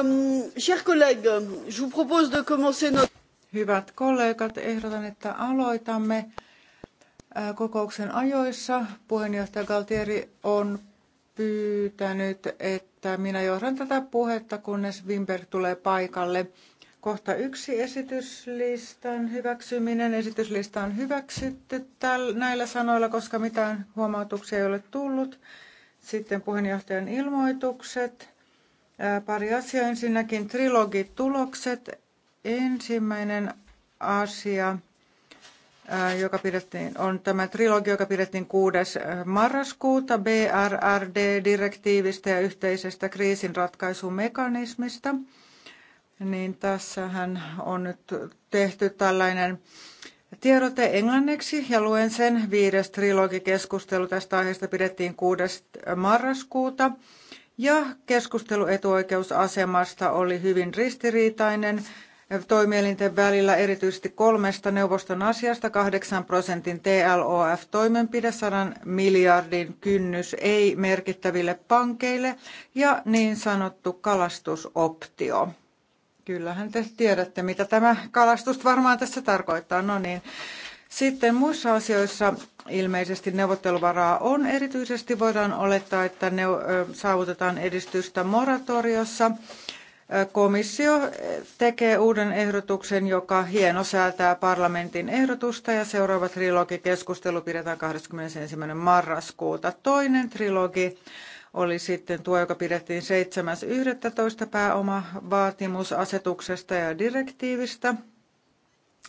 Euh, chers collègues, je vous propose de commencer notre... Hyvät kollegat, ehdotan, että aloitamme äh, kokouksen ajoissa. Puheenjohtaja Galtieri on pyytänyt, että minä johdan tätä puhetta, kunnes Wimberg tulee paikalle. Kohta yksi esityslistan hyväksyminen. Esityslista on hyväksytty näillä sanoilla, koska mitään huomautuksia ei ole tullut. Sitten puheenjohtajan ilmoitukset. Pari asiaa. Ensinnäkin trilogitulokset. Ensimmäinen asia, joka pidettiin, on tämä trilogi, joka pidettiin 6. marraskuuta BRRD-direktiivistä ja yhteisestä kriisinratkaisumekanismista. Niin tässähän on nyt tehty tällainen Tiedote englanniksi ja luen sen. Viides trilogikeskustelu tästä aiheesta pidettiin 6. marraskuuta ja keskustelu etuoikeusasemasta oli hyvin ristiriitainen toimielinten välillä erityisesti kolmesta neuvoston asiasta. 8 prosentin TLOF-toimenpide, 100 miljardin kynnys ei merkittäville pankeille ja niin sanottu kalastusoptio. Kyllähän te tiedätte, mitä tämä kalastus varmaan tässä tarkoittaa. No niin. Sitten muissa asioissa ilmeisesti neuvotteluvaraa on. Erityisesti voidaan olettaa, että ne, saavutetaan edistystä moratoriossa. Komissio tekee uuden ehdotuksen, joka hieno säätää parlamentin ehdotusta ja seuraava trilogikeskustelu pidetään 21. marraskuuta. Toinen trilogi oli sitten tuo, joka pidettiin 7.11. pääomavaatimusasetuksesta ja direktiivistä.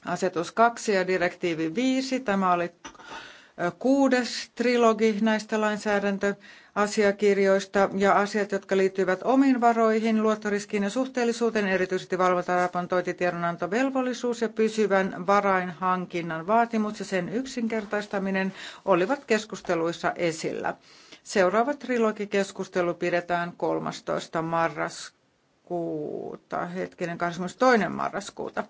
Asetus 2 ja direktiivi 5. Tämä oli kuudes trilogi näistä lainsäädäntöasiakirjoista ja asiat, jotka liittyvät omiin varoihin, luottoriskiin ja suhteellisuuteen, erityisesti valvontaraportointitiedonantovelvollisuus ja pysyvän varainhankinnan vaatimus ja sen yksinkertaistaminen olivat keskusteluissa esillä. Seuraava trilogikeskustelu pidetään 13. marraskuuta, hetkinen 22. marraskuuta.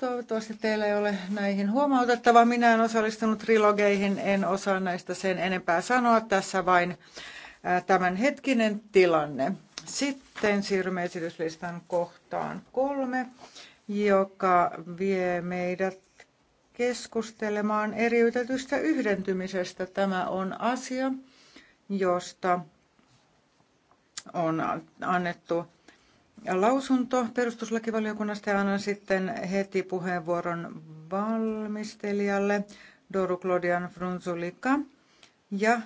Toivottavasti teillä ei ole näihin huomautettava. Minä en osallistunut trilogeihin, en osaa näistä sen enempää sanoa. Tässä vain tämänhetkinen tilanne. Sitten siirrymme esityslistan kohtaan kolme, joka vie meidät keskustelemaan eriytetystä yhdentymisestä. Tämä on asia, josta on annettu lausunto perustuslakivaliokunnasta ja annan sitten heti puheenvuoron valmistelijalle Doru Claudian Frunzulika. Ja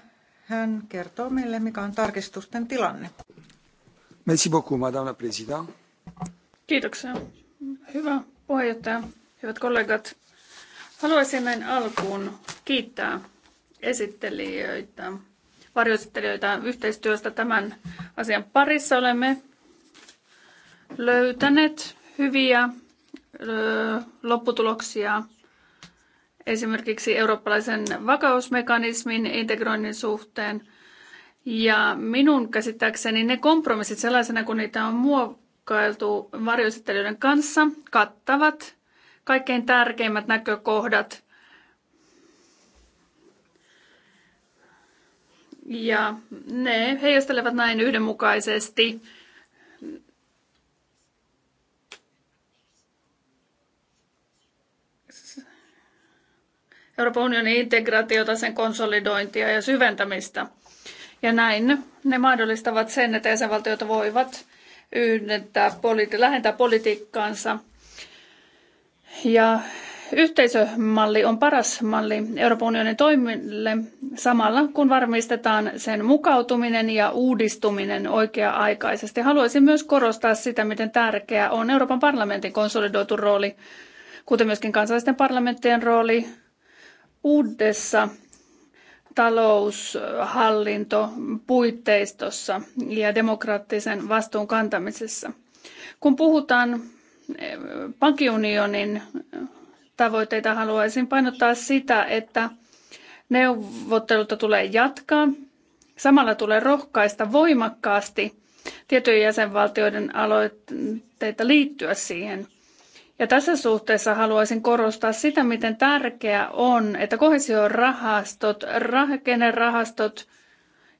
hän kertoo meille, mikä on tarkistusten tilanne. Merci beaucoup, madame présidente. Kiitoksia. Hyvä puheenjohtaja, hyvät kollegat. Haluaisin näin alkuun kiittää esittelijöitä, varjoesittelijöitä yhteistyöstä tämän asian parissa. Olemme löytäneet hyviä lopputuloksia esimerkiksi eurooppalaisen vakausmekanismin integroinnin suhteen. Ja minun käsittääkseni ne kompromissit sellaisena, kun niitä on muokkailtu varjoesittelijöiden kanssa, kattavat kaikkein tärkeimmät näkökohdat. Ja ne heijastelevat näin yhdenmukaisesti Euroopan unionin integraatiota, sen konsolidointia ja syventämistä. Ja näin ne mahdollistavat sen, että jäsenvaltiot voivat yhdentää, politi- lähentää politiikkaansa. Ja yhteisömalli on paras malli Euroopan unionin toimille samalla, kun varmistetaan sen mukautuminen ja uudistuminen oikea-aikaisesti. Haluaisin myös korostaa sitä, miten tärkeää on Euroopan parlamentin konsolidoitu rooli kuten myöskin kansallisten parlamenttien rooli uudessa taloushallintopuitteistossa ja demokraattisen vastuun kantamisessa. Kun puhutaan eh, pankkiunionin tavoitteita, haluaisin painottaa sitä, että neuvotteluta tulee jatkaa. Samalla tulee rohkaista voimakkaasti tiettyjen jäsenvaltioiden aloitteita liittyä siihen. Ja tässä suhteessa haluaisin korostaa sitä, miten tärkeää on, että kohesiorahastot, rakennerahastot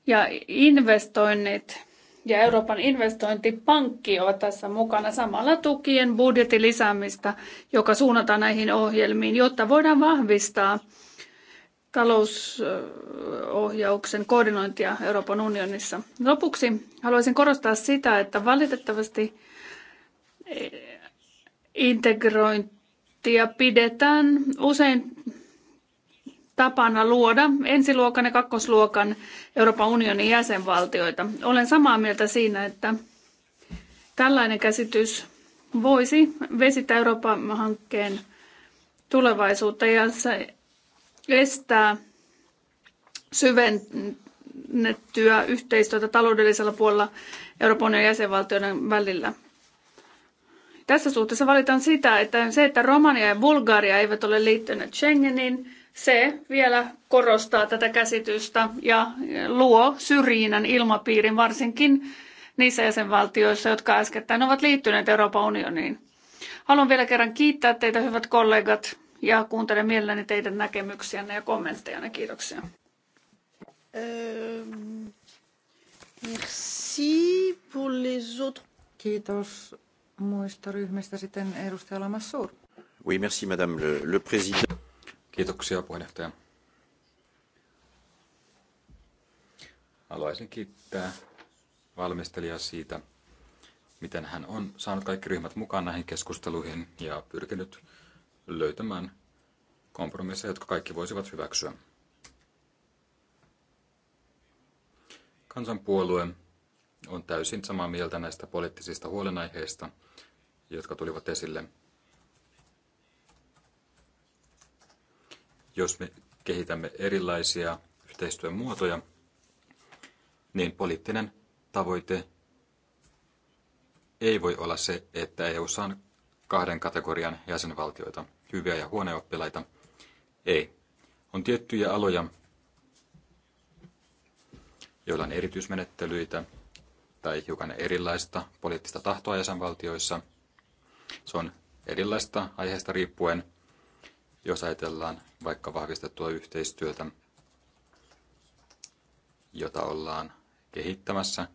ja investoinnit ja Euroopan investointipankki ovat tässä mukana samalla tukien budjetin lisäämistä, joka suunnataan näihin ohjelmiin, jotta voidaan vahvistaa talousohjauksen koordinointia Euroopan unionissa. Lopuksi haluaisin korostaa sitä, että valitettavasti integrointia pidetään usein tapana luoda ensiluokan ja kakkosluokan Euroopan unionin jäsenvaltioita. Olen samaa mieltä siinä, että tällainen käsitys voisi vesittää Euroopan hankkeen tulevaisuutta ja se estää syvennettyä yhteistyötä taloudellisella puolella Euroopan unionin jäsenvaltioiden välillä. Tässä suhteessa valitan sitä, että se, että Romania ja Bulgaria eivät ole liittyneet Schengeniin, se vielä korostaa tätä käsitystä ja luo syrjinnän ilmapiirin varsinkin niissä jäsenvaltioissa, jotka äskettäin ovat liittyneet Euroopan unioniin. Haluan vielä kerran kiittää teitä, hyvät kollegat, ja kuuntelen mielelläni teidän näkemyksiänne ja kommenttejanne. Kiitoksia. Merci pour les autres. Kiitos Muista ryhmistä sitten edustaja Lamassur. Oui, merci, madame le, le président. Kiitoksia, puheenjohtaja. Haluaisin kiittää valmistelijaa siitä, miten hän on saanut kaikki ryhmät mukaan näihin keskusteluihin ja pyrkinyt löytämään kompromisseja, jotka kaikki voisivat hyväksyä. Kansanpuolue on täysin samaa mieltä näistä poliittisista huolenaiheista, jotka tulivat esille. Jos me kehitämme erilaisia yhteistyön muotoja, niin poliittinen tavoite ei voi olla se, että EU on kahden kategorian jäsenvaltioita, hyviä ja oppilaita. Ei. On tiettyjä aloja, joilla on erityismenettelyitä, tai hiukan erilaista poliittista tahtoa jäsenvaltioissa. Se on erilaista aiheesta riippuen, jos ajatellaan vaikka vahvistettua yhteistyötä, jota ollaan kehittämässä,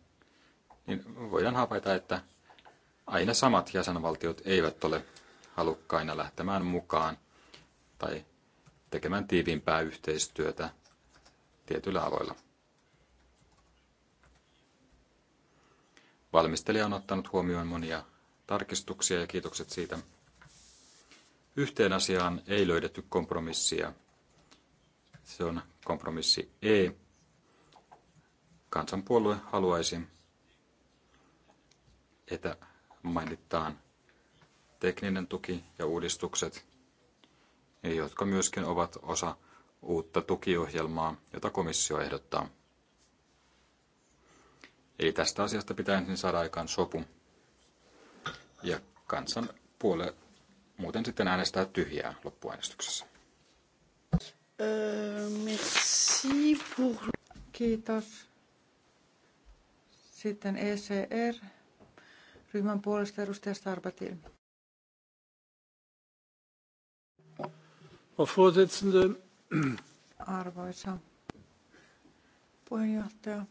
niin voidaan havaita, että aina samat jäsenvaltiot eivät ole halukkaina lähtemään mukaan tai tekemään tiiviimpää yhteistyötä tietyillä aloilla. Valmistelija on ottanut huomioon monia tarkistuksia ja kiitokset siitä. Yhteen asiaan ei löydetty kompromissia. Se on kompromissi E. Kansanpuolue haluaisi, että mainitaan tekninen tuki ja uudistukset, jotka myöskin ovat osa uutta tukiohjelmaa, jota komissio ehdottaa. Eli tästä asiasta pitää ensin saada aikaan sopu. Ja kansan puole muuten sitten äänestää tyhjää loppuäänestyksessä. Öö, merci pour... Kiitos. Sitten ECR. Ryhmän puolesta edustaja Starbatil. Arvoisa puheenjohtaja.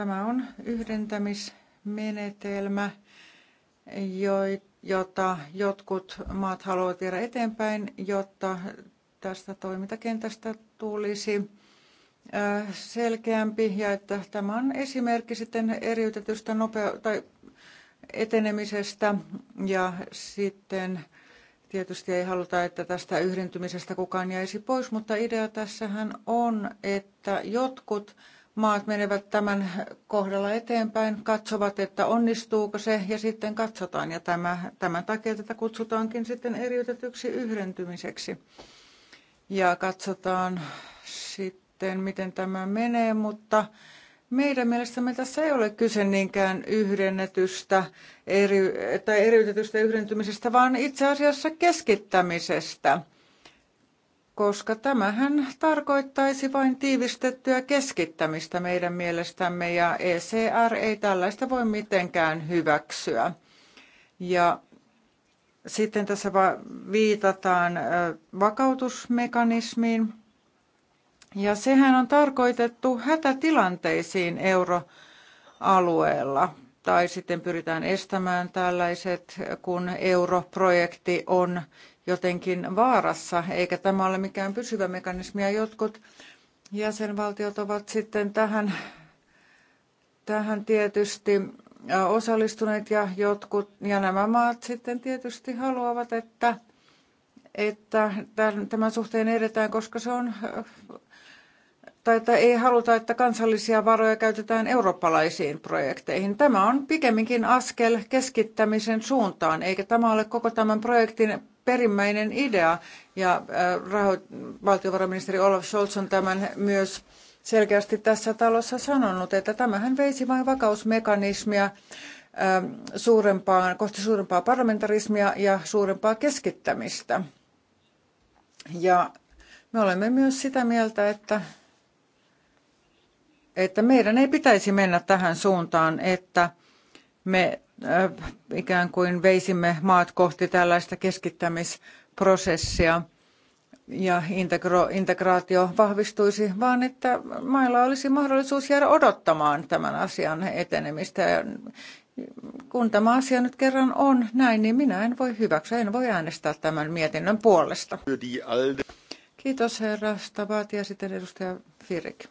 Tämä on yhdentämismenetelmä, jota jotkut maat haluavat viedä eteenpäin, jotta tästä toimintakentästä tulisi selkeämpi ja että tämä on esimerkki sitten eriytetystä nopea- tai etenemisestä ja sitten tietysti ei haluta, että tästä yhdentymisestä kukaan jäisi pois, mutta idea tässähän on, että jotkut maat menevät tämän kohdalla eteenpäin, katsovat, että onnistuuko se ja sitten katsotaan. Ja tämä, tämän takia tätä kutsutaankin sitten eriytetyksi yhdentymiseksi. Ja katsotaan sitten, miten tämä menee, mutta meidän mielestämme tässä ei ole kyse niinkään yhdennetystä eri, tai eriytetystä yhdentymisestä, vaan itse asiassa keskittämisestä – koska tämähän tarkoittaisi vain tiivistettyä keskittämistä meidän mielestämme ja ECR ei tällaista voi mitenkään hyväksyä. Ja sitten tässä viitataan vakautusmekanismiin ja sehän on tarkoitettu hätätilanteisiin euroalueella tai sitten pyritään estämään tällaiset, kun europrojekti on jotenkin vaarassa, eikä tämä ole mikään pysyvä mekanismi. Ja jotkut jäsenvaltiot ovat sitten tähän, tähän tietysti osallistuneet ja jotkut, ja nämä maat sitten tietysti haluavat, että, että tämän suhteen edetään, koska se on tai että ei haluta, että kansallisia varoja käytetään eurooppalaisiin projekteihin. Tämä on pikemminkin askel keskittämisen suuntaan, eikä tämä ole koko tämän projektin perimmäinen idea ja äh, raho- valtiovarainministeri Olaf Scholz on tämän myös selkeästi tässä talossa sanonut, että tämähän veisi vain vakausmekanismia ähm, suurempaan, kohti suurempaa parlamentarismia ja suurempaa keskittämistä. Ja me olemme myös sitä mieltä, että, että meidän ei pitäisi mennä tähän suuntaan, että me ikään kuin veisimme maat kohti tällaista keskittämisprosessia ja integro, integraatio vahvistuisi, vaan että mailla olisi mahdollisuus jäädä odottamaan tämän asian etenemistä. Kun tämä asia nyt kerran on näin, niin minä en voi hyväksyä, en voi äänestää tämän mietinnön puolesta. Kiitos herra Stabat ja sitten edustaja Firik.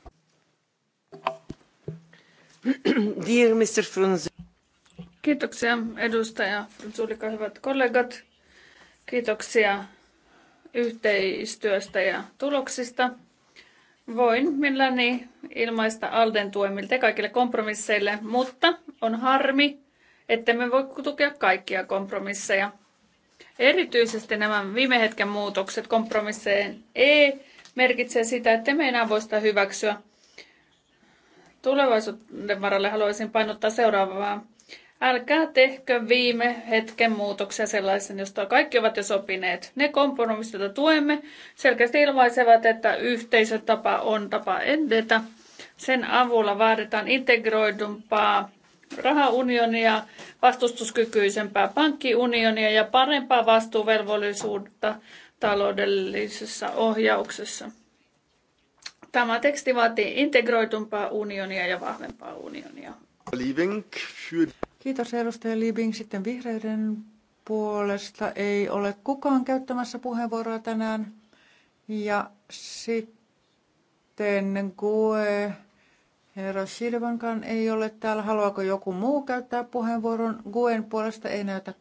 Dear Mr. Frunze. Kiitoksia edustaja Frunzulika, hyvät kollegat. Kiitoksia yhteistyöstä ja tuloksista. Voin milläni ilmaista Alden tuemilta kaikille kompromisseille, mutta on harmi, että me voi tukea kaikkia kompromisseja. Erityisesti nämä viime hetken muutokset kompromisseen E merkitsee sitä, että me enää voi sitä hyväksyä. Tulevaisuuden varalle haluaisin painottaa seuraavaa. Älkää tehkö viime hetken muutoksia sellaisen, josta kaikki ovat jo sopineet. Ne kompromissit, joita tuemme, selkeästi ilmaisevat, että yhteisötapa on tapa edetä. Sen avulla vaaditaan integroidumpaa rahaunionia, vastustuskykyisempää pankkiunionia ja parempaa vastuuvelvollisuutta taloudellisessa ohjauksessa. Tämä teksti vaatii integroidumpaa unionia ja vahvempaa unionia. Kiitos edustaja Libing. Sitten vihreiden puolesta ei ole kukaan käyttämässä puheenvuoroa tänään. Ja sitten Kue, herra Silvankan ei ole täällä. Haluaako joku muu käyttää puheenvuoron? GUEn puolesta ei näytä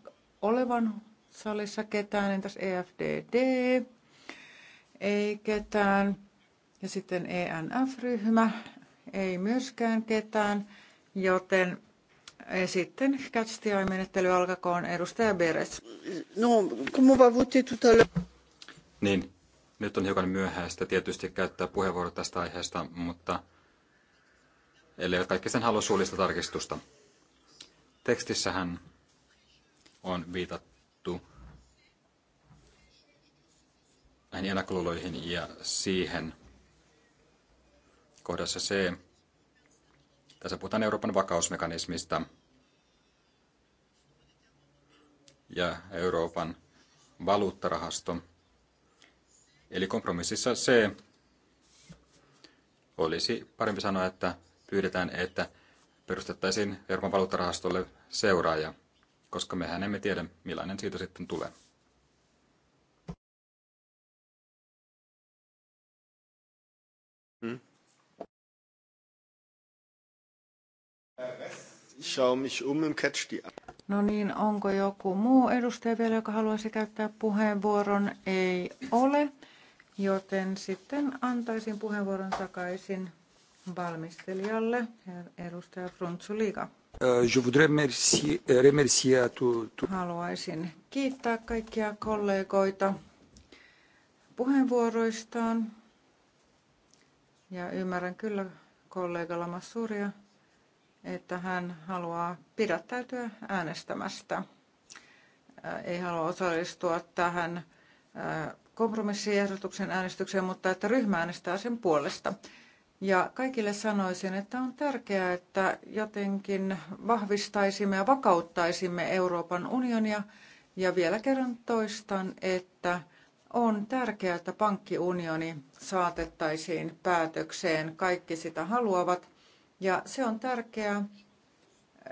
olevan salissa ketään. Entäs EFDD? Ei ketään. Ja sitten ENF-ryhmä? Ei myöskään ketään. Joten sitten catch alkakoon edustaja Beres. No, tuota Niin, nyt on hiukan myöhäistä tietysti käyttää puheenvuoro tästä aiheesta, mutta eli kaikki sen halua suullista tarkistusta. Tekstissähän on viitattu näihin ennakkoluuloihin ja siihen kohdassa C. Tässä puhutaan Euroopan vakausmekanismista – ja Euroopan valuuttarahasto. Eli kompromississa C olisi parempi sanoa, että pyydetään, että perustettaisiin Euroopan valuuttarahastolle seuraaja, koska mehän emme tiedä, millainen siitä sitten tulee. Hmm? Um no niin, onko joku muu edustaja vielä, joka haluaisi käyttää puheenvuoron? Ei ole, joten sitten antaisin puheenvuoron takaisin valmistelijalle, edustaja Frunzuliga. Euh, je voudrais merci, remercier euh, tu, Haluaisin kiittää kaikkia kollegoita puheenvuoroistaan. Ja ymmärrän kyllä kollega Lamassuria että hän haluaa pidättäytyä äänestämästä. Äh, ei halua osallistua tähän äh, kompromissiehdotuksen äänestykseen, mutta että ryhmä äänestää sen puolesta. Ja kaikille sanoisin, että on tärkeää, että jotenkin vahvistaisimme ja vakauttaisimme Euroopan unionia. Ja vielä kerran toistan, että on tärkeää, että pankkiunioni saatettaisiin päätökseen. Kaikki sitä haluavat. Ja se on tärkeää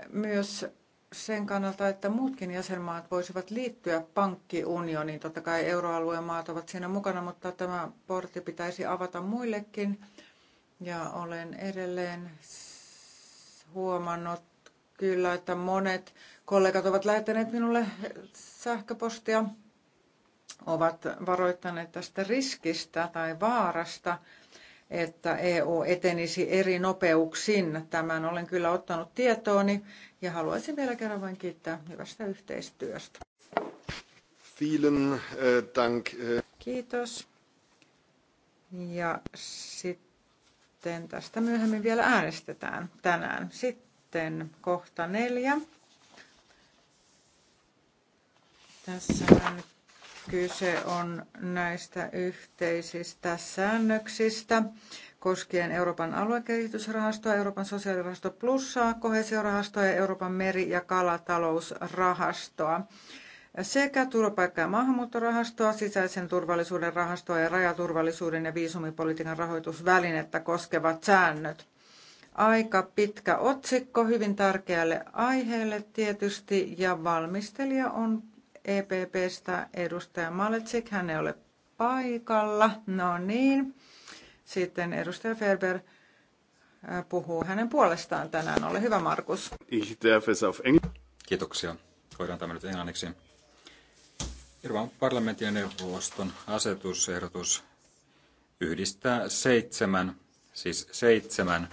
myös sen kannalta, että muutkin jäsenmaat voisivat liittyä pankkiunioniin. Totta kai euroalueen maat ovat siinä mukana, mutta tämä portti pitäisi avata muillekin. Ja olen edelleen huomannut kyllä, että monet kollegat ovat lähettäneet minulle sähköpostia, ovat varoittaneet tästä riskistä tai vaarasta, että EU etenisi eri nopeuksin. Tämän olen kyllä ottanut tietooni ja haluaisin vielä kerran vain kiittää hyvästä yhteistyöstä. Vielen äh, dank. Äh. Kiitos. Ja sitten tästä myöhemmin vielä äänestetään tänään. Sitten kohta neljä. Tässä nyt Kyse on näistä yhteisistä säännöksistä koskien Euroopan aluekehitysrahastoa, Euroopan sosiaalirahasto plussaa, kohesiorahastoa ja Euroopan meri- ja kalatalousrahastoa sekä turvapaikka- ja maahanmuuttorahastoa, sisäisen turvallisuuden rahastoa ja rajaturvallisuuden ja viisumipolitiikan rahoitusvälinettä koskevat säännöt. Aika pitkä otsikko hyvin tärkeälle aiheelle tietysti ja valmistelija on EPPstä edustaja Maletsik, hän ei ole paikalla. No niin. Sitten edustaja Ferber äh, puhuu hänen puolestaan tänään. Ole hyvä, Markus. Kiitoksia. Hoidan tämä nyt englanniksi. Euroopan parlamentin ja neuvoston asetusehdotus yhdistää seitsemän, siis seitsemän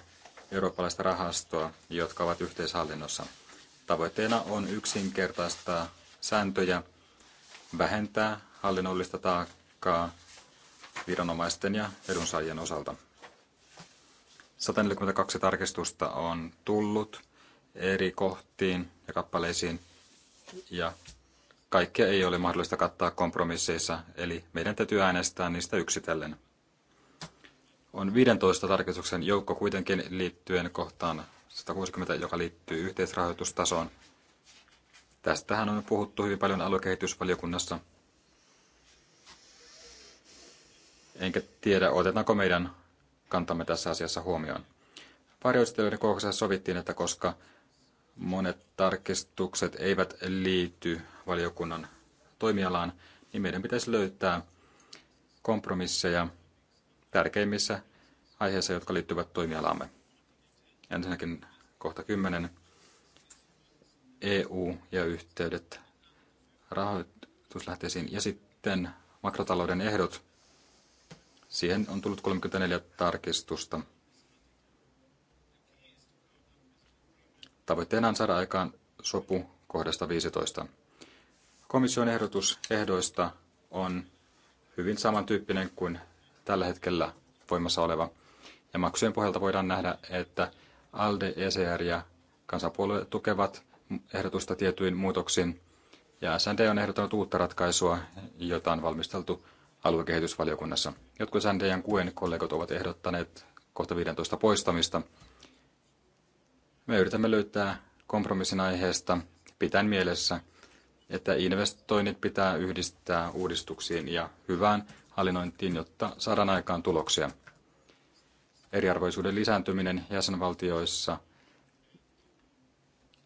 eurooppalaista rahastoa, jotka ovat yhteishallinnossa. Tavoitteena on yksinkertaistaa sääntöjä, vähentää hallinnollista taakkaa viranomaisten ja edunsaajien osalta. 142 tarkistusta on tullut eri kohtiin ja kappaleisiin ja kaikkea ei ole mahdollista kattaa kompromisseissa, eli meidän täytyy äänestää niistä yksitellen. On 15 tarkistuksen joukko kuitenkin liittyen kohtaan 160, joka liittyy yhteisrahoitustasoon – Tästähän on puhuttu hyvin paljon aluekehitysvaliokunnassa. Enkä tiedä, otetaanko meidän kantamme tässä asiassa huomioon. Varjoisteluiden kokouksessa sovittiin, että koska monet tarkistukset eivät liity valiokunnan toimialaan, niin meidän pitäisi löytää kompromisseja tärkeimmissä aiheissa, jotka liittyvät toimialaamme. Ensinnäkin kohta 10 EU ja yhteydet rahoituslähteisiin ja sitten makrotalouden ehdot. Siihen on tullut 34 tarkistusta. Tavoitteena on saada aikaan sopu kohdasta 15. Komission ehdotus ehdoista on hyvin samantyyppinen kuin tällä hetkellä voimassa oleva. Ja maksujen pohjalta voidaan nähdä, että ALDE, ECR ja kansanpuolue tukevat ehdotusta tietyin muutoksin, ja SND on ehdottanut uutta ratkaisua, jota on valmisteltu aluekehitysvaliokunnassa. Jotkut SND ja kollegot ovat ehdottaneet kohta 15 poistamista. Me yritämme löytää kompromissin aiheesta pitäen mielessä, että investoinnit pitää yhdistää uudistuksiin ja hyvään hallinnointiin, jotta saadaan aikaan tuloksia. Eriarvoisuuden lisääntyminen jäsenvaltioissa –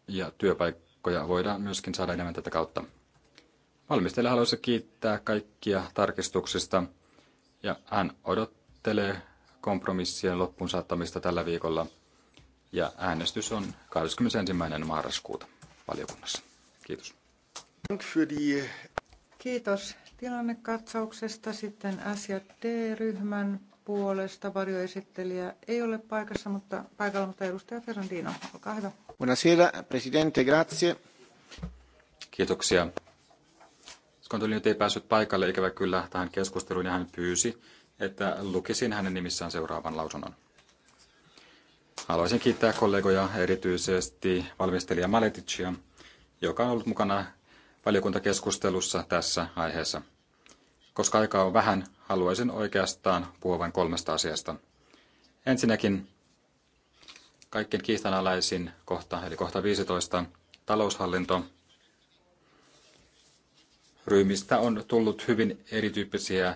ja työpaikkoja voidaan myöskin saada enemmän tätä kautta. Valmistelija haluaisi kiittää kaikkia tarkistuksista ja hän odottelee kompromissien loppuun saattamista tällä viikolla ja äänestys on 21. marraskuuta valiokunnassa. Kiitos. Kiitos tilannekatsauksesta. Sitten D ryhmän puolesta varjoesittelijä ei ole paikassa, mutta, paikalla, mutta edustaja Ferrandino, olkaa hyvä. Buonasera, presidente, grazie. Kiitoksia. Skontoli nyt ei päässyt paikalle ikävä kyllä tähän keskusteluun ja hän pyysi, että lukisin hänen nimissään seuraavan lausunnon. Haluaisin kiittää kollegoja erityisesti valmistelija Maleticia, joka on ollut mukana valiokuntakeskustelussa tässä aiheessa. Koska aikaa on vähän, haluaisin oikeastaan puhua vain kolmesta asiasta. Ensinnäkin kaikkien kiistanalaisin kohta, eli kohta 15, taloushallinto. Ryhmistä on tullut hyvin erityyppisiä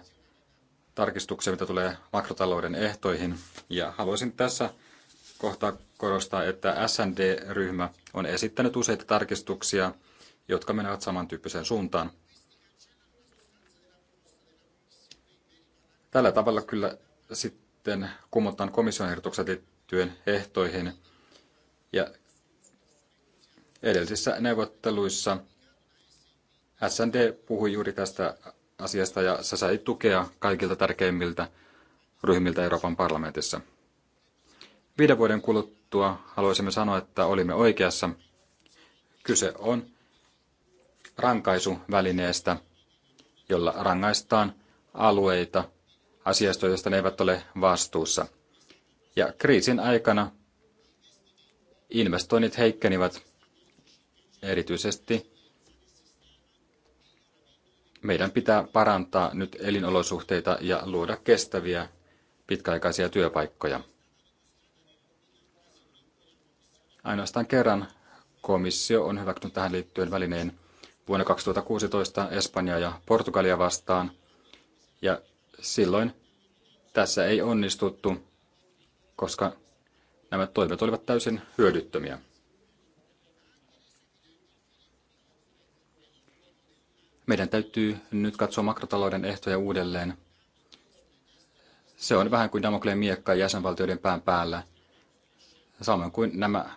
tarkistuksia, mitä tulee makrotalouden ehtoihin. Ja haluaisin tässä kohtaa korostaa, että SND-ryhmä on esittänyt useita tarkistuksia, jotka menevät samantyyppiseen suuntaan. Tällä tavalla kyllä sitten kumotaan komission ehdotukset liittyen ehtoihin. Ja edellisissä neuvotteluissa SND puhui juuri tästä asiasta ja se sai tukea kaikilta tärkeimmiltä ryhmiltä Euroopan parlamentissa. Viiden vuoden kuluttua haluaisimme sanoa, että olimme oikeassa. Kyse on rankaisuvälineestä, jolla rangaistaan alueita asiasta, josta ne eivät ole vastuussa. Ja kriisin aikana investoinnit heikkenivät erityisesti. Meidän pitää parantaa nyt elinolosuhteita ja luoda kestäviä pitkäaikaisia työpaikkoja. Ainoastaan kerran komissio on hyväksynyt tähän liittyen välineen vuonna 2016 Espanjaa ja Portugalia vastaan, ja silloin tässä ei onnistuttu, koska nämä toimet olivat täysin hyödyttömiä. Meidän täytyy nyt katsoa makrotalouden ehtoja uudelleen. Se on vähän kuin Damokleen miekka jäsenvaltioiden pään päällä, samoin kuin nämä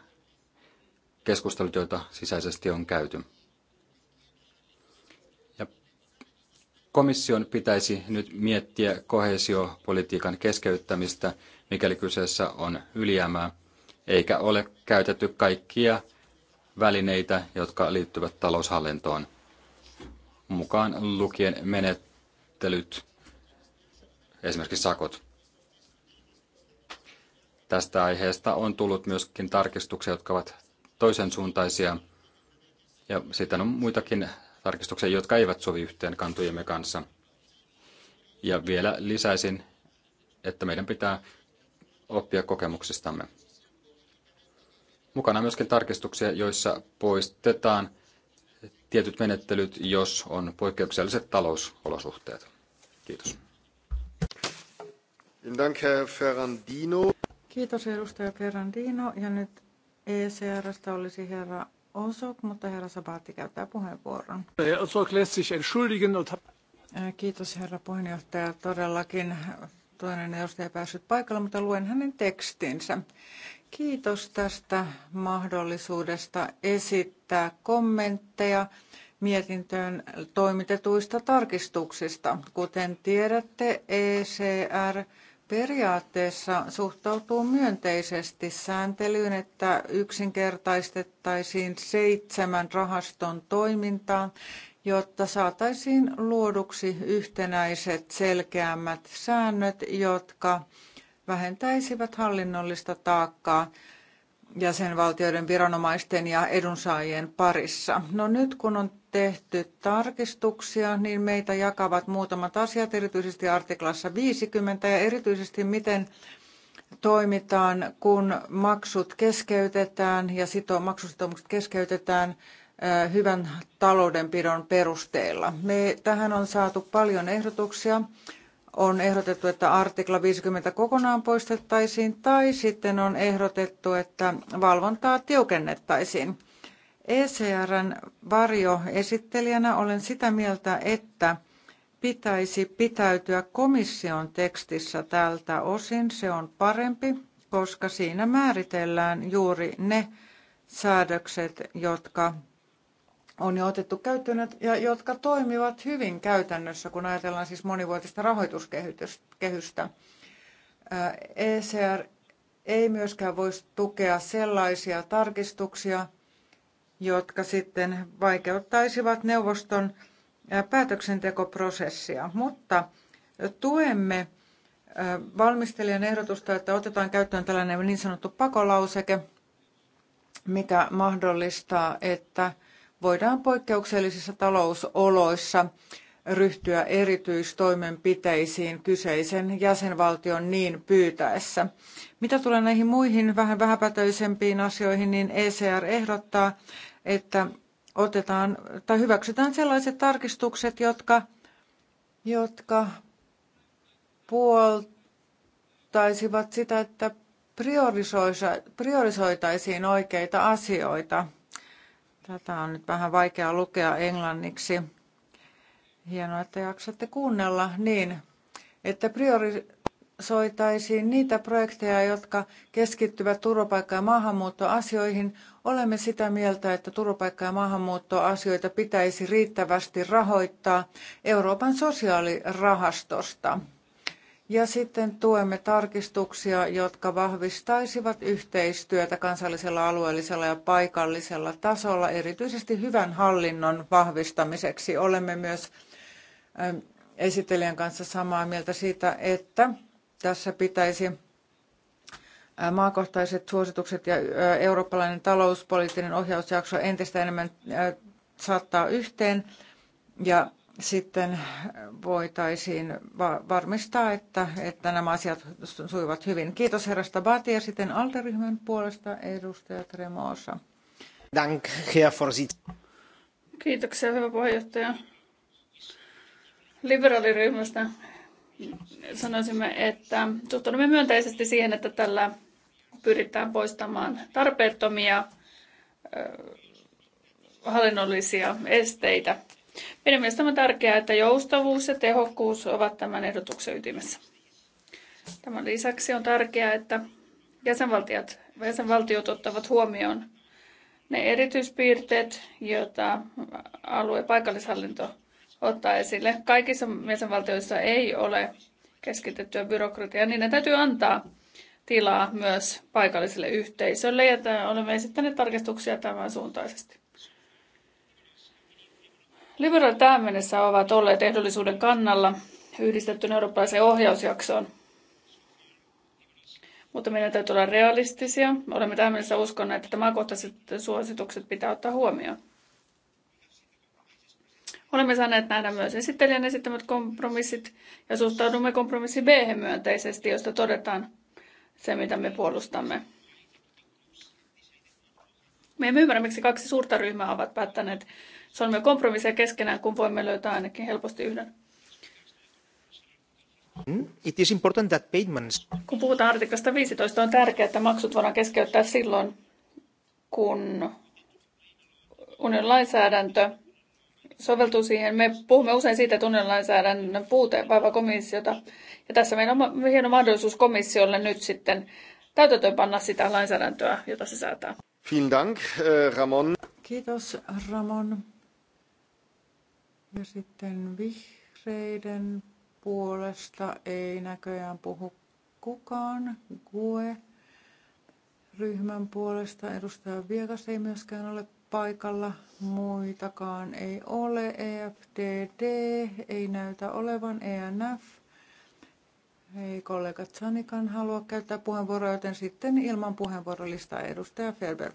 keskustelut, joita sisäisesti on käyty. Komission pitäisi nyt miettiä kohesiopolitiikan keskeyttämistä, mikäli kyseessä on ylijäämää, eikä ole käytetty kaikkia välineitä, jotka liittyvät taloushallintoon, mukaan lukien menettelyt, esimerkiksi sakot. Tästä aiheesta on tullut myöskin tarkistuksia, jotka ovat toisen suuntaisia, ja sitten on muitakin tarkistuksia, jotka eivät sovi yhteen kantojemme kanssa. Ja vielä lisäisin, että meidän pitää oppia kokemuksistamme. Mukana on myöskin tarkistuksia, joissa poistetaan tietyt menettelyt, jos on poikkeukselliset talousolosuhteet. Kiitos. Kiitos edustaja Ferrandino. Ja nyt ECRstä olisi herra Osok, mutta herra Sabatti käyttää puheenvuoron. Osok entschuldigen Kiitos herra puheenjohtaja. Todellakin toinen edustaja ei päässyt paikalle, mutta luen hänen tekstinsä. Kiitos tästä mahdollisuudesta esittää kommentteja mietintöön toimitetuista tarkistuksista. Kuten tiedätte, ECR periaatteessa suhtautuu myönteisesti sääntelyyn, että yksinkertaistettaisiin seitsemän rahaston toimintaa, jotta saataisiin luoduksi yhtenäiset selkeämmät säännöt, jotka vähentäisivät hallinnollista taakkaa jäsenvaltioiden viranomaisten ja edunsaajien parissa. No nyt kun on tehty tarkistuksia, niin meitä jakavat muutamat asiat, erityisesti artiklassa 50 ja erityisesti miten toimitaan, kun maksut keskeytetään ja sito, maksusitoumukset keskeytetään hyvän taloudenpidon perusteella. Me tähän on saatu paljon ehdotuksia on ehdotettu, että artikla 50 kokonaan poistettaisiin tai sitten on ehdotettu, että valvontaa tiukennettaisiin. ECRn varjoesittelijänä olen sitä mieltä, että pitäisi pitäytyä komission tekstissä tältä osin. Se on parempi, koska siinä määritellään juuri ne säädökset, jotka on jo otettu käyttöön ja jotka toimivat hyvin käytännössä, kun ajatellaan siis monivuotista rahoituskehystä. ECR ei myöskään voisi tukea sellaisia tarkistuksia, jotka sitten vaikeuttaisivat neuvoston päätöksentekoprosessia. Mutta tuemme valmistelijan ehdotusta, että otetaan käyttöön tällainen niin sanottu pakolauseke, mikä mahdollistaa, että voidaan poikkeuksellisissa talousoloissa ryhtyä erityistoimenpiteisiin kyseisen jäsenvaltion niin pyytäessä. Mitä tulee näihin muihin vähän vähäpätöisempiin asioihin, niin ECR ehdottaa, että otetaan tai hyväksytään sellaiset tarkistukset, jotka, jotka puoltaisivat sitä, että priorisoitaisiin oikeita asioita. Tätä on nyt vähän vaikea lukea englanniksi. Hienoa, että jaksatte kuunnella niin, että priorisoitaisiin niitä projekteja, jotka keskittyvät turvapaikka- ja maahanmuuttoasioihin. Olemme sitä mieltä, että turvapaikka- ja maahanmuuttoasioita pitäisi riittävästi rahoittaa Euroopan sosiaalirahastosta. Ja sitten tuemme tarkistuksia, jotka vahvistaisivat yhteistyötä kansallisella, alueellisella ja paikallisella tasolla, erityisesti hyvän hallinnon vahvistamiseksi. Olemme myös ähm, esittelijän kanssa samaa mieltä siitä, että tässä pitäisi äh, maakohtaiset suositukset ja äh, eurooppalainen talouspoliittinen ohjausjakso entistä enemmän äh, saattaa yhteen ja sitten voitaisiin varmistaa, että, että nämä asiat sujuvat hyvin. Kiitos herra Stabati ja sitten Alteryhmän puolesta edustaja Tremosa. Dank, herr Kiitoksia, hyvä puheenjohtaja. Liberaaliryhmästä sanoisimme, että suhtaudumme myönteisesti siihen, että tällä pyritään poistamaan tarpeettomia hallinnollisia esteitä meidän mielestämme on tärkeää, että joustavuus ja tehokkuus ovat tämän ehdotuksen ytimessä. Tämän lisäksi on tärkeää, että jäsenvaltiot, jäsenvaltiot ottavat huomioon ne erityispiirteet, joita alue- ja paikallishallinto ottaa esille. Kaikissa jäsenvaltioissa ei ole keskitettyä byrokratiaa, niin ne täytyy antaa tilaa myös paikallisille yhteisöille ja olemme esittäneet tarkistuksia tämän suuntaisesti. Liberaalit tähän mennessä ovat olleet ehdollisuuden kannalla yhdistettynä eurooppalaiseen ohjausjaksoon. Mutta meidän täytyy olla realistisia. Olemme tähän mennessä uskonneet, että maakohtaiset suositukset pitää ottaa huomioon. Olemme saaneet nähdä myös esittelijän esittämät kompromissit ja suhtaudumme kompromissi B myönteisesti, josta todetaan se, mitä me puolustamme. Me emme ymmärrä, miksi kaksi suurta ryhmää ovat päättäneet solmia kompromisseja keskenään, kun voimme löytää ainakin helposti yhden. Mm, it is important that payments... Kun puhutaan artiklasta 15, on tärkeää, että maksut voidaan keskeyttää silloin, kun unionin lainsäädäntö soveltuu siihen. Me puhumme usein siitä, että unionin lainsäädännön puute vaivaa komissiota. Ja tässä meillä on hieno mahdollisuus komissiolle nyt sitten täytäntöönpanna sitä lainsäädäntöä, jota se säätää. Vielen Dank, äh, Ramon. Kiitos, Ramon. Ja sitten vihreiden puolesta ei näköjään puhu kukaan. GUE ryhmän puolesta edustaja Viekas ei myöskään ole paikalla. Muitakaan ei ole. EFDD ei näytä olevan. ENF ei kollega Sanikan halua käyttää puheenvuoroa, joten sitten ilman puheenvuorolista edustaja Ferber.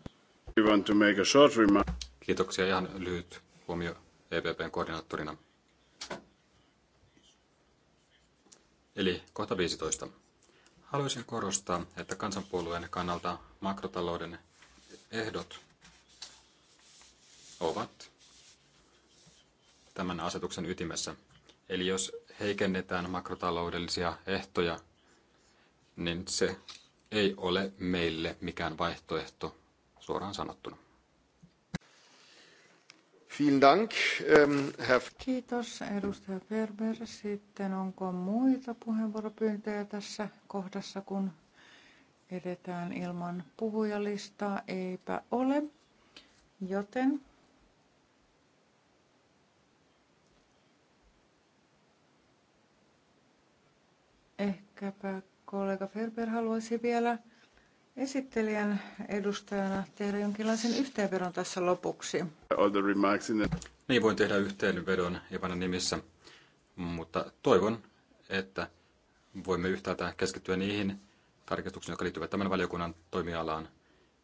Kiitoksia. Ihan lyhyt huomio EPPn koordinaattorina. Eli kohta 15. Haluaisin korostaa, että kansanpuolueen kannalta makrotalouden ehdot ovat tämän asetuksen ytimessä. Eli jos heikennetään makrotaloudellisia ehtoja, niin se ei ole meille mikään vaihtoehto suoraan sanottuna. Ähm, Kiitos edustaja Ferber. Sitten onko muita puheenvuoropyyntöjä tässä kohdassa, kun edetään ilman puhujalistaa? Eipä ole, joten ehkäpä kollega Ferber haluaisi vielä esittelijän edustajana tehdä jonkinlaisen yhteenvedon tässä lopuksi. the... Niin voin tehdä yhteenvedon Ivanan nimissä, mutta toivon, että voimme yhtäältä keskittyä niihin tarkistuksiin, jotka liittyvät tämän valiokunnan toimialaan,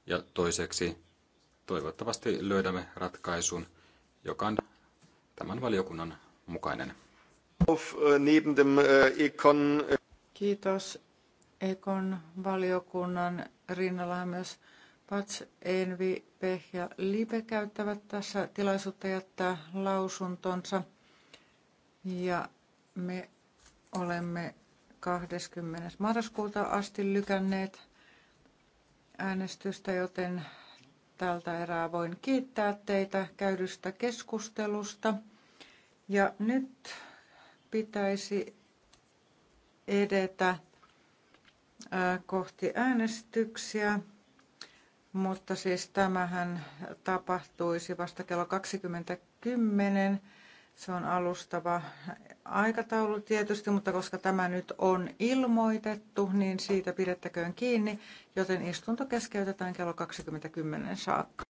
ja toiseksi toivottavasti löydämme ratkaisun, joka on tämän valiokunnan mukainen. Eh, eh, eh- Kiitos Ekon valiokunnan rinnallahan myös Pats, Envi, Peh ja Libe käyttävät tässä tilaisuutta jättää lausuntonsa. Ja me olemme 20. marraskuuta asti lykänneet äänestystä, joten tältä erää voin kiittää teitä käydystä keskustelusta. Ja nyt pitäisi edetä kohti äänestyksiä, mutta siis tämähän tapahtuisi vasta kello 20.10. Se on alustava aikataulu tietysti, mutta koska tämä nyt on ilmoitettu, niin siitä pidettäköön kiinni, joten istunto keskeytetään kello 20.10 saakka.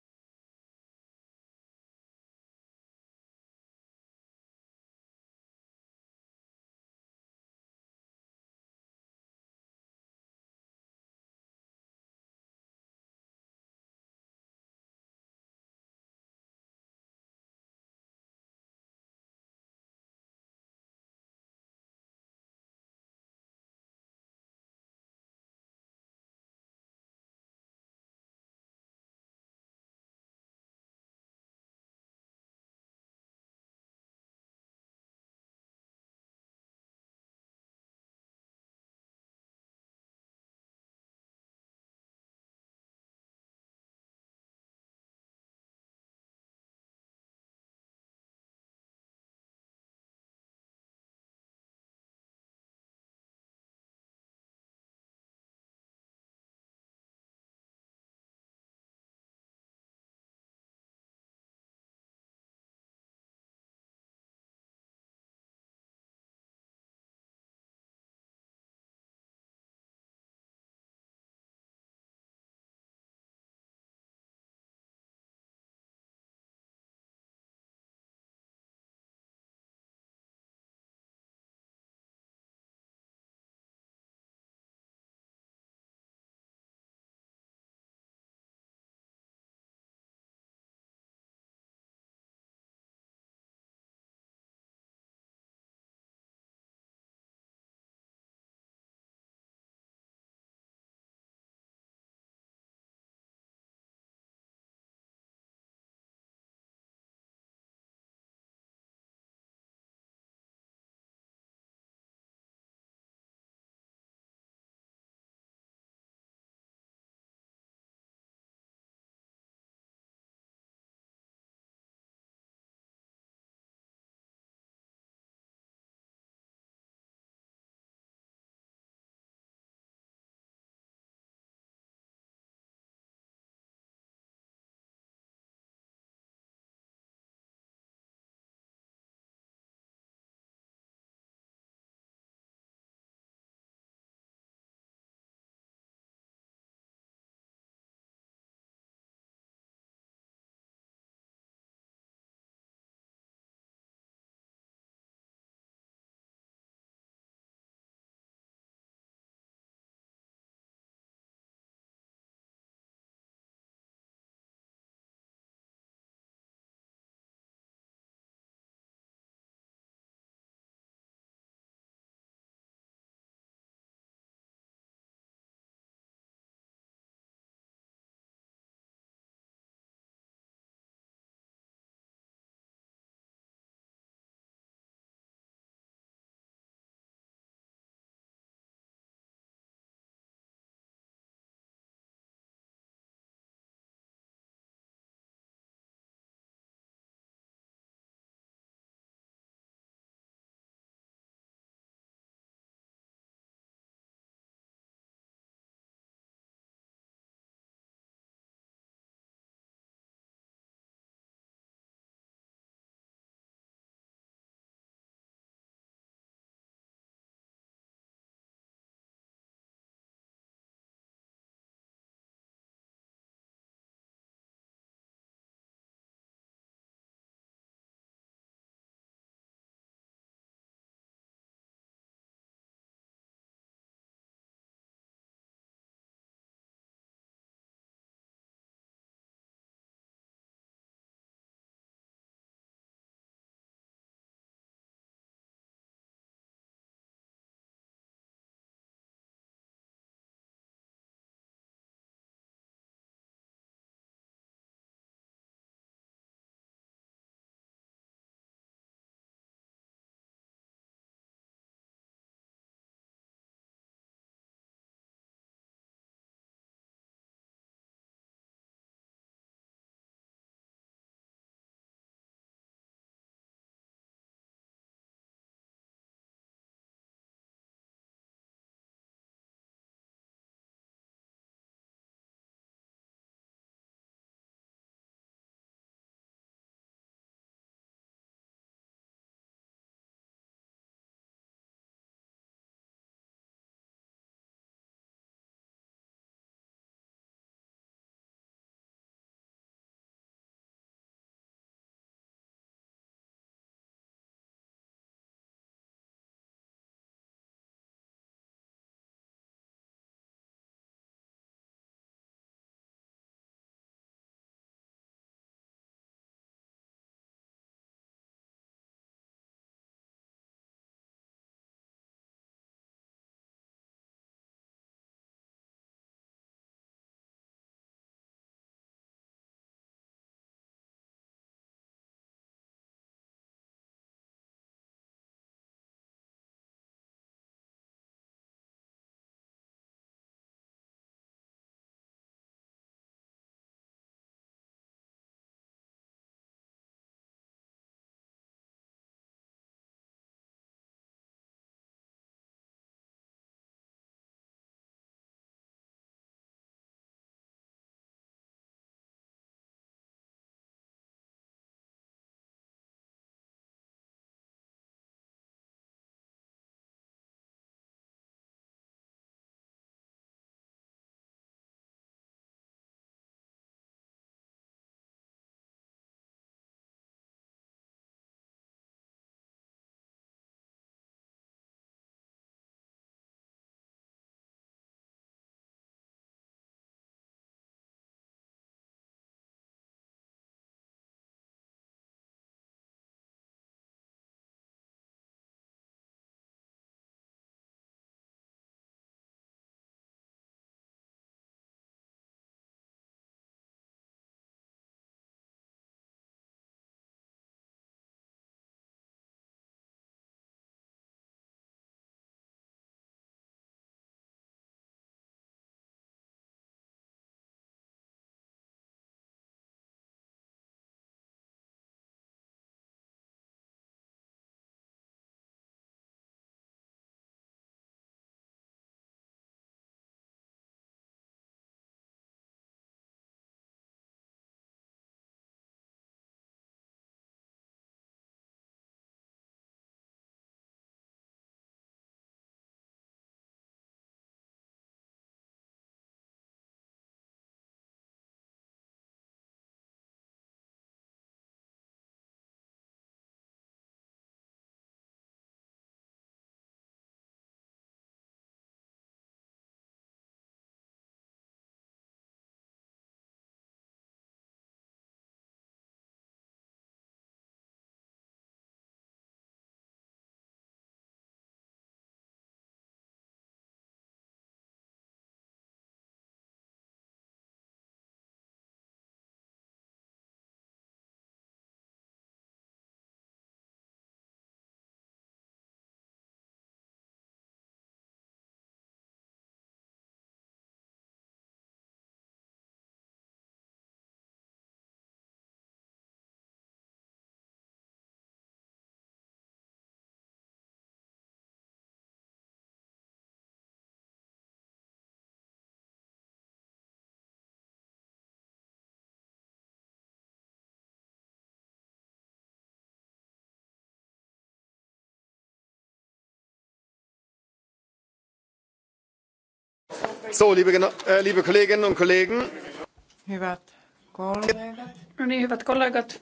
So, liebe, äh, liebe Kolleginnen und Kollegen. Hyvät kollegat. No niin, hyvät kollegat.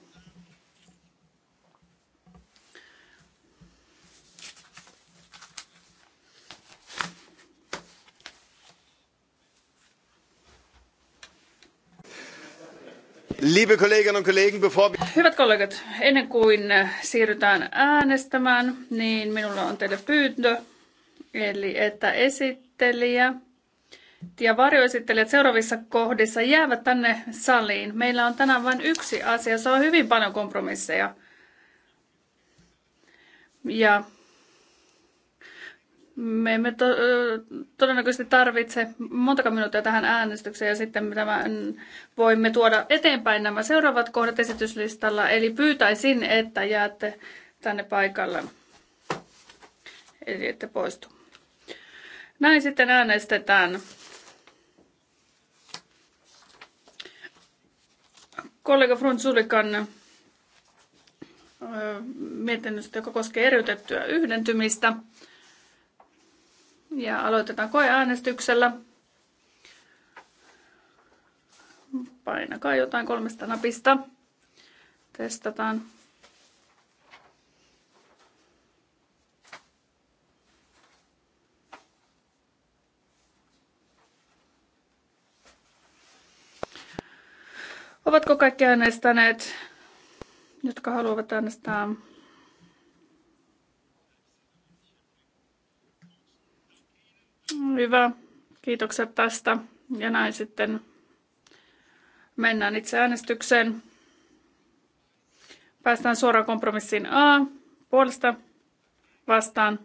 Liebe Kolleginnen und Kollegen, bevor... Hyvät kollegat, ennen kuin äh, siirrytään äänestämään, niin minulla on teille pyyntö, eli että esittelijä ja varjoesittelijät seuraavissa kohdissa jäävät tänne saliin. Meillä on tänään vain yksi asia, se on hyvin paljon kompromisseja. Ja me emme to- todennäköisesti tarvitse montaka minuuttia tähän äänestykseen ja sitten tämä, voimme tuoda eteenpäin nämä seuraavat kohdat esityslistalla. Eli pyytäisin, että jäätte tänne paikalle, eli ette poistu. Näin sitten äänestetään. kollega Zulikan mietinnöstä, joka koskee eriytettyä yhdentymistä. Ja aloitetaan koeäänestyksellä. Painakaa jotain kolmesta napista. Testataan. Ovatko kaikki äänestäneet, jotka haluavat äänestää? Hyvä. Kiitokset tästä. Ja näin sitten mennään itse äänestykseen. Päästään suoraan kompromissiin A. Puolesta vastaan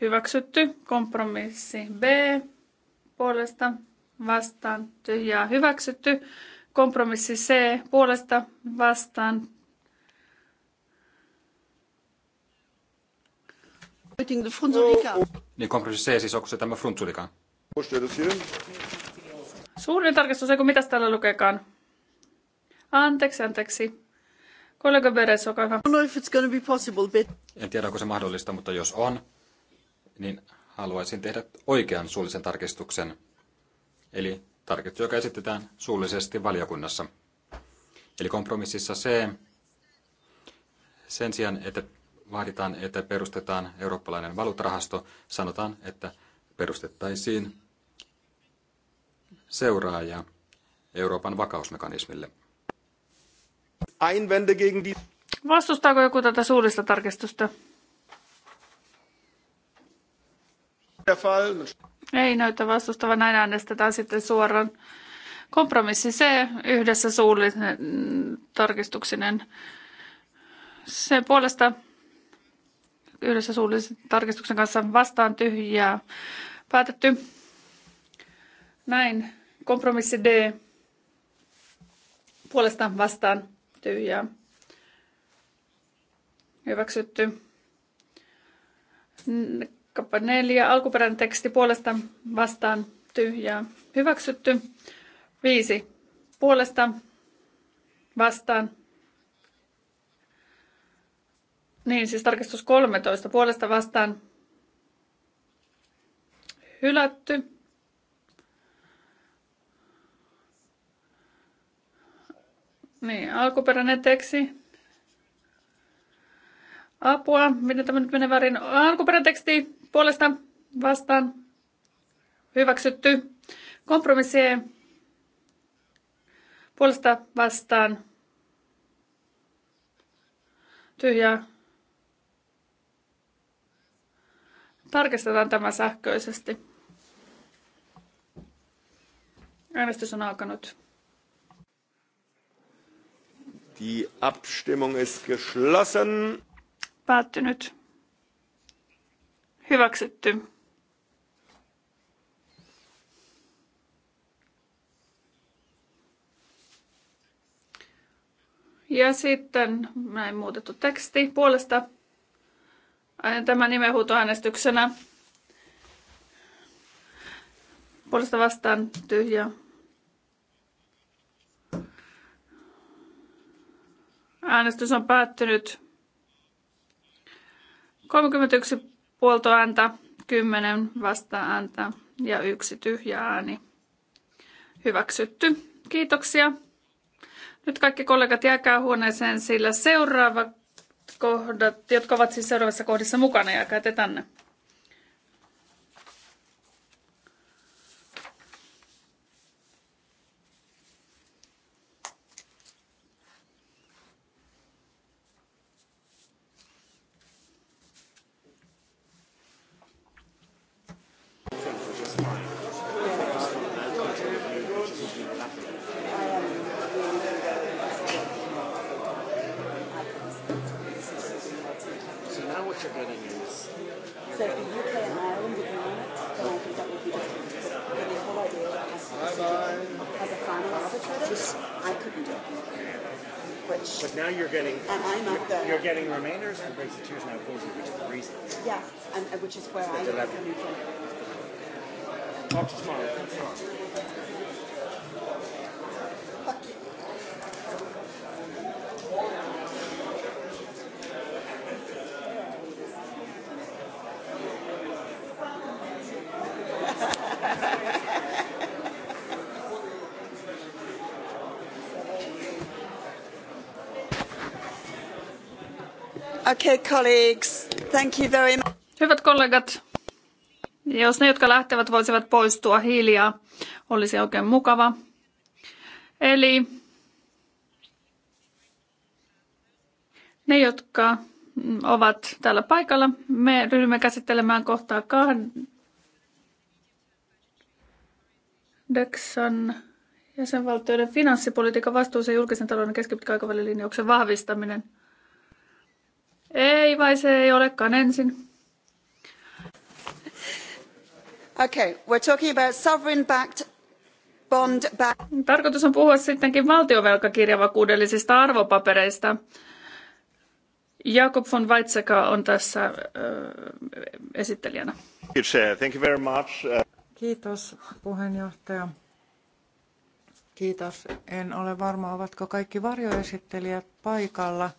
hyväksytty. Kompromissi B. Puolesta vastaan tyhjää hyväksytty. Kompromissi C puolesta vastaan. Niin kompromissi C, siis onko se tämä frunzulika? Suurin tarkistus, eikö mitäs täällä lukekaan? Anteeksi, anteeksi. Kollega Beres, olkaa hyvä. En tiedä, onko se mahdollista, mutta jos on, niin haluaisin tehdä oikean suullisen tarkistuksen. Eli tarkistus, joka esitetään suullisesti valiokunnassa. Eli kompromississa C, sen sijaan, että vaaditaan, että perustetaan eurooppalainen valuutarahasto, sanotaan, että perustettaisiin seuraaja Euroopan vakausmekanismille. Einwände gegen die... Vastustaako joku tätä suullista tarkistusta? Ei näytä vastustava, näin äänestetään sitten suoraan. Kompromissi C yhdessä suullisen tarkistuksinen. Se puolesta yhdessä suullisen tarkistuksen kanssa vastaan tyhjää päätetty. Näin, kompromissi D puolesta vastaan tyhjää hyväksytty. Kappa 4. Alkuperäinen teksti puolesta vastaan tyhjää. Hyväksytty. 5. Puolesta vastaan. Niin, siis tarkistus 13. Puolesta vastaan hylätty. Niin, alkuperäinen teksti. Apua, miten tämä nyt menee väärin? Alkuperäinen teksti Puolesta vastaan hyväksytty. Kompromissi E. Puolesta vastaan tyhjää. Tarkistetaan tämä sähköisesti. Äänestys on alkanut. Die Abstimmung ist geschlossen. Päättynyt. Hyväksytty. Ja sitten näin muutettu teksti puolesta tämä nimenhuutoäänestyksenä. Puolesta vastaan tyhjä. Äänestys on päättynyt. 31 puolto ääntä, kymmenen vasta ääntä ja yksi tyhjä ääni. Hyväksytty. Kiitoksia. Nyt kaikki kollegat jääkää huoneeseen, sillä seuraava kohdat, jotka ovat siis seuraavassa kohdissa mukana, jääkää te tänne. Hyvät kollegat, jos ne, jotka lähtevät, voisivat poistua hiljaa, olisi oikein mukava. Eli ne, jotka ovat täällä paikalla, me ryhdymme käsittelemään kohtaa kahdeksan jäsenvaltioiden finanssipolitiikan vastuus ja julkisen talouden keskipitkäaikavälin linjauksen vahvistaminen – ei vai se ei olekaan ensin. Okay, we're talking about sovereign backed bond back. Tarkoitus on puhua sittenkin valtiovelkakirjavakuudellisista arvopapereista. Jakob von Weizsäcker on tässä äh, esittelijänä. Thank you very much. Kiitos puheenjohtaja. Kiitos. En ole varma, ovatko kaikki varjoesittelijät paikalla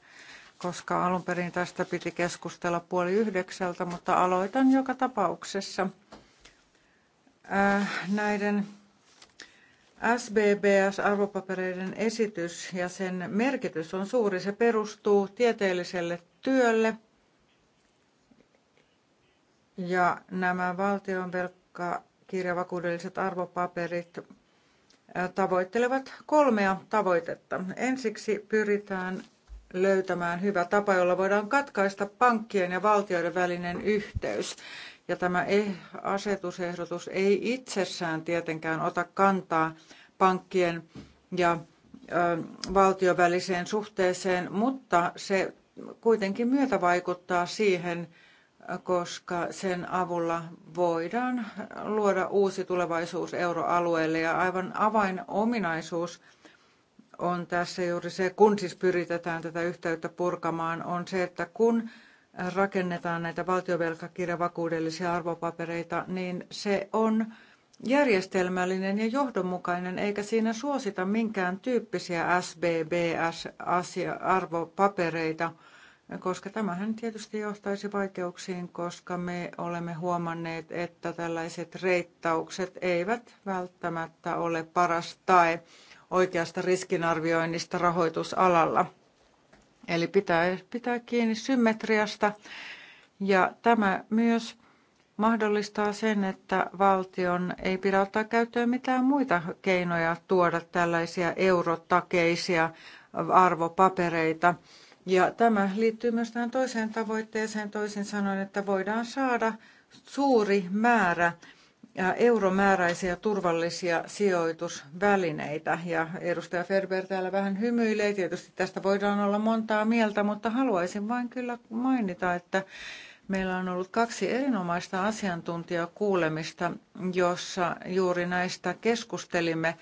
koska alun perin tästä piti keskustella puoli yhdeksältä, mutta aloitan joka tapauksessa. Äh, näiden SBBS-arvopapereiden esitys ja sen merkitys on suuri. Se perustuu tieteelliselle työlle ja nämä valtion velkakirjavakuudelliset arvopaperit äh, tavoittelevat kolmea tavoitetta. Ensiksi pyritään löytämään hyvä tapa, jolla voidaan katkaista pankkien ja valtioiden välinen yhteys. Ja tämä eh, asetusehdotus ei itsessään tietenkään ota kantaa pankkien ja valtion väliseen suhteeseen, mutta se kuitenkin myötävaikuttaa siihen, koska sen avulla voidaan luoda uusi tulevaisuus euroalueelle ja aivan avainominaisuus – on tässä juuri se, kun siis pyritetään tätä yhteyttä purkamaan, on se, että kun rakennetaan näitä valtiovelkakirjavakuudellisia arvopapereita, niin se on järjestelmällinen ja johdonmukainen, eikä siinä suosita minkään tyyppisiä SBBS-arvopapereita, koska tämähän tietysti johtaisi vaikeuksiin, koska me olemme huomanneet, että tällaiset reittaukset eivät välttämättä ole paras tae oikeasta riskinarvioinnista rahoitusalalla. Eli pitää pitää kiinni symmetriasta ja tämä myös mahdollistaa sen, että valtion ei pidä ottaa käyttöön mitään muita keinoja tuoda tällaisia eurotakeisia arvopapereita. Ja tämä liittyy myös tähän toiseen tavoitteeseen, toisin sanoen, että voidaan saada suuri määrä euromääräisiä turvallisia sijoitusvälineitä. Ja edustaja Ferber täällä vähän hymyilee. Tietysti tästä voidaan olla montaa mieltä, mutta haluaisin vain kyllä mainita, että meillä on ollut kaksi erinomaista asiantuntijakuulemista, jossa juuri näistä keskustelimme.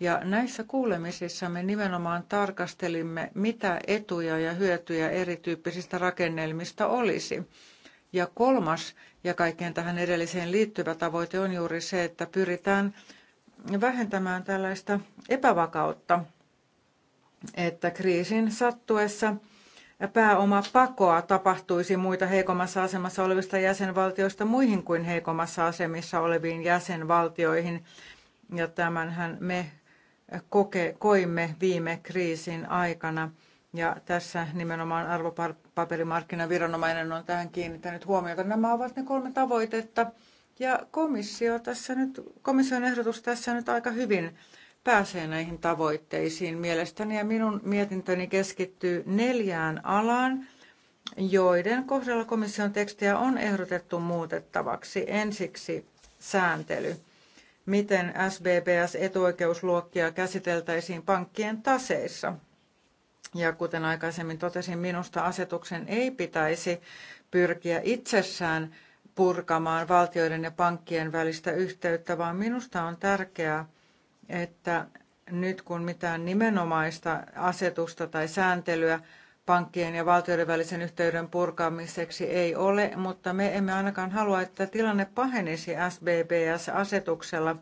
Ja näissä kuulemisissa me nimenomaan tarkastelimme, mitä etuja ja hyötyjä erityyppisistä rakennelmista olisi. Ja kolmas ja kaikkeen tähän edelliseen liittyvä tavoite on juuri se, että pyritään vähentämään tällaista epävakautta, että kriisin sattuessa pääomapakoa tapahtuisi muita heikommassa asemassa olevista jäsenvaltioista muihin kuin heikommassa asemissa oleviin jäsenvaltioihin. Ja tämänhän me koke, koimme viime kriisin aikana. Ja tässä nimenomaan arvopar- paperimarkkinaviranomainen on tähän kiinnittänyt huomiota. Nämä ovat ne kolme tavoitetta ja komissio tässä nyt, komission ehdotus tässä nyt aika hyvin pääsee näihin tavoitteisiin mielestäni ja minun mietintöni keskittyy neljään alaan, joiden kohdalla komission tekstiä on ehdotettu muutettavaksi. Ensiksi sääntely. Miten SBPS-etuoikeusluokkia käsiteltäisiin pankkien taseissa? Ja kuten aikaisemmin totesin, minusta asetuksen ei pitäisi pyrkiä itsessään purkamaan valtioiden ja pankkien välistä yhteyttä, vaan minusta on tärkeää, että nyt kun mitään nimenomaista asetusta tai sääntelyä pankkien ja valtioiden välisen yhteyden purkamiseksi ei ole, mutta me emme ainakaan halua, että tilanne pahenisi SBBS-asetuksella.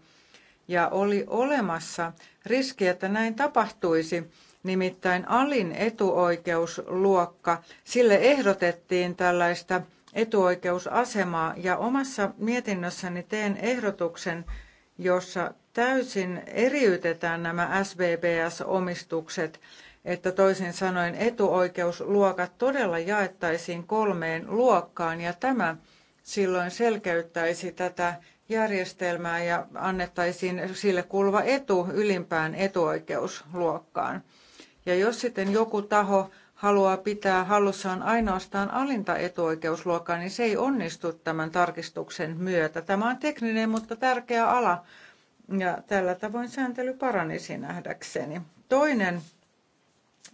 Ja oli olemassa riski, että näin tapahtuisi nimittäin alin etuoikeusluokka, sille ehdotettiin tällaista etuoikeusasemaa ja omassa mietinnössäni teen ehdotuksen, jossa täysin eriytetään nämä SBBS-omistukset, että toisin sanoen etuoikeusluokat todella jaettaisiin kolmeen luokkaan ja tämä silloin selkeyttäisi tätä järjestelmää ja annettaisiin sille kuuluva etu ylimpään etuoikeusluokkaan. Ja jos sitten joku taho haluaa pitää hallussaan ainoastaan alinta etuoikeusluokkaa, niin se ei onnistu tämän tarkistuksen myötä. Tämä on tekninen, mutta tärkeä ala ja tällä tavoin sääntely paranisi nähdäkseni. Toinen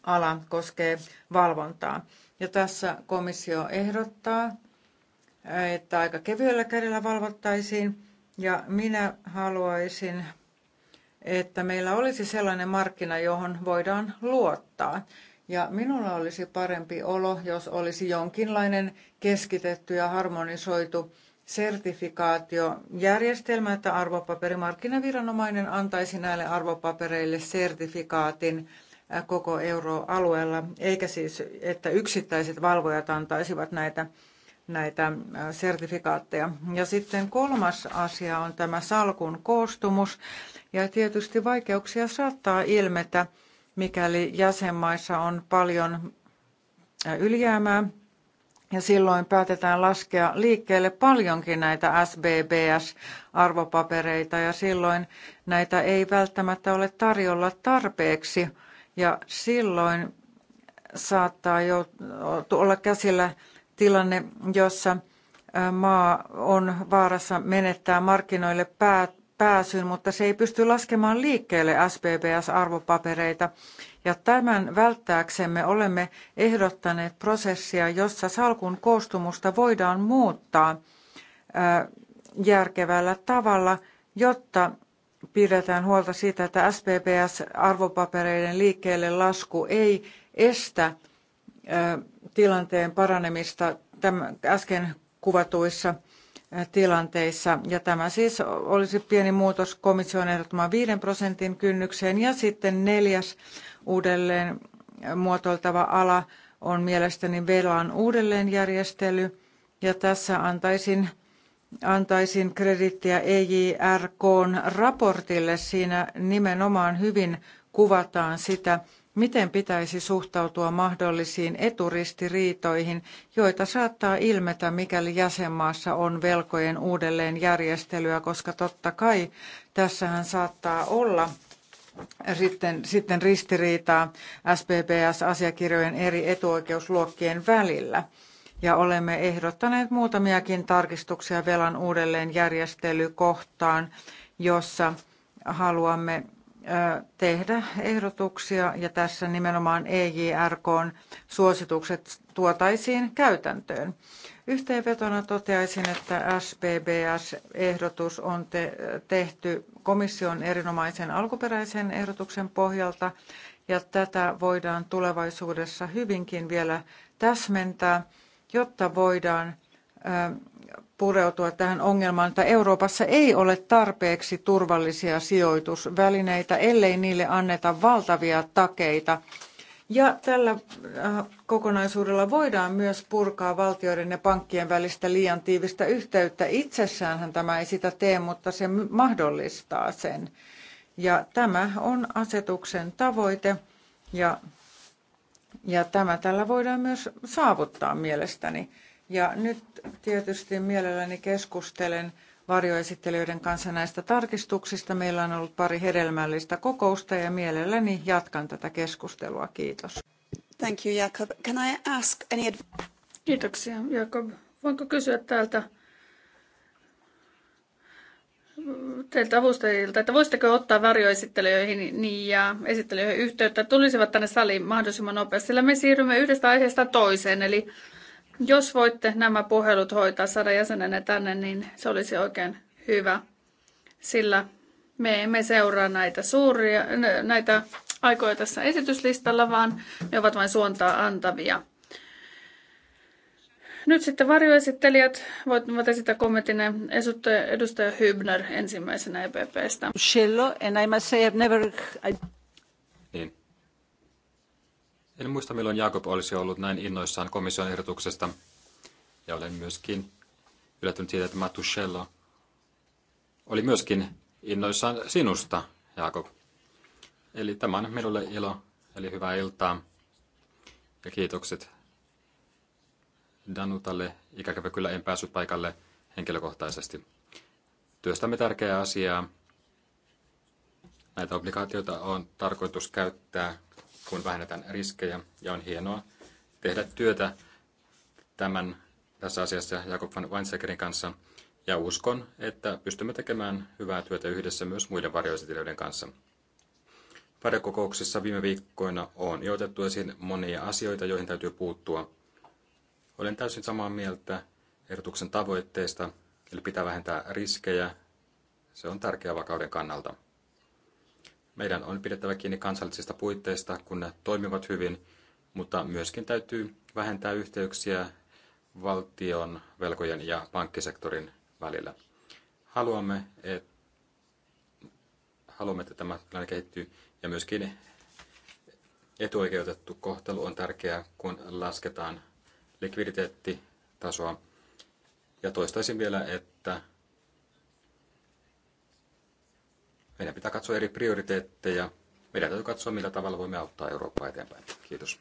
ala koskee valvontaa. Ja tässä komissio ehdottaa, että aika kevyellä kädellä valvottaisiin. Ja minä haluaisin että meillä olisi sellainen markkina, johon voidaan luottaa. Ja minulla olisi parempi olo, jos olisi jonkinlainen keskitetty ja harmonisoitu sertifikaatiojärjestelmä, että arvopaperimarkkinaviranomainen antaisi näille arvopapereille sertifikaatin koko euroalueella, eikä siis, että yksittäiset valvojat antaisivat näitä näitä sertifikaatteja. Ja sitten kolmas asia on tämä salkun koostumus. Ja tietysti vaikeuksia saattaa ilmetä, mikäli jäsenmaissa on paljon ylijäämää. Ja silloin päätetään laskea liikkeelle paljonkin näitä SBBS-arvopapereita ja silloin näitä ei välttämättä ole tarjolla tarpeeksi. Ja silloin saattaa jo olla käsillä tilanne, jossa maa on vaarassa menettää markkinoille pääsyn, mutta se ei pysty laskemaan liikkeelle SPBS-arvopapereita. Ja tämän välttääksemme olemme ehdottaneet prosessia, jossa salkun koostumusta voidaan muuttaa järkevällä tavalla, jotta pidetään huolta siitä, että SPBS-arvopapereiden liikkeelle lasku ei estä tilanteen paranemista äsken kuvatuissa tilanteissa. Ja tämä siis olisi pieni muutos komission ehdottamaan 5 prosentin kynnykseen. Ja sitten neljäs uudelleen muotoiltava ala on mielestäni velan uudelleenjärjestely. Ja tässä antaisin, antaisin kredittiä EJRKn raportille. Siinä nimenomaan hyvin kuvataan sitä, Miten pitäisi suhtautua mahdollisiin eturistiriitoihin, joita saattaa ilmetä, mikäli jäsenmaassa on velkojen uudelleenjärjestelyä, koska totta kai tässähän saattaa olla sitten, sitten ristiriitaa SPPS-asiakirjojen eri etuoikeusluokkien välillä. Ja olemme ehdottaneet muutamiakin tarkistuksia velan uudelleenjärjestelykohtaan, jossa haluamme tehdä ehdotuksia ja tässä nimenomaan ejrk suositukset tuotaisiin käytäntöön. Yhteenvetona toteaisin, että SPBS-ehdotus on te- tehty komission erinomaisen alkuperäisen ehdotuksen pohjalta ja tätä voidaan tulevaisuudessa hyvinkin vielä täsmentää, jotta voidaan pureutua tähän ongelmaan, että Euroopassa ei ole tarpeeksi turvallisia sijoitusvälineitä, ellei niille anneta valtavia takeita. Ja tällä äh, kokonaisuudella voidaan myös purkaa valtioiden ja pankkien välistä liian tiivistä yhteyttä. Itsessäänhän tämä ei sitä tee, mutta se mahdollistaa sen. Ja tämä on asetuksen tavoite ja, ja tämä tällä voidaan myös saavuttaa mielestäni. Ja nyt tietysti mielelläni keskustelen varjoesittelijöiden kanssa näistä tarkistuksista. Meillä on ollut pari hedelmällistä kokousta ja mielelläni jatkan tätä keskustelua. Kiitos. Thank you, Jacob. Can I ask any... Kiitoksia, Jakob. Voinko kysyä täältä teiltä avustajilta, että voisitteko ottaa varjoesittelijöihin niin, ja esittelijöihin yhteyttä, tulisivat tänne saliin mahdollisimman nopeasti, sillä me siirrymme yhdestä aiheesta toiseen, eli jos voitte nämä puhelut hoitaa, saada jäsenenne tänne, niin se olisi oikein hyvä, sillä me emme seuraa näitä suuria, näitä aikoja tässä esityslistalla, vaan ne ovat vain suuntaa antavia. Nyt sitten varjoesittelijät voivat esittää kommenttine edustaja Hybner ensimmäisenä EPPstä. Shello, and I must say I've never... I... En muista milloin Jakob olisi ollut näin innoissaan komission ehdotuksesta. Ja olen myöskin yllättynyt siitä, että Matuscello oli myöskin innoissaan sinusta, Jakob. Eli tämä on minulle ilo, eli hyvää iltaa. Ja kiitokset Danutalle. Ikäkävä kyllä en päässyt paikalle henkilökohtaisesti. Työstämme tärkeää asiaa. Näitä obligaatioita on tarkoitus käyttää kun vähennetään riskejä. Ja on hienoa tehdä työtä tämän tässä asiassa Jakob van Weinsäkerin kanssa. Ja uskon, että pystymme tekemään hyvää työtä yhdessä myös muiden varjoesitilöiden kanssa. Varjokokouksissa viime viikkoina on jo otettu esiin monia asioita, joihin täytyy puuttua. Olen täysin samaa mieltä ehdotuksen tavoitteista, eli pitää vähentää riskejä. Se on tärkeää vakauden kannalta. Meidän on pidettävä kiinni kansallisista puitteista, kun ne toimivat hyvin, mutta myöskin täytyy vähentää yhteyksiä valtion, velkojen ja pankkisektorin välillä. Haluamme, että, haluamme, että tämä tilanne kehittyy ja myöskin etuoikeutettu kohtelu on tärkeää, kun lasketaan likviditeettitasoa. Ja toistaisin vielä, että Meidän pitää katsoa eri prioriteetteja. Meidän täytyy katsoa, millä tavalla voimme auttaa Eurooppaa eteenpäin. Kiitos.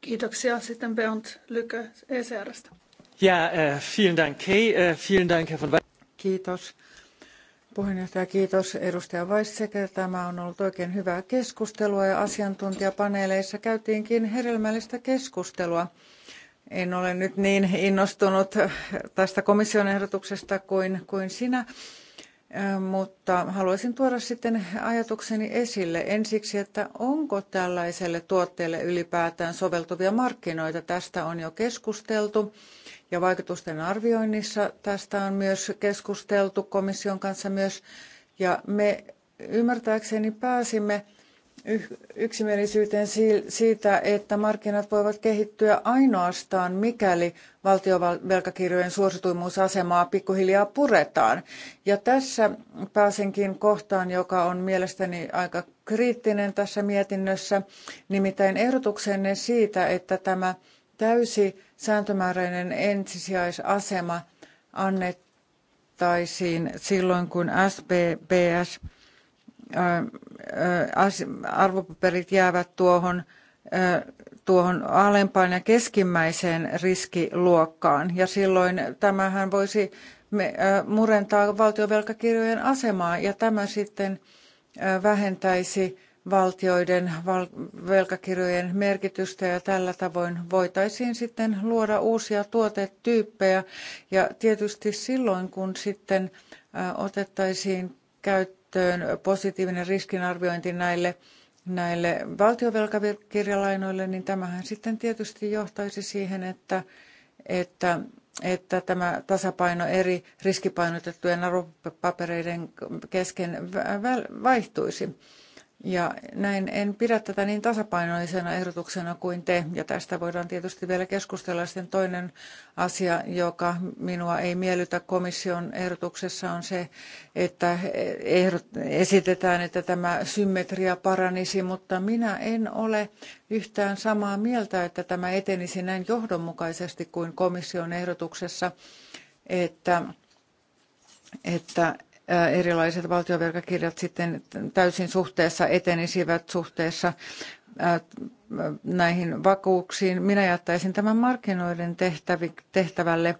Kiitoksia. Sitten Bernd Lykö ECRstä. Ja, äh, vielen dank, äh, vielen dank, Herr von Kiitos. Puheenjohtaja, kiitos edustaja Weisseker. Tämä on ollut oikein hyvää keskustelua ja asiantuntijapaneeleissa käytiinkin hedelmällistä keskustelua. En ole nyt niin innostunut tästä komission ehdotuksesta kuin, kuin sinä, mutta haluaisin tuoda sitten ajatukseni esille ensiksi, että onko tällaiselle tuotteelle ylipäätään soveltuvia markkinoita. Tästä on jo keskusteltu ja vaikutusten arvioinnissa tästä on myös keskusteltu komission kanssa myös. Ja me ymmärtääkseni pääsimme yksimielisyyteen siitä, että markkinat voivat kehittyä ainoastaan, mikäli valtiovelkakirjojen suosituimuusasemaa pikkuhiljaa puretaan. Ja tässä pääsenkin kohtaan, joka on mielestäni aika kriittinen tässä mietinnössä, nimittäin ehdotuksenne siitä, että tämä täysi sääntömääräinen ensisijaisasema annettaisiin silloin, kun SBBS arvopaperit jäävät tuohon, tuohon alempaan ja keskimmäiseen riskiluokkaan. Ja silloin tämähän voisi murentaa valtiovelkakirjojen asemaa ja tämä sitten vähentäisi valtioiden velkakirjojen merkitystä ja tällä tavoin voitaisiin sitten luoda uusia tuotetyyppejä ja tietysti silloin kun sitten otettaisiin käyttöön käyttöön positiivinen riskinarviointi näille, näille valtiovelkakirjalainoille, niin tämähän sitten tietysti johtaisi siihen, että, että että tämä tasapaino eri riskipainotettujen arvopapereiden kesken vaihtuisi. Ja näin en pidä tätä niin tasapainoisena ehdotuksena kuin te, ja tästä voidaan tietysti vielä keskustella. Sitten toinen asia, joka minua ei miellytä komission ehdotuksessa, on se, että ehdot, esitetään, että tämä symmetria paranisi, mutta minä en ole yhtään samaa mieltä, että tämä etenisi näin johdonmukaisesti kuin komission ehdotuksessa, että, että erilaiset valtiovelkakirjat sitten täysin suhteessa etenisivät suhteessa näihin vakuuksiin. Minä jättäisin tämän markkinoiden tehtävi, tehtävälle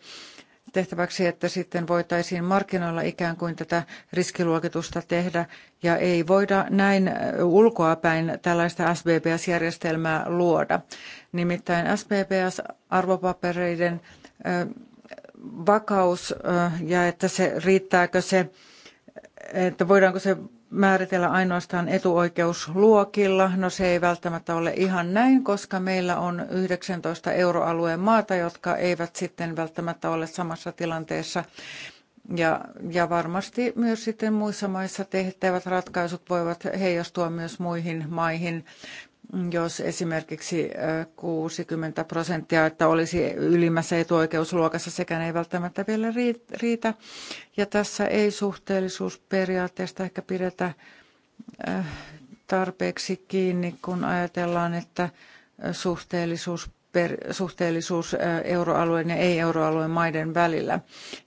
tehtäväksi, että sitten voitaisiin markkinoilla ikään kuin tätä riskiluokitusta tehdä ja ei voida näin ulkoapäin tällaista SBPS-järjestelmää luoda. Nimittäin SBPS-arvopapereiden vakaus ja että se riittääkö se että voidaanko se määritellä ainoastaan etuoikeusluokilla. No se ei välttämättä ole ihan näin, koska meillä on 19 euroalueen maata, jotka eivät sitten välttämättä ole samassa tilanteessa. Ja, ja varmasti myös sitten muissa maissa tehtävät ratkaisut voivat heijastua myös muihin maihin jos esimerkiksi 60 prosenttia, että olisi ylimmässä etuoikeusluokassa, sekään ei välttämättä vielä riitä. Ja tässä ei suhteellisuusperiaatteesta ehkä pidetä tarpeeksi kiinni, kun ajatellaan, että suhteellisuus per, suhteellisuus euroalueen ja ei-euroalueen maiden välillä.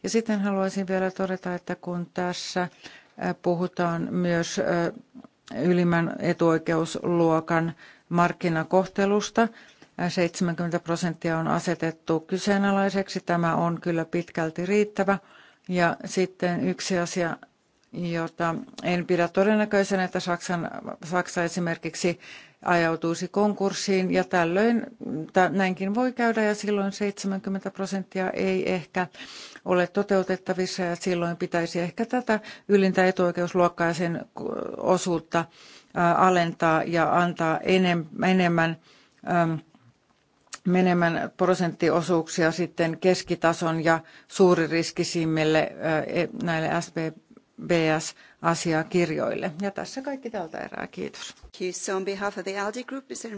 Ja sitten haluaisin vielä todeta, että kun tässä puhutaan myös ylimmän etuoikeusluokan markkinakohtelusta. 70 äh, prosenttia on asetettu kyseenalaiseksi. Tämä on kyllä pitkälti riittävä. Ja sitten yksi asia, jota en pidä todennäköisenä, että Saksan, Saksa esimerkiksi ajautuisi konkurssiin ja tällöin näinkin voi käydä ja silloin 70 prosenttia ei ehkä ole toteutettavissa ja silloin pitäisi ehkä tätä ylintä etuoikeusluokkaa ja sen osuutta alentaa ja antaa enemmän menemän prosenttiosuuksia sitten keskitason ja suuririskisimmille e, näille SPBS-asiakirjoille. Ja tässä kaikki tältä erää. Kiitos. Kiitos. On behalf of the Group, Mr.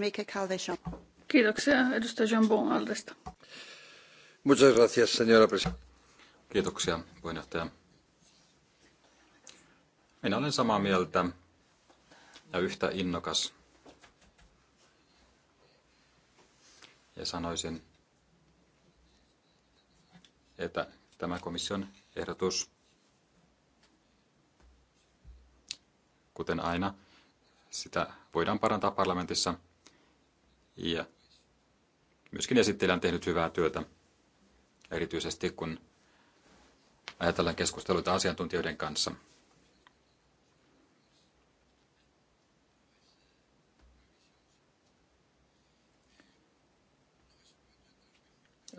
Kiitoksia edustaja Jambon Aldesta. Muchas gracias, señora Kiitoksia, puheenjohtaja. Minä olen samaa mieltä ja yhtä innokas. Ja sanoisin, että tämä komission ehdotus, kuten aina, sitä voidaan parantaa parlamentissa ja myöskin esittelijä on tehnyt hyvää työtä, erityisesti kun ajatellaan keskusteluita asiantuntijoiden kanssa.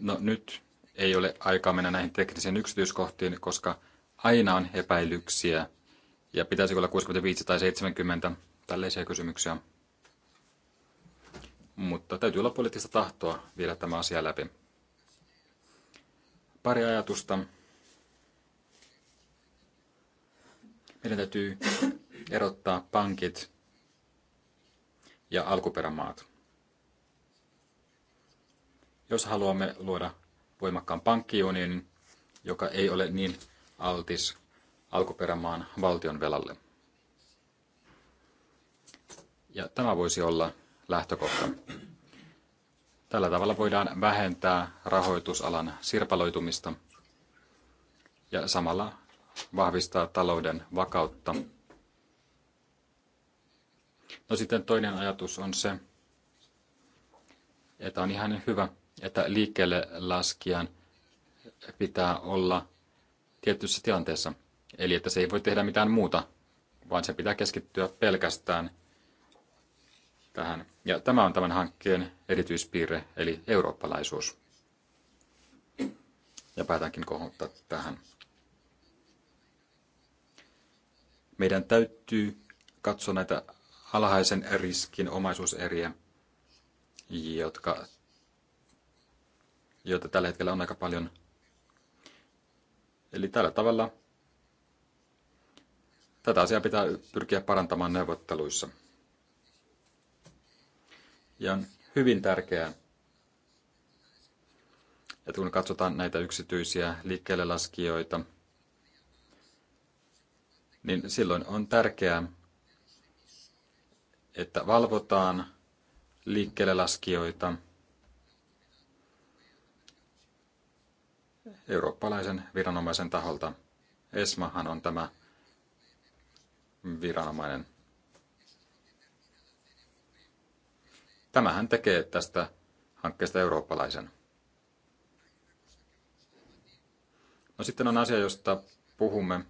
No nyt ei ole aikaa mennä näihin teknisiin yksityiskohtiin, koska aina on epäilyksiä. Ja pitäisikö olla 65 tai 70 tällaisia kysymyksiä. Mutta täytyy olla poliittista tahtoa viedä tämä asia läpi. Pari ajatusta. Meidän täytyy erottaa pankit ja alkuperämaat. Jos haluamme luoda voimakkaan pankkiunionin, joka ei ole niin altis alkuperämaan valtion velalle. Ja tämä voisi olla lähtökohta. Tällä tavalla voidaan vähentää rahoitusalan sirpaloitumista ja samalla vahvistaa talouden vakautta. No sitten toinen ajatus on se, että on ihan hyvä, että liikkeelle laskijan pitää olla tietyssä tilanteessa. Eli että se ei voi tehdä mitään muuta, vaan se pitää keskittyä pelkästään tähän. Ja tämä on tämän hankkeen erityispiirre, eli eurooppalaisuus. Ja päätänkin kohottaa tähän. Meidän täytyy katsoa näitä alhaisen riskin omaisuuseriä, jotka joita tällä hetkellä on aika paljon. Eli tällä tavalla tätä asiaa pitää pyrkiä parantamaan neuvotteluissa. Ja on hyvin tärkeää, että kun katsotaan näitä yksityisiä liikkeelle laskijoita, niin silloin on tärkeää, että valvotaan liikkeelle laskijoita – eurooppalaisen viranomaisen taholta. ESMAhan on tämä viranomainen. Tämähän tekee tästä hankkeesta eurooppalaisen. No sitten on asia, josta puhumme.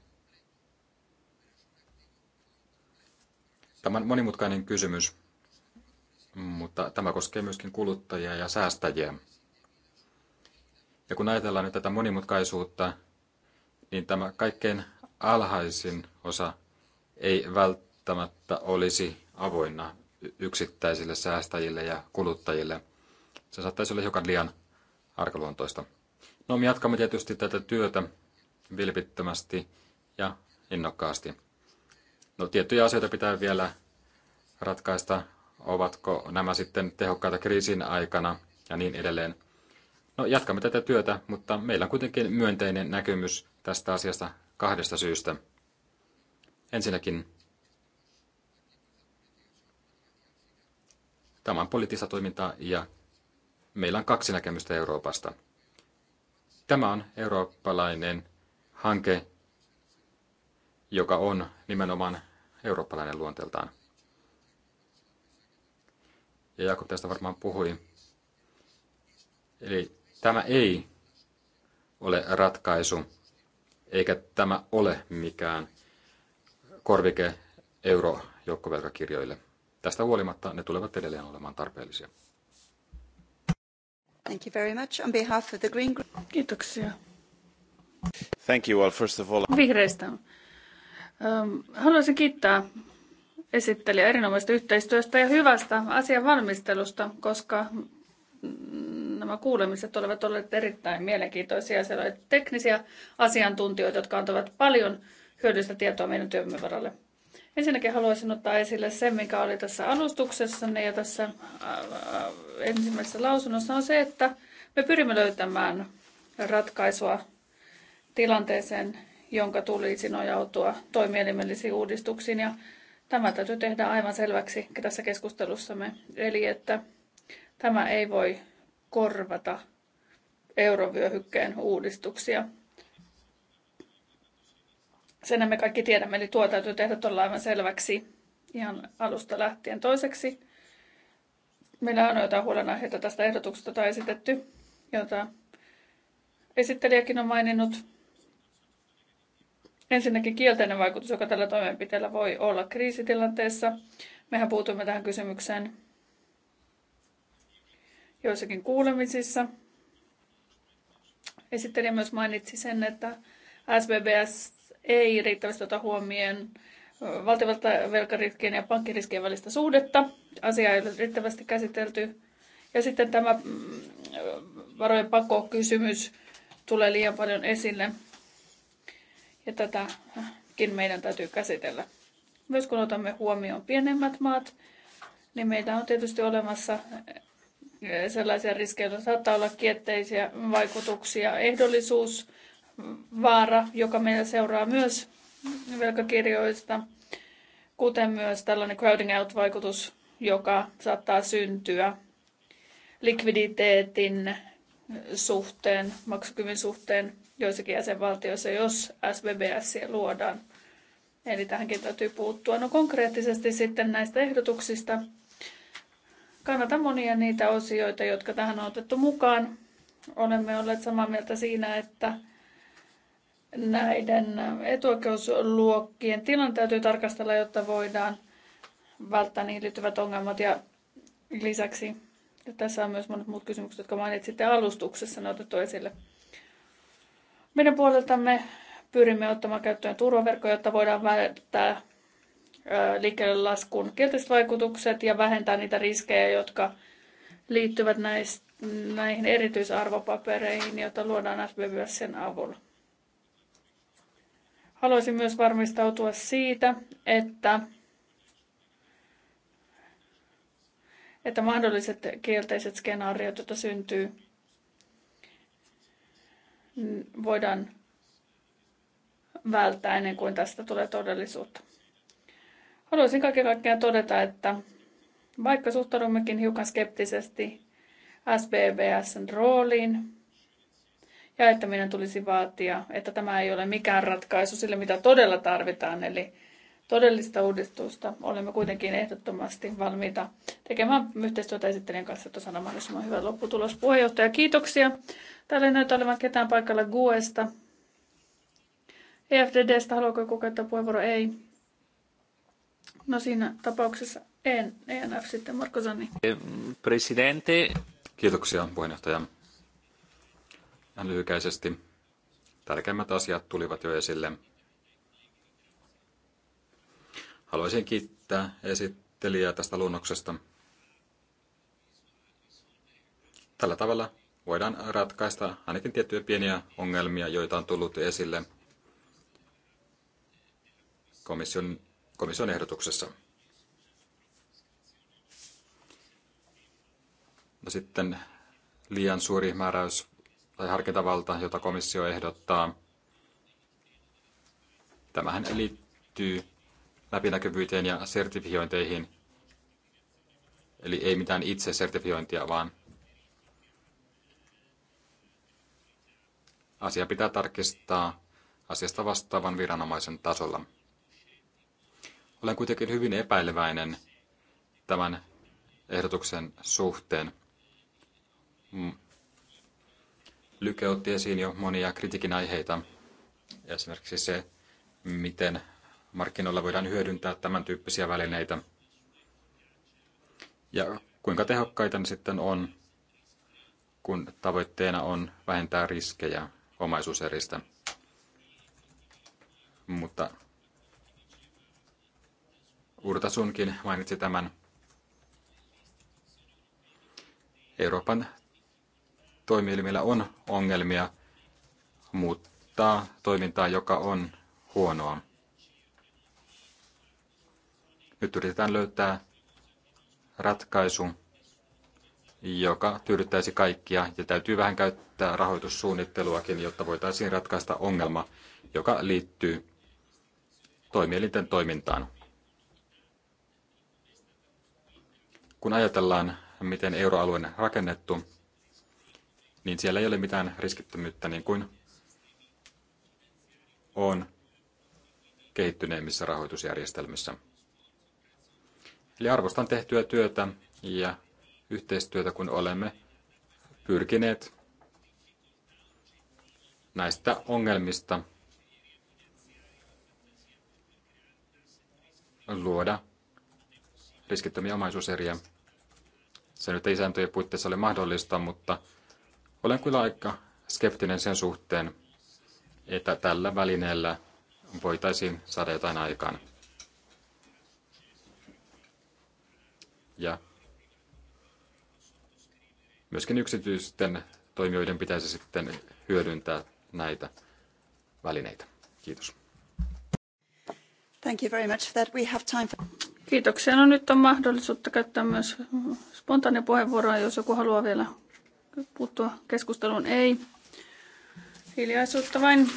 Tämä on monimutkainen kysymys, mutta tämä koskee myöskin kuluttajia ja säästäjiä. Ja kun ajatellaan nyt tätä monimutkaisuutta, niin tämä kaikkein alhaisin osa ei välttämättä olisi avoinna yksittäisille säästäjille ja kuluttajille. Se saattaisi olla hiukan liian arkaluontoista. No, me jatkamme tietysti tätä työtä vilpittömästi ja innokkaasti. No, tiettyjä asioita pitää vielä ratkaista, ovatko nämä sitten tehokkaita kriisin aikana ja niin edelleen. No, jatkamme tätä työtä, mutta meillä on kuitenkin myönteinen näkymys tästä asiasta kahdesta syystä. Ensinnäkin tämä on poliittista toimintaa ja meillä on kaksi näkemystä Euroopasta. Tämä on eurooppalainen hanke, joka on nimenomaan eurooppalainen luonteeltaan. Ja Jakob tästä varmaan puhui. Eli Tämä ei ole ratkaisu, eikä tämä ole mikään korvike eurojoukkovelkakirjoille. Tästä huolimatta ne tulevat edelleen olemaan tarpeellisia. Thank you very much. On behalf of the Green Group. Kiitoksia. Thank you all, first of all. Vihreistä. Haluaisin kiittää esittelijä erinomaisesta yhteistyöstä ja hyvästä asian valmistelusta, koska Nämä kuulemiset olivat olleet erittäin mielenkiintoisia. Siellä oli teknisiä asiantuntijoita, jotka antavat paljon hyödyllistä tietoa meidän työmme varalle. Ensinnäkin haluaisin ottaa esille sen, mikä oli tässä alustuksessa ja tässä äh, äh, ensimmäisessä lausunnossa on se, että me pyrimme löytämään ratkaisua tilanteeseen, jonka tulisi nojautua toimielimellisiin uudistuksiin. Ja tämä täytyy tehdä aivan selväksi tässä keskustelussamme. Eli että tämä ei voi korvata eurovyöhykkeen uudistuksia. Sen me kaikki tiedämme, eli tuo täytyy tehdä tuolla aivan selväksi ihan alusta lähtien. Toiseksi meillä on jotain huolenaiheita tästä ehdotuksesta, jota on esitetty, jota esittelijäkin on maininnut. Ensinnäkin kielteinen vaikutus, joka tällä toimenpiteellä voi olla kriisitilanteessa. Mehän puutumme tähän kysymykseen joissakin kuulemisissa. Esittelijä myös mainitsi sen, että SBBS ei riittävästi ota huomioon valtiovelkariskien ja pankkiriskien välistä suhdetta. Asia ei ole riittävästi käsitelty. Ja sitten tämä mm, varojen pakokysymys tulee liian paljon esille. Ja tätäkin meidän täytyy käsitellä. Myös kun otamme huomioon pienemmät maat, niin meitä on tietysti olemassa sellaisia riskejä, joita saattaa olla kielteisiä vaikutuksia. Ehdollisuus, vaara, joka meillä seuraa myös velkakirjoista, kuten myös tällainen crowding out-vaikutus, joka saattaa syntyä likviditeetin suhteen, maksukyvyn suhteen joissakin jäsenvaltioissa, jos SBBS luodaan. Eli tähänkin täytyy puuttua. No konkreettisesti sitten näistä ehdotuksista – kannata monia niitä osioita, jotka tähän on otettu mukaan. Olemme olleet samaa mieltä siinä, että näiden etuoikeusluokkien tilan täytyy tarkastella, jotta voidaan välttää niihin liittyvät ongelmat. Ja lisäksi ja tässä on myös monet muut kysymykset, jotka mainitsitte alustuksessa, ne otettu esille. Meidän puoleltamme pyrimme ottamaan käyttöön turvaverkko, jotta voidaan välttää liikkeelle laskun kielteiset vaikutukset ja vähentää niitä riskejä, jotka liittyvät näistä, näihin erityisarvopapereihin, joita luodaan sen avulla. Haluaisin myös varmistautua siitä, että, että mahdolliset kielteiset skenaariot, joita syntyy, voidaan välttää ennen kuin tästä tulee todellisuutta. Haluaisin kaiken kaikkiaan todeta, että vaikka suhtaudummekin hiukan skeptisesti SBBSn rooliin, ja että meidän tulisi vaatia, että tämä ei ole mikään ratkaisu sille, mitä todella tarvitaan, eli todellista uudistusta. Olemme kuitenkin ehdottomasti valmiita tekemään yhteistyötä esittelijän kanssa, että saadaan mahdollisimman hyvä lopputulos. Puheenjohtaja, kiitoksia. Täällä ei näytä olevan ketään paikalla GUEsta. EFDDstä, haluaako joku käyttää puheenvuoro? Ei. No siinä tapauksessa en, ENF sitten, Marko Sanni. Eh, presidente. Kiitoksia puheenjohtaja. Ihan lyhykäisesti tärkeimmät asiat tulivat jo esille. Haluaisin kiittää esittelijää tästä luonnoksesta. Tällä tavalla voidaan ratkaista ainakin tiettyjä pieniä ongelmia, joita on tullut esille komission komission ehdotuksessa. No sitten liian suuri määräys tai harkintavalta, jota komissio ehdottaa. Tämähän liittyy läpinäkyvyyteen ja sertifiointeihin. Eli ei mitään itse sertifiointia, vaan asia pitää tarkistaa asiasta vastaavan viranomaisen tasolla. Olen kuitenkin hyvin epäileväinen tämän ehdotuksen suhteen. Mm. Lyke otti esiin jo monia kritiikin aiheita, esimerkiksi se, miten markkinoilla voidaan hyödyntää tämän tyyppisiä välineitä ja kuinka tehokkaita ne sitten on, kun tavoitteena on vähentää riskejä omaisuuseristä. Mutta Urtasunkin mainitsi tämän. Euroopan toimielimillä on ongelmia muuttaa toimintaa, joka on huonoa. Nyt yritetään löytää ratkaisu, joka tyydyttäisi kaikkia ja täytyy vähän käyttää rahoitussuunnitteluakin, jotta voitaisiin ratkaista ongelma, joka liittyy toimielinten toimintaan. Kun ajatellaan, miten euroalueen rakennettu, niin siellä ei ole mitään riskittömyyttä niin kuin on kehittyneemmissä rahoitusjärjestelmissä. Eli arvostan tehtyä työtä ja yhteistyötä, kun olemme pyrkineet näistä ongelmista luoda riskittömiä omaisuuseriä se nyt ei sääntöjen puitteissa ole mahdollista, mutta olen kyllä aika skeptinen sen suhteen, että tällä välineellä voitaisiin saada jotain aikaan. Ja myöskin yksityisten toimijoiden pitäisi sitten hyödyntää näitä välineitä. Kiitos. Thank you very much for that. We have time for... Kiitoksia. No nyt on mahdollisuutta käyttää myös spontaania puheenvuoroa, jos joku haluaa vielä puuttua keskusteluun. Ei. Hiljaisuutta vain.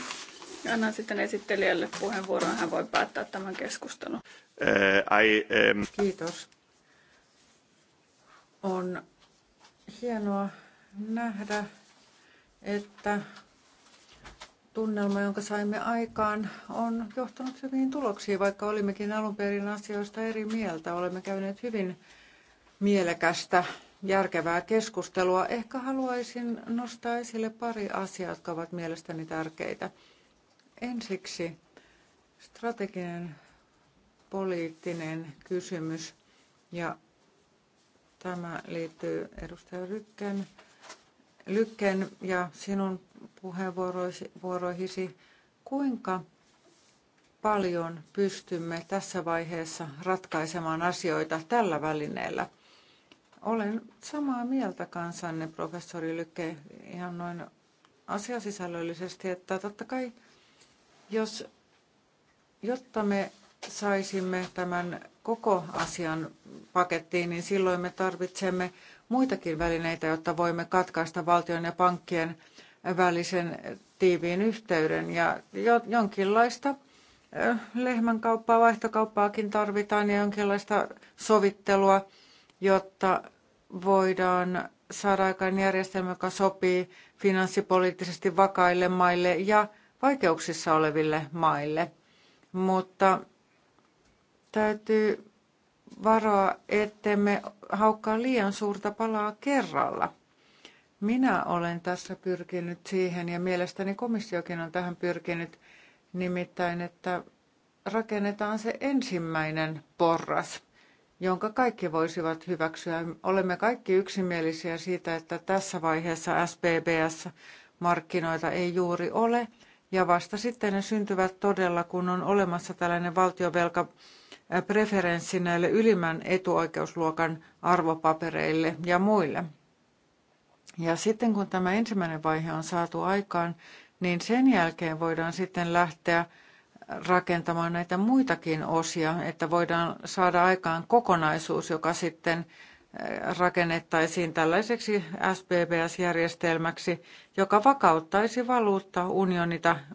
Annan sitten esittelijälle puheenvuoron. Hän voi päättää tämän keskustelun. Uh, eh, I, um... Kiitos. On hienoa nähdä, että tunnelma, jonka saimme aikaan, on johtanut hyviin tuloksiin, vaikka olimmekin alun perin asioista eri mieltä. Olemme käyneet hyvin mielekästä, järkevää keskustelua. Ehkä haluaisin nostaa esille pari asiaa, jotka ovat mielestäni tärkeitä. Ensiksi strateginen poliittinen kysymys ja tämä liittyy edustaja Rykkän Lykken ja sinun puheenvuoroihisi, kuinka paljon pystymme tässä vaiheessa ratkaisemaan asioita tällä välineellä. Olen samaa mieltä kansanne, professori Lykke, ihan noin asiasisällöllisesti, että totta kai, jos, jotta me saisimme tämän koko asian pakettiin, niin silloin me tarvitsemme muitakin välineitä, jotta voimme katkaista valtion ja pankkien välisen tiiviin yhteyden. Ja jonkinlaista lehmänkauppaa, vaihtokauppaakin tarvitaan ja jonkinlaista sovittelua, jotta voidaan saada aikaan järjestelmä, joka sopii finanssipoliittisesti vakaille maille ja vaikeuksissa oleville maille. Mutta täytyy varoa, ettemme haukkaa liian suurta palaa kerralla. Minä olen tässä pyrkinyt siihen ja mielestäni komissiokin on tähän pyrkinyt nimittäin, että rakennetaan se ensimmäinen porras, jonka kaikki voisivat hyväksyä. Olemme kaikki yksimielisiä siitä, että tässä vaiheessa SPBS markkinoita ei juuri ole. Ja vasta sitten ne syntyvät todella, kun on olemassa tällainen valtiovelka preferenssi näille ylimmän etuoikeusluokan arvopapereille ja muille. Ja sitten kun tämä ensimmäinen vaihe on saatu aikaan, niin sen jälkeen voidaan sitten lähteä rakentamaan näitä muitakin osia, että voidaan saada aikaan kokonaisuus, joka sitten eh, rakennettaisiin tällaiseksi SPBS-järjestelmäksi, joka vakauttaisi valuutta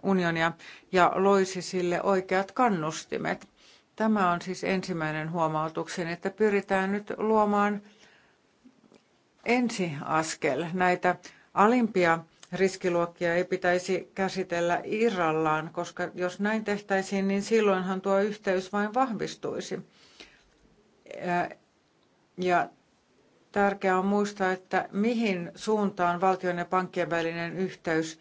unionia ja loisi sille oikeat kannustimet. Tämä on siis ensimmäinen huomautuksen, että pyritään nyt luomaan ensiaskel. Näitä alimpia riskiluokkia ei pitäisi käsitellä irrallaan, koska jos näin tehtäisiin, niin silloinhan tuo yhteys vain vahvistuisi. Ja tärkeää on muistaa, että mihin suuntaan valtion ja pankkien välinen yhteys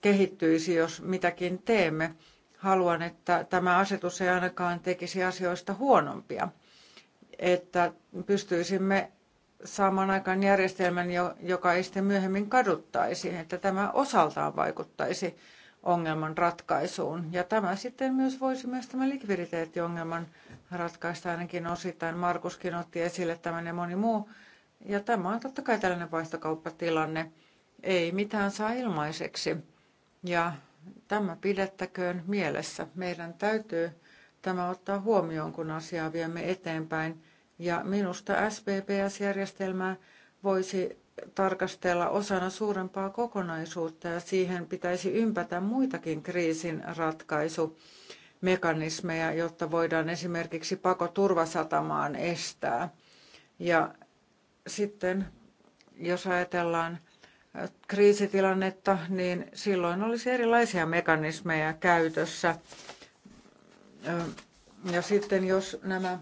kehittyisi, jos mitäkin teemme haluan, että tämä asetus ei ainakaan tekisi asioista huonompia, että pystyisimme saamaan aikaan järjestelmän, joka ei sitten myöhemmin kaduttaisi, että tämä osaltaan vaikuttaisi ongelman ratkaisuun. Ja tämä sitten myös voisi myös tämän likviditeettiongelman ratkaista ainakin osittain. Markuskin otti esille tämän ja moni muu. Ja tämä on totta kai tällainen vaihtokauppatilanne. Ei mitään saa ilmaiseksi. Ja Tämä pidettäköön mielessä. Meidän täytyy tämä ottaa huomioon, kun asiaa viemme eteenpäin. Ja minusta SPPS-järjestelmää voisi tarkastella osana suurempaa kokonaisuutta ja siihen pitäisi ympätä muitakin kriisin ratkaisumekanismeja, jotta voidaan esimerkiksi turvasatamaan estää. Ja sitten jos ajatellaan kriisitilannetta, niin silloin olisi erilaisia mekanismeja käytössä. Ja sitten jos nämä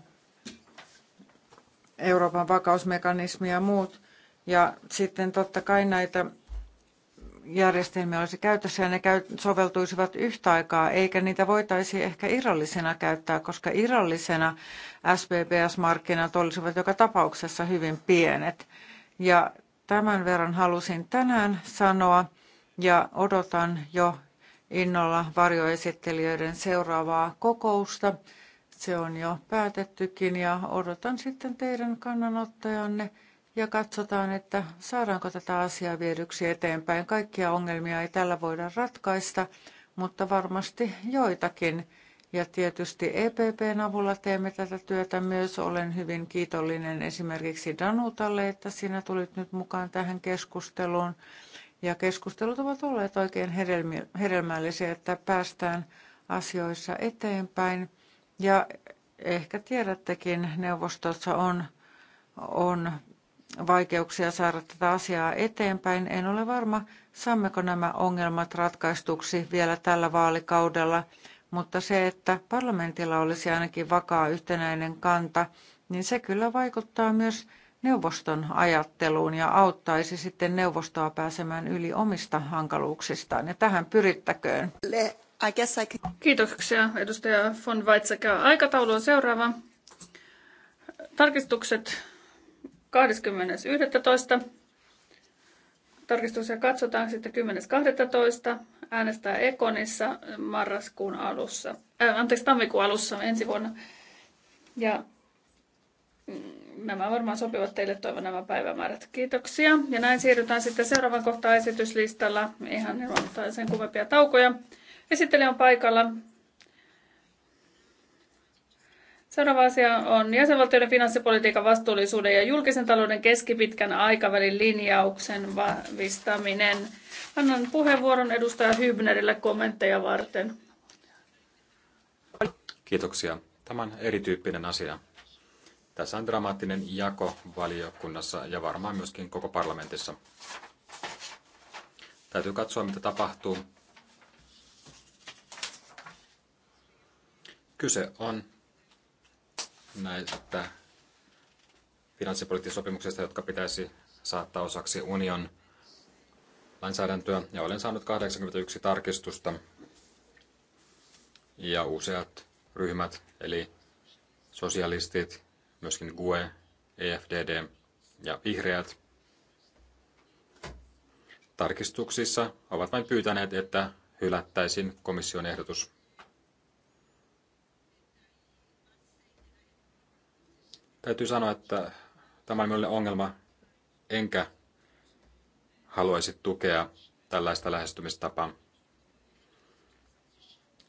Euroopan vakausmekanismi ja muut, ja sitten totta kai näitä järjestelmiä olisi käytössä ja ne soveltuisivat yhtä aikaa, eikä niitä voitaisi ehkä irrallisena käyttää, koska irrallisena SPPS-markkinat olisivat joka tapauksessa hyvin pienet. Ja Tämän verran halusin tänään sanoa ja odotan jo innolla varjoesittelijöiden seuraavaa kokousta. Se on jo päätettykin ja odotan sitten teidän kannanottojanne ja katsotaan, että saadaanko tätä asiaa viedyksi eteenpäin. Kaikkia ongelmia ei tällä voida ratkaista, mutta varmasti joitakin. Ja tietysti EPPn avulla teemme tätä työtä myös. Olen hyvin kiitollinen esimerkiksi Danutalle, että sinä tulit nyt mukaan tähän keskusteluun. Ja keskustelut ovat olleet oikein hedelmällisiä, että päästään asioissa eteenpäin. Ja ehkä tiedättekin, neuvostossa on, on vaikeuksia saada tätä asiaa eteenpäin. En ole varma, saammeko nämä ongelmat ratkaistuksi vielä tällä vaalikaudella mutta se, että parlamentilla olisi ainakin vakaa yhtenäinen kanta, niin se kyllä vaikuttaa myös neuvoston ajatteluun ja auttaisi sitten neuvostoa pääsemään yli omista hankaluuksistaan. Ja tähän pyrittäköön. I guess I Kiitoksia edustaja von Weizsäcker. Aikataulu on seuraava. Tarkistukset 20.11. ja katsotaan sitten 10.12 äänestää Ekonissa marraskuun alussa, äh, anteeksi, tammikuun alussa ensi vuonna. Ja mm, nämä varmaan sopivat teille toivon nämä päivämäärät. Kiitoksia. Ja näin siirrytään sitten seuraavan kohtaan esityslistalla. Ihan ilman sen kuvempia taukoja. Esittely on paikalla. Seuraava asia on jäsenvaltioiden finanssipolitiikan vastuullisuuden ja julkisen talouden keskipitkän aikavälin linjauksen vahvistaminen. Annan puheenvuoron edustaja Hybnerille kommentteja varten. Kiitoksia. Tämä on erityyppinen asia. Tässä on dramaattinen jako valiokunnassa ja varmaan myöskin koko parlamentissa. Täytyy katsoa, mitä tapahtuu. Kyse on näistä finanssipoliittisista sopimuksista, jotka pitäisi saattaa osaksi union lainsäädäntöä ja olen saanut 81 tarkistusta ja useat ryhmät, eli sosialistit, myöskin GUE, EFDD ja vihreät, tarkistuksissa ovat vain pyytäneet, että hylättäisiin komission ehdotus. Täytyy sanoa, että tämä on minulle ongelma, enkä Haluaisit tukea tällaista lähestymistapaa.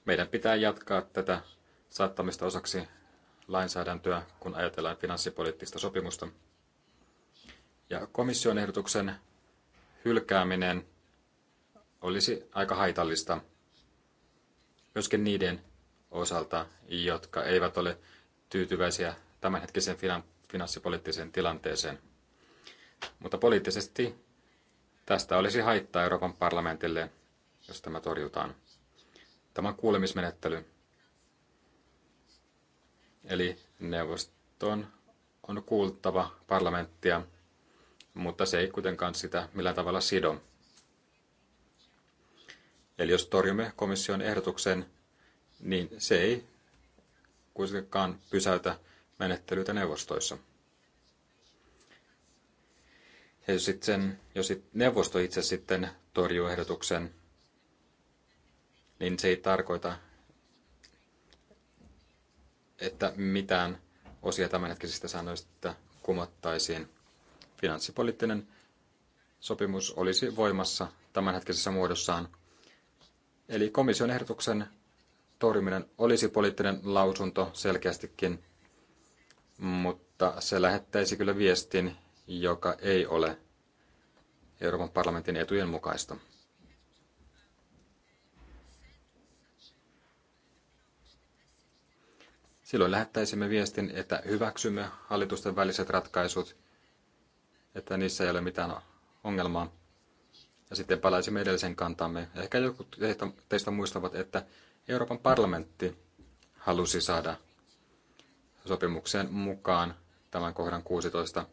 Meidän pitää jatkaa tätä saattamista osaksi lainsäädäntöä, kun ajatellaan finanssipoliittista sopimusta. Ja komission ehdotuksen hylkääminen olisi aika haitallista myöskin niiden osalta, jotka eivät ole tyytyväisiä tämänhetkiseen finanssipoliittiseen tilanteeseen. Mutta poliittisesti Tästä olisi haittaa Euroopan parlamentille, jos tämä torjutaan. Tämä on kuulemismenettely. Eli neuvoston on kuultava parlamenttia, mutta se ei kuitenkaan sitä millään tavalla sido. Eli jos torjumme komission ehdotuksen, niin se ei kuitenkaan pysäytä menettelyitä neuvostoissa. Ja jos sitten, jos neuvosto itse sitten torjuu ehdotuksen, niin se ei tarkoita, että mitään osia tämänhetkisistä säännöistä kumottaisiin. Finanssipoliittinen sopimus olisi voimassa tämänhetkisessä muodossaan. Eli komission ehdotuksen torjuminen olisi poliittinen lausunto selkeästikin, mutta se lähettäisi kyllä viestin, joka ei ole Euroopan parlamentin etujen mukaista. Silloin lähettäisimme viestin, että hyväksymme hallitusten väliset ratkaisut, että niissä ei ole mitään ongelmaa. Ja sitten palaisimme edellisen kantamme. Ehkä joku teistä muistavat, että Euroopan parlamentti halusi saada sopimukseen mukaan tämän kohdan 16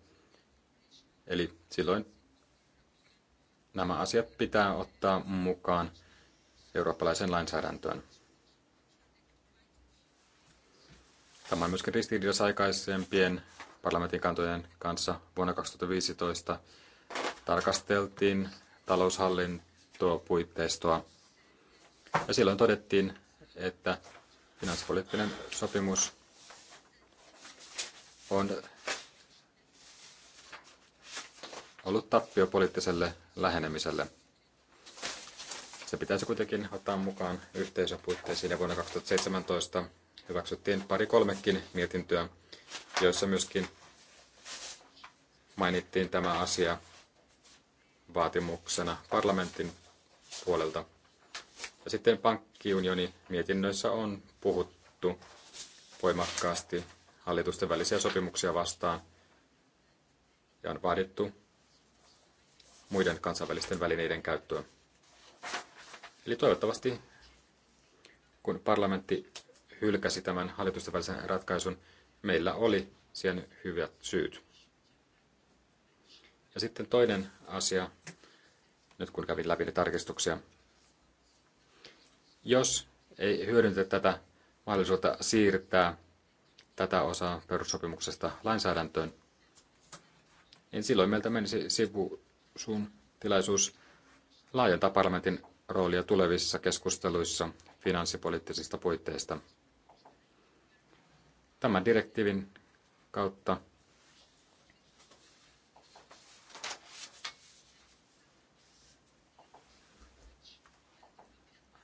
Eli silloin nämä asiat pitää ottaa mukaan eurooppalaisen lainsäädäntöön. Tämä on myöskin ristiriidassa aikaisempien parlamentin kantojen kanssa. Vuonna 2015 tarkasteltiin puitteistoa ja silloin todettiin, että finanssipoliittinen sopimus on ollut tappio poliittiselle lähenemiselle. Se pitäisi kuitenkin ottaa mukaan yhteisöpuitteisiin ja vuonna 2017 hyväksyttiin pari kolmekin mietintöä, joissa myöskin mainittiin tämä asia vaatimuksena parlamentin puolelta. Ja sitten pankkiunioni mietinnöissä on puhuttu voimakkaasti hallitusten välisiä sopimuksia vastaan ja on vaadittu muiden kansainvälisten välineiden käyttöä. Eli toivottavasti, kun parlamentti hylkäsi tämän hallitusten välisen ratkaisun, meillä oli siihen hyvät syyt. Ja sitten toinen asia, nyt kun kävin läpi tarkistuksia. Jos ei hyödyntä tätä mahdollisuutta siirtää tätä osaa perussopimuksesta lainsäädäntöön, niin silloin meiltä menisi sivu sun tilaisuus laajentaa parlamentin roolia tulevissa keskusteluissa finanssipoliittisista puitteista. Tämän direktiivin kautta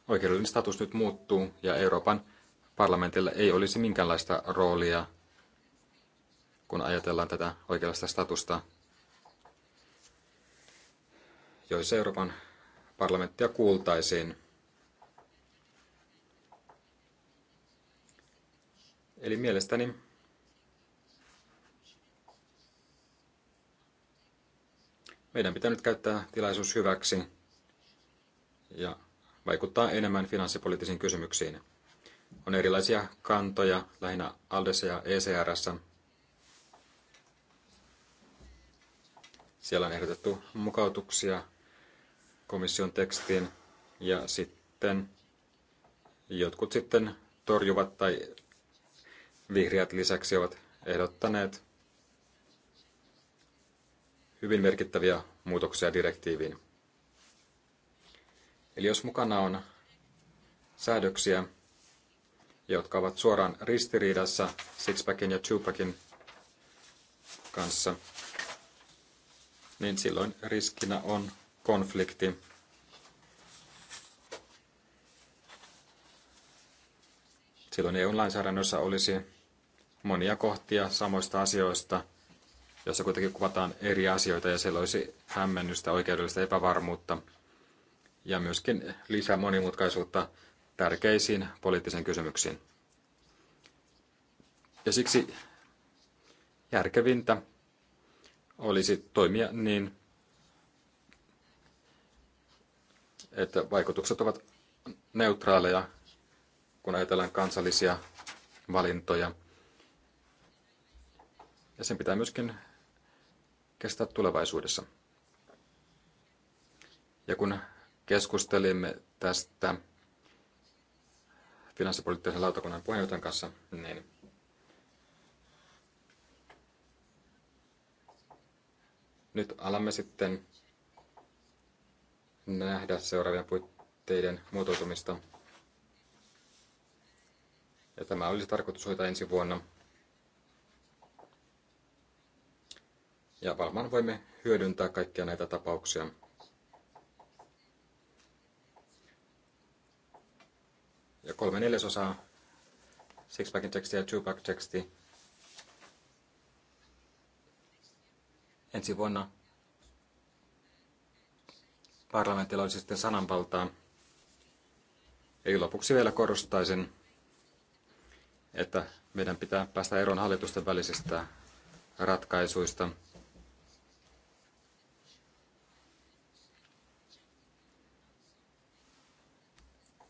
oikeudellinen status nyt muuttuu ja Euroopan parlamentilla ei olisi minkäänlaista roolia, kun ajatellaan tätä oikeudellista statusta joissa Euroopan parlamenttia kuultaisiin. Eli mielestäni meidän pitää nyt käyttää tilaisuus hyväksi ja vaikuttaa enemmän finanssipoliittisiin kysymyksiin. On erilaisia kantoja lähinnä Aldessa ja ECRssä. Siellä on ehdotettu mukautuksia komission tekstiin ja sitten jotkut sitten torjuvat tai vihreät lisäksi ovat ehdottaneet hyvin merkittäviä muutoksia direktiiviin. Eli jos mukana on säädöksiä, jotka ovat suoraan ristiriidassa Sixpackin ja Twopackin kanssa, niin silloin riskinä on konflikti. Silloin EU-lainsäädännössä olisi monia kohtia samoista asioista, jossa kuitenkin kuvataan eri asioita ja siellä olisi hämmennystä, oikeudellista epävarmuutta ja myöskin lisää monimutkaisuutta tärkeisiin poliittisiin kysymyksiin. Ja siksi järkevintä olisi toimia niin, että vaikutukset ovat neutraaleja, kun ajatellaan kansallisia valintoja. Ja sen pitää myöskin kestää tulevaisuudessa. Ja kun keskustelimme tästä finanssipoliittisen lautakunnan puheenjohtajan kanssa, niin nyt alamme sitten nähdä seuraavien puitteiden muotoutumista. Ja tämä olisi tarkoitus hoitaa ensi vuonna. Ja varmaan voimme hyödyntää kaikkia näitä tapauksia. Ja kolme neljäsosaa six teksti ja two-pack teksti ensi vuonna parlamentilla olisi sitten sananvaltaa. Ja lopuksi vielä korostaisin, että meidän pitää päästä eroon hallitusten välisistä ratkaisuista.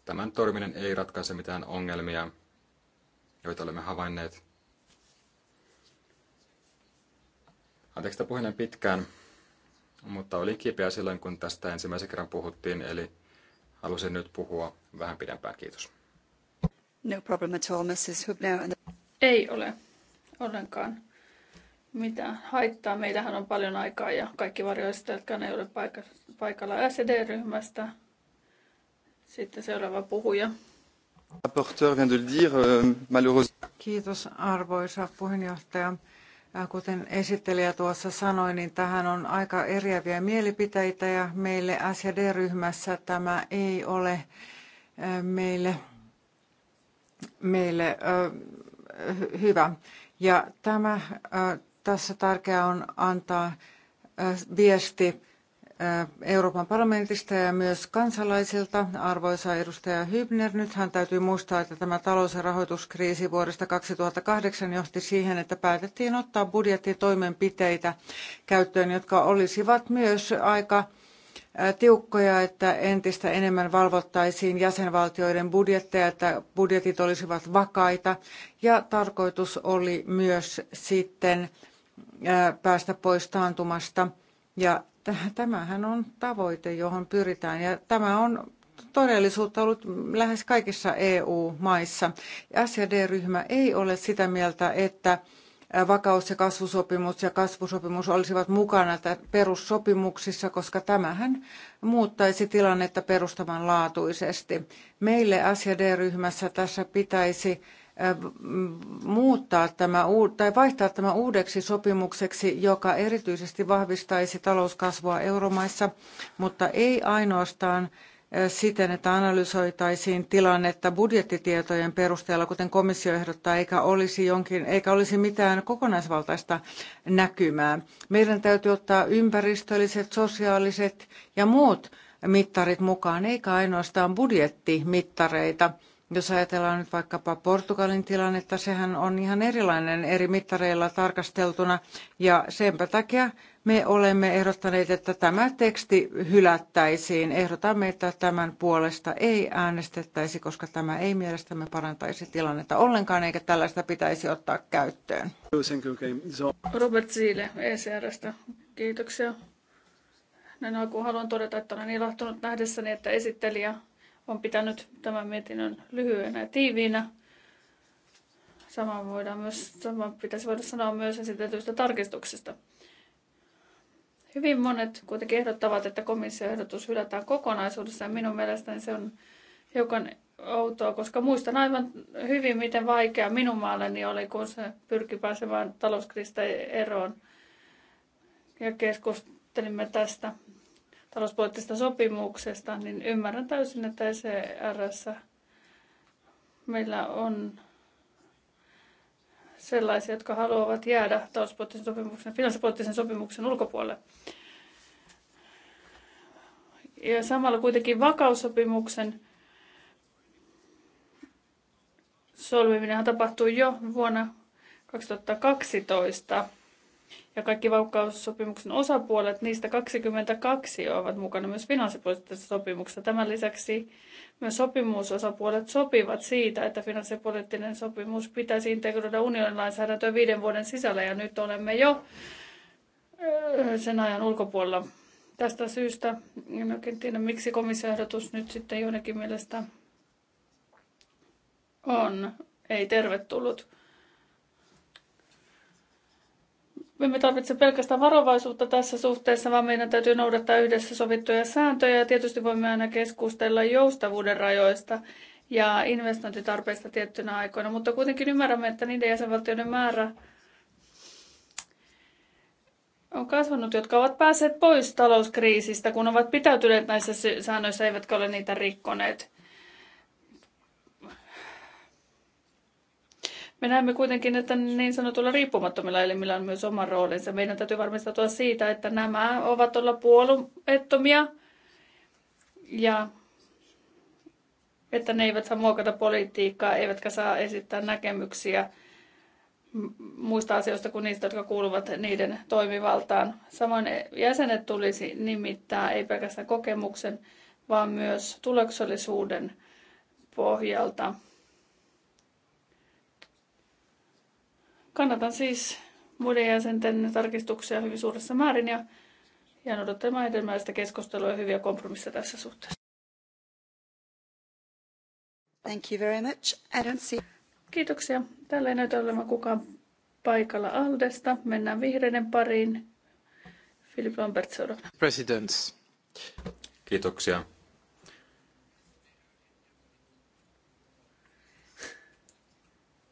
Tämän torminen ei ratkaise mitään ongelmia, joita olemme havainneet. Anteeksi, että pitkään mutta oli kipeä silloin, kun tästä ensimmäisen kerran puhuttiin, eli halusin nyt puhua vähän pidempään. Kiitos. No problem at all, Mrs. Hubner. Ei ole ollenkaan mitään haittaa. Meillähän on paljon aikaa ja kaikki varjoista, jotka ei ole paikalla SED-ryhmästä. Sitten seuraava puhuja. Euh, Kiitos arvoisa puheenjohtaja. Äh, kuten esittelijä tuossa sanoi, niin tähän on aika eriäviä mielipiteitä ja meille d ryhmässä tämä ei ole äh, meille, meille äh, hyvä. Ja tämä tässä tärkeää on antaa viesti Euroopan parlamentista ja myös kansalaisilta. Arvoisa edustaja Hybner, nythän täytyy muistaa, että tämä talous- ja rahoituskriisi vuodesta 2008 johti siihen, että päätettiin ottaa budjettitoimenpiteitä käyttöön, jotka olisivat myös aika tiukkoja, että entistä enemmän valvottaisiin jäsenvaltioiden budjetteja, että budjetit olisivat vakaita. Ja tarkoitus oli myös sitten päästä pois taantumasta ja Tämähän on tavoite, johon pyritään ja tämä on todellisuutta ollut lähes kaikissa EU-maissa. SD-ryhmä ei ole sitä mieltä, että vakaus- ja kasvusopimus ja kasvusopimus olisivat mukana perussopimuksissa, koska tämähän muuttaisi tilannetta perustavanlaatuisesti. Meille SJD-ryhmässä tässä pitäisi muuttaa tämä, tai vaihtaa tämä uudeksi sopimukseksi, joka erityisesti vahvistaisi talouskasvua euromaissa, mutta ei ainoastaan siten, että analysoitaisiin tilannetta budjettitietojen perusteella, kuten komissio ehdottaa, eikä olisi, jonkin, eikä olisi mitään kokonaisvaltaista näkymää. Meidän täytyy ottaa ympäristölliset, sosiaaliset ja muut mittarit mukaan, eikä ainoastaan budjettimittareita. Jos ajatellaan nyt vaikkapa Portugalin tilannetta, sehän on ihan erilainen eri mittareilla tarkasteltuna. Ja senpä takia me olemme ehdottaneet, että tämä teksti hylättäisiin. Ehdotamme, että tämän puolesta ei äänestettäisi, koska tämä ei mielestämme parantaisi tilannetta ollenkaan, eikä tällaista pitäisi ottaa käyttöön. Robert Siile, ECRstä. Kiitoksia. Näin alkuun haluan todeta, että olen ilahtunut nähdessäni, että esittelijä on pitänyt tämän mietinnön lyhyenä ja tiiviinä. Sama, voidaan myös, sama pitäisi voida sanoa myös esitetyistä tarkistuksista. Hyvin monet kuitenkin ehdottavat, että komission ehdotus hylätään kokonaisuudessaan. Minun mielestäni se on hiukan outoa, koska muistan aivan hyvin, miten vaikea minun maalleni oli, kun se pyrki pääsemään talouskriisistä eroon. Ja keskustelimme tästä talouspoliittisesta sopimuksesta, niin ymmärrän täysin, että ECRS meillä on sellaisia, jotka haluavat jäädä talouspoliittisen sopimuksen, finanssipoliittisen sopimuksen ulkopuolelle. Ja samalla kuitenkin vakaussopimuksen solmiminen tapahtui jo vuonna 2012 ja kaikki vaukkaussopimuksen osapuolet, niistä 22 ovat mukana myös finanssipoliittisessa sopimuksessa. Tämän lisäksi myös sopimusosapuolet sopivat siitä, että finanssipoliittinen sopimus pitäisi integroida unionin lainsäädäntöön viiden vuoden sisällä ja nyt olemme jo öö, sen ajan ulkopuolella. Tästä syystä en oikein tiedä, miksi komissioehdotus nyt sitten jonnekin mielestä on ei tervetullut. Me emme tarvitse pelkästään varovaisuutta tässä suhteessa, vaan meidän täytyy noudattaa yhdessä sovittuja sääntöjä tietysti voimme aina keskustella joustavuuden rajoista ja investointitarpeista tiettynä aikoina, mutta kuitenkin ymmärrämme, että niiden jäsenvaltioiden määrä on kasvanut, jotka ovat päässeet pois talouskriisistä, kun ovat pitäytyneet näissä säännöissä eivätkä ole niitä rikkoneet. Me näemme kuitenkin, että niin sanotulla riippumattomilla elimillä on myös oma roolinsa. Meidän täytyy varmistautua siitä, että nämä ovat olla puolueettomia ja että ne eivät saa muokata politiikkaa, eivätkä saa esittää näkemyksiä muista asioista kuin niistä, jotka kuuluvat niiden toimivaltaan. Samoin jäsenet tulisi nimittää ei pelkästään kokemuksen, vaan myös tuloksellisuuden pohjalta. Kannatan siis muiden jäsenten tarkistuksia hyvin suuressa määrin ja jään odottamaan hedelmällistä keskustelua ja hyviä kompromisseja tässä suhteessa. Thank you very much. I don't see... Kiitoksia. Täällä ei näytä olevan kukaan paikalla Aldesta. Mennään vihreiden pariin. Philip Lambert seuraavana. Presidents. Kiitoksia.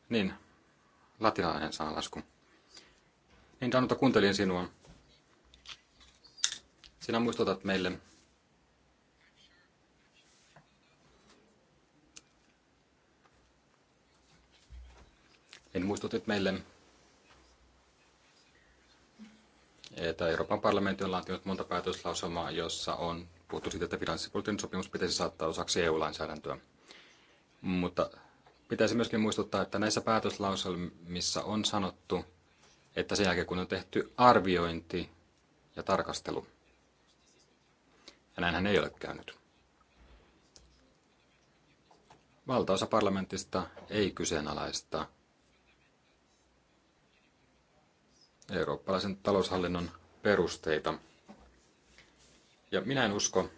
Niin, latinalainen sanalasku. Niin Danuta, kuuntelin sinua. Sinä muistutat meille niin muistutit meille, että Euroopan parlamentti on laatinut monta päätöslauselmaa, jossa on puhuttu siitä, että finanssipoliittinen sopimus pitäisi saattaa osaksi EU-lainsäädäntöä. Mutta Pitäisi myöskin muistuttaa, että näissä päätöslauselmissa on sanottu, että sen jälkeen kun on tehty arviointi ja tarkastelu. Ja näinhän ei ole käynyt. Valtaosa parlamentista ei kyseenalaista eurooppalaisen taloushallinnon perusteita. Ja minä en usko,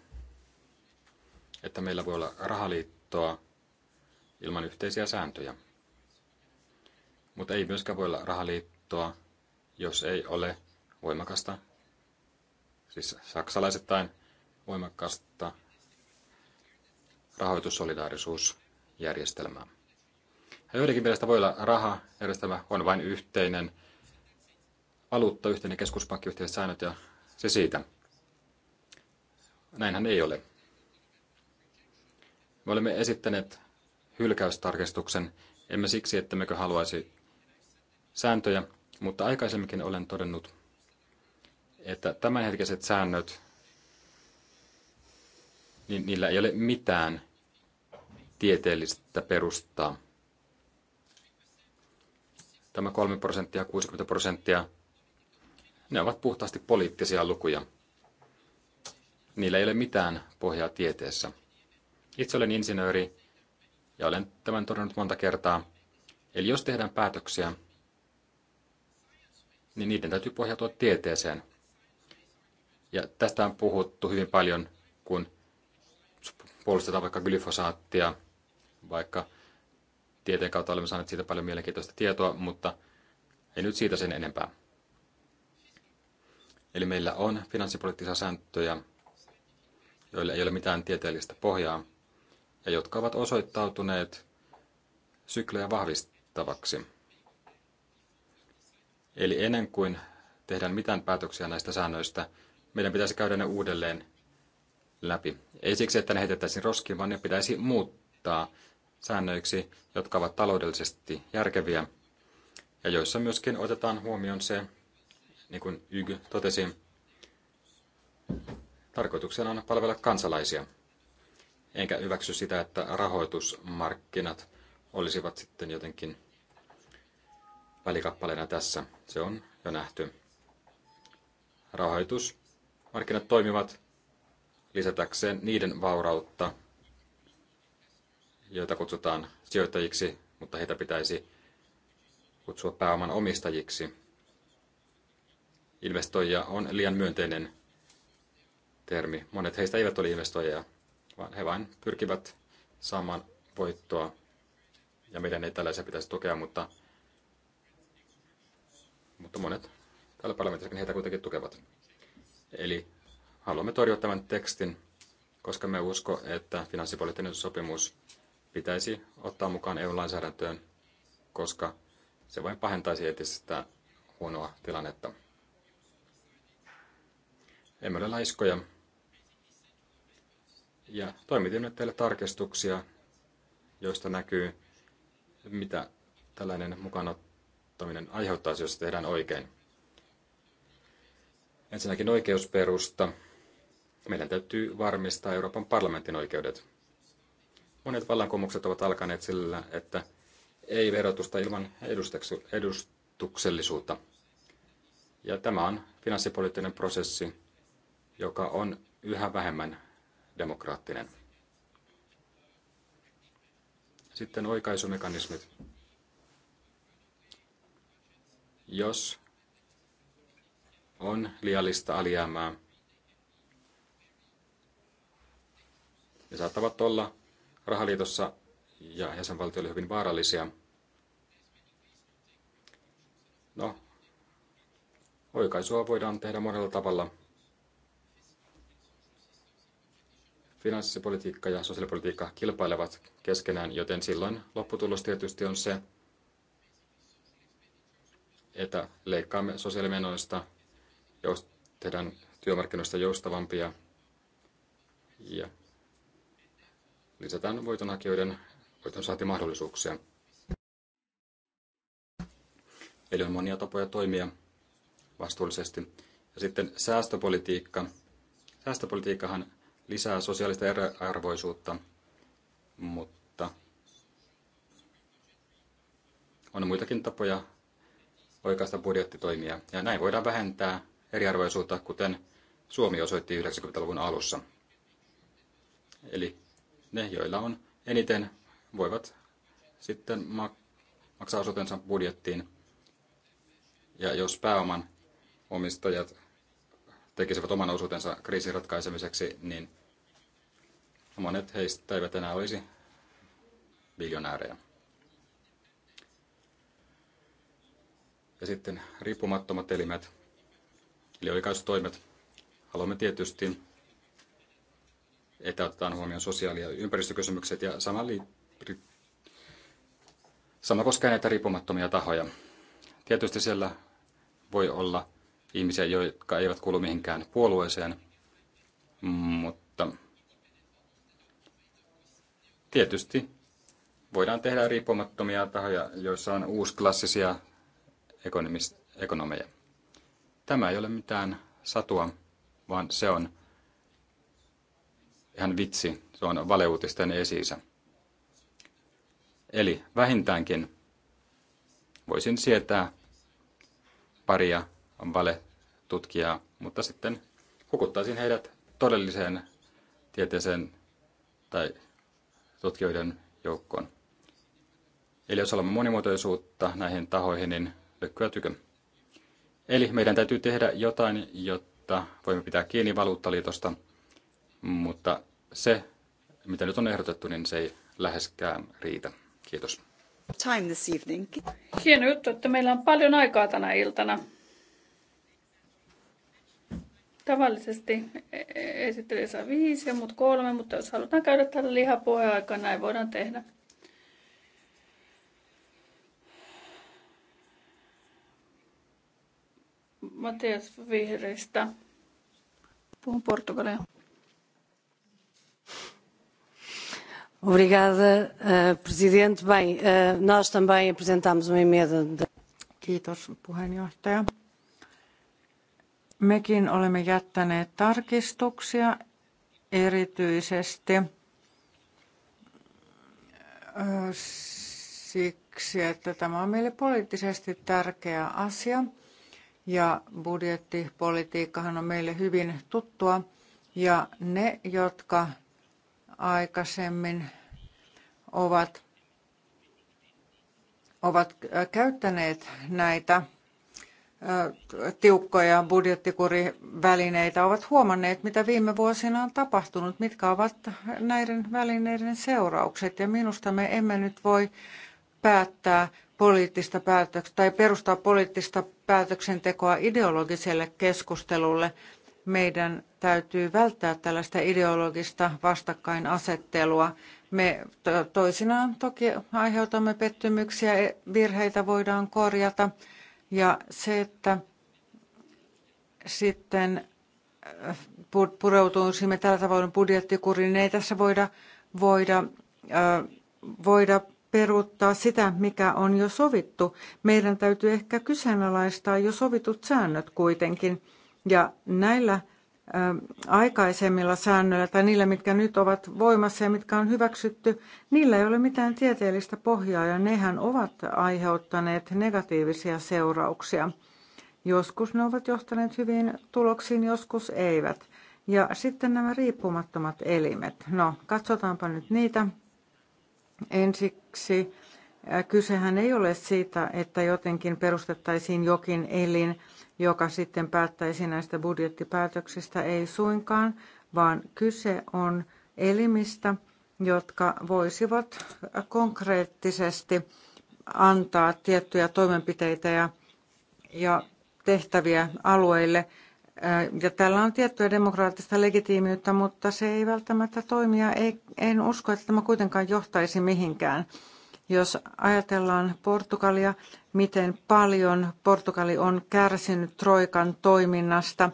että meillä voi olla rahaliittoa ilman yhteisiä sääntöjä. Mutta ei myöskään voi olla rahaliittoa, jos ei ole voimakasta, siis saksalaisittain voimakasta rahoitussolidaarisuusjärjestelmää. Ja joidenkin mielestä voi olla raha, järjestelmä on vain yhteinen valuutta, yhteinen keskuspankki, yhteiset säännöt ja se siitä. Näinhän ei ole. Me olemme esittäneet hylkäystarkistuksen, emme siksi, että mekö haluaisi sääntöjä, mutta aikaisemminkin olen todennut, että tämänhetkiset säännöt, niin niillä ei ole mitään tieteellistä perustaa. Tämä 3 prosenttia, 60 prosenttia, ne ovat puhtaasti poliittisia lukuja. Niillä ei ole mitään pohjaa tieteessä. Itse olen insinööri ja olen tämän todennut monta kertaa. Eli jos tehdään päätöksiä, niin niiden täytyy pohjautua tieteeseen. Ja tästä on puhuttu hyvin paljon, kun puolustetaan vaikka glyfosaattia, vaikka tieteen kautta olemme saaneet siitä paljon mielenkiintoista tietoa, mutta ei nyt siitä sen enempää. Eli meillä on finanssipoliittisia sääntöjä, joille ei ole mitään tieteellistä pohjaa, ja jotka ovat osoittautuneet syklejä vahvistavaksi. Eli ennen kuin tehdään mitään päätöksiä näistä säännöistä, meidän pitäisi käydä ne uudelleen läpi. Ei siksi, että ne heitettäisiin roskiin, vaan ne pitäisi muuttaa säännöiksi, jotka ovat taloudellisesti järkeviä ja joissa myöskin otetaan huomioon se, niin kuin YG totesi, tarkoituksena on palvella kansalaisia enkä hyväksy sitä, että rahoitusmarkkinat olisivat sitten jotenkin välikappaleena tässä. Se on jo nähty. Rahoitusmarkkinat toimivat lisätäkseen niiden vaurautta, joita kutsutaan sijoittajiksi, mutta heitä pitäisi kutsua pääoman omistajiksi. Investoija on liian myönteinen termi. Monet heistä eivät ole investoijia, vaan he vain pyrkivät saamaan voittoa. Ja meidän ei tällaisia pitäisi tukea, mutta, mutta monet täällä parlamentissakin heitä kuitenkin tukevat. Eli haluamme torjua tämän tekstin, koska me usko, että finanssipoliittinen sopimus pitäisi ottaa mukaan EU-lainsäädäntöön, koska se vain pahentaisi entisestään huonoa tilannetta. Emme ole laiskoja, ja toimitimme teille tarkistuksia, joista näkyy, mitä tällainen mukanottaminen aiheuttaisi, jos se tehdään oikein. Ensinnäkin oikeusperusta. Meidän täytyy varmistaa Euroopan parlamentin oikeudet. Monet vallankumoukset ovat alkaneet sillä, että ei verotusta ilman edustuksellisuutta. Ja tämä on finanssipoliittinen prosessi, joka on yhä vähemmän demokraattinen. Sitten oikaisumekanismit. Jos on liiallista alijäämää, ne saattavat olla rahaliitossa ja jäsenvaltioille hyvin vaarallisia. No, oikaisua voidaan tehdä monella tavalla. Finanssipolitiikka ja sosiaalipolitiikka kilpailevat keskenään, joten silloin lopputulos tietysti on se, että leikkaamme sosiaalimenoista, tehdään työmarkkinoista joustavampia ja lisätään voitonhakijoiden voitonsaantimahdollisuuksia. Eli on monia tapoja toimia vastuullisesti. Ja sitten säästöpolitiikka. Säästöpolitiikkahan lisää sosiaalista eriarvoisuutta, mutta on muitakin tapoja oikaista budjettitoimia. Ja näin voidaan vähentää eriarvoisuutta, kuten Suomi osoitti 90-luvun alussa. Eli ne, joilla on eniten, voivat sitten maksaa osuutensa budjettiin. Ja jos pääoman omistajat tekisivät oman osuutensa kriisin ratkaisemiseksi, niin monet heistä eivät enää olisi miljonäärejä. Ja sitten riippumattomat elimet, eli oikaisutoimet. Haluamme tietysti, että otetaan huomioon sosiaali- ja ympäristökysymykset ja sama, li- ri- sama koskee näitä riippumattomia tahoja. Tietysti siellä voi olla ihmisiä, jotka eivät kuulu mihinkään puolueeseen, mutta tietysti voidaan tehdä riippumattomia tahoja, joissa on uusklassisia ekonomeja. Tämä ei ole mitään satua, vaan se on ihan vitsi, se on valeuutisten esiisä. Eli vähintäänkin voisin sietää paria vale tutkijaa, mutta sitten hukuttaisin heidät todelliseen tieteeseen tai tutkijoiden joukkoon. Eli jos olemme monimuotoisuutta näihin tahoihin, niin lykkyä tykö. Eli meidän täytyy tehdä jotain, jotta voimme pitää kiinni valuuttaliitosta, mutta se, mitä nyt on ehdotettu, niin se ei läheskään riitä. Kiitos. Time this evening. Hieno juttu, että meillä on paljon aikaa tänä iltana. Tavallisesti e- e- esittelijä saa viisi ja mut kolme, mutta jos halutaan käydä tällä lihapuheaikaa, näin voidaan tehdä. Matias Vihreistä. Puhun portugalia. Obrigada, eh, presidente. Bem, eh, nós também apresentamos uma emenda. Kiitos, puheenjohtaja. Mekin olemme jättäneet tarkistuksia erityisesti siksi, että tämä on meille poliittisesti tärkeä asia ja budjettipolitiikkahan on meille hyvin tuttua. Ja ne, jotka aikaisemmin ovat, ovat käyttäneet näitä tiukkoja budjettikurivälineitä ovat huomanneet, mitä viime vuosina on tapahtunut, mitkä ovat näiden välineiden seuraukset. Ja minusta me emme nyt voi päättää poliittista päätöks- tai perustaa poliittista päätöksentekoa ideologiselle keskustelulle. Meidän täytyy välttää tällaista ideologista vastakkainasettelua. Me toisinaan toki aiheutamme pettymyksiä, e- virheitä voidaan korjata – ja se, että sitten äh, pureutuisimme tällä tavoin budjettikuriin, niin ei tässä voida, voida, äh, voida peruuttaa sitä, mikä on jo sovittu. Meidän täytyy ehkä kyseenalaistaa jo sovitut säännöt kuitenkin. Ja näillä aikaisemmilla säännöillä tai niillä, mitkä nyt ovat voimassa ja mitkä on hyväksytty, niillä ei ole mitään tieteellistä pohjaa ja nehän ovat aiheuttaneet negatiivisia seurauksia. Joskus ne ovat johtaneet hyviin tuloksiin, joskus eivät. Ja sitten nämä riippumattomat elimet. No, katsotaanpa nyt niitä. Ensiksi kysehän ei ole siitä, että jotenkin perustettaisiin jokin elin, joka sitten päättäisi näistä budjettipäätöksistä, ei suinkaan, vaan kyse on elimistä, jotka voisivat konkreettisesti antaa tiettyjä toimenpiteitä ja, ja tehtäviä alueille. Ja tällä on tiettyä demokraattista legitiimiyttä, mutta se ei välttämättä toimia. Ei, en usko, että tämä kuitenkaan johtaisi mihinkään. Jos ajatellaan Portugalia, miten paljon Portugali on kärsinyt Troikan toiminnasta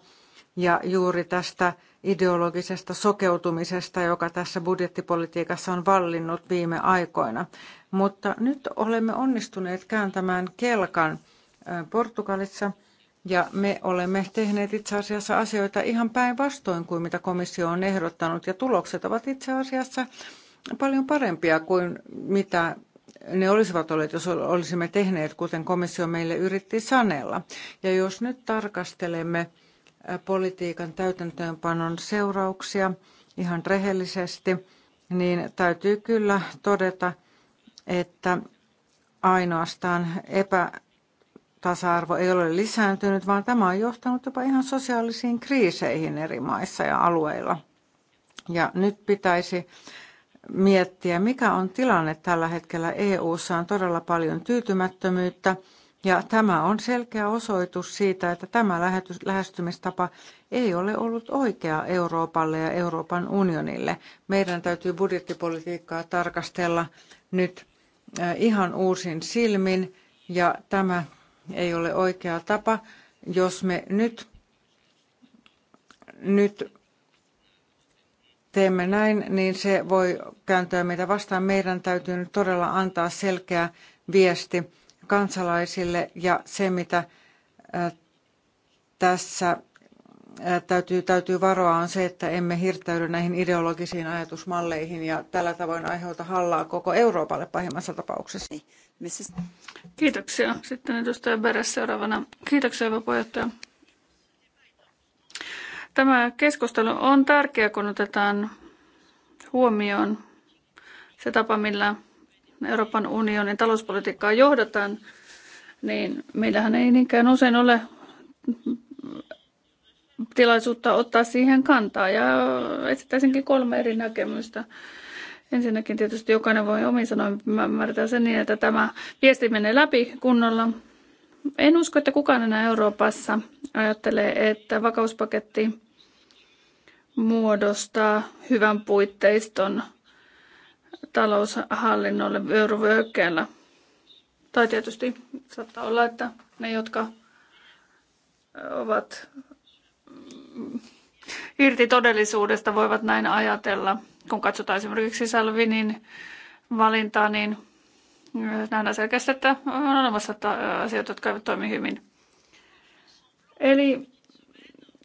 ja juuri tästä ideologisesta sokeutumisesta, joka tässä budjettipolitiikassa on vallinnut viime aikoina. Mutta nyt olemme onnistuneet kääntämään kelkan Portugalissa ja me olemme tehneet itse asiassa asioita ihan päinvastoin kuin mitä komissio on ehdottanut ja tulokset ovat itse asiassa paljon parempia kuin mitä ne olisivat olleet, jos olisimme tehneet, kuten komissio meille yritti sanella. Ja jos nyt tarkastelemme politiikan täytäntöönpanon seurauksia ihan rehellisesti, niin täytyy kyllä todeta, että ainoastaan epätasa-arvo ei ole lisääntynyt, vaan tämä on johtanut jopa ihan sosiaalisiin kriiseihin eri maissa ja alueilla. Ja nyt pitäisi miettiä, mikä on tilanne tällä hetkellä EU:ssa on todella paljon tyytymättömyyttä. Ja tämä on selkeä osoitus siitä, että tämä lähestymistapa ei ole ollut oikea Euroopalle ja Euroopan unionille. Meidän täytyy budjettipolitiikkaa tarkastella nyt äh, ihan uusin silmin ja tämä ei ole oikea tapa, jos me nyt, nyt teemme näin, niin se voi kääntyä meitä vastaan. Meidän täytyy nyt todella antaa selkeä viesti kansalaisille ja se, mitä tässä täytyy, täytyy varoa on se, että emme hirttäydy näihin ideologisiin ajatusmalleihin ja tällä tavoin aiheuta hallaa koko Euroopalle pahimmassa tapauksessa. Niin, Kiitoksia. Sitten edustaja Beres seuraavana. Kiitoksia, hyvä puheenjohtaja. Tämä keskustelu on tärkeä, kun otetaan huomioon se tapa, millä Euroopan unionin talouspolitiikkaa johdataan, niin meillähän ei niinkään usein ole tilaisuutta ottaa siihen kantaa. Ja etsittäisinkin kolme eri näkemystä. Ensinnäkin tietysti jokainen voi omin sanoin ymmärtää sen niin, että tämä viesti menee läpi kunnolla – en usko, että kukaan enää Euroopassa ajattelee, että vakauspaketti muodostaa hyvän puitteiston taloushallinnolle eurovyöhykkeellä. Tai tietysti saattaa olla, että ne, jotka ovat irti todellisuudesta, voivat näin ajatella. Kun katsotaan esimerkiksi Salvinin valintaa, niin nähdään selkeästi, että on olemassa asioita, jotka eivät toimi hyvin. Eli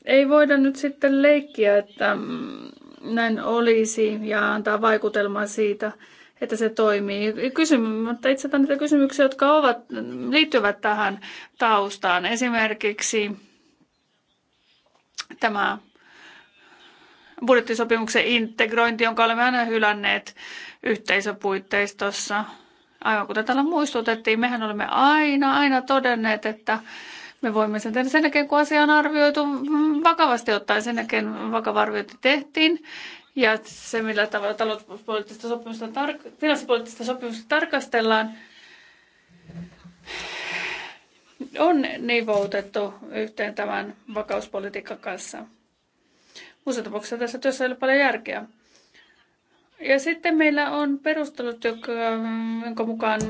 ei voida nyt sitten leikkiä, että mm, näin olisi ja antaa vaikutelma siitä, että se toimii. Kysymättä itse niitä kysymyksiä, jotka ovat, liittyvät tähän taustaan. Esimerkiksi tämä budjettisopimuksen integrointi, jonka olemme aina hylänneet yhteisöpuitteistossa – Aivan kuten täällä muistutettiin, mehän olemme aina, aina todenneet, että me voimme sen tehdä sen jälkeen, kun asia on arvioitu vakavasti ottaen, sen jälkeen vakava arviointi tehtiin. Ja se, millä tavalla talouspoliittista sopimusta, tar- finanssipoliittista sopimusta tarkastellaan, on nivoutettu yhteen tämän vakauspolitiikan kanssa. Muussa tapauksessa tässä työssä ei ole paljon järkeä. Ja sitten meillä on perustelut, jotka, jonka mukaan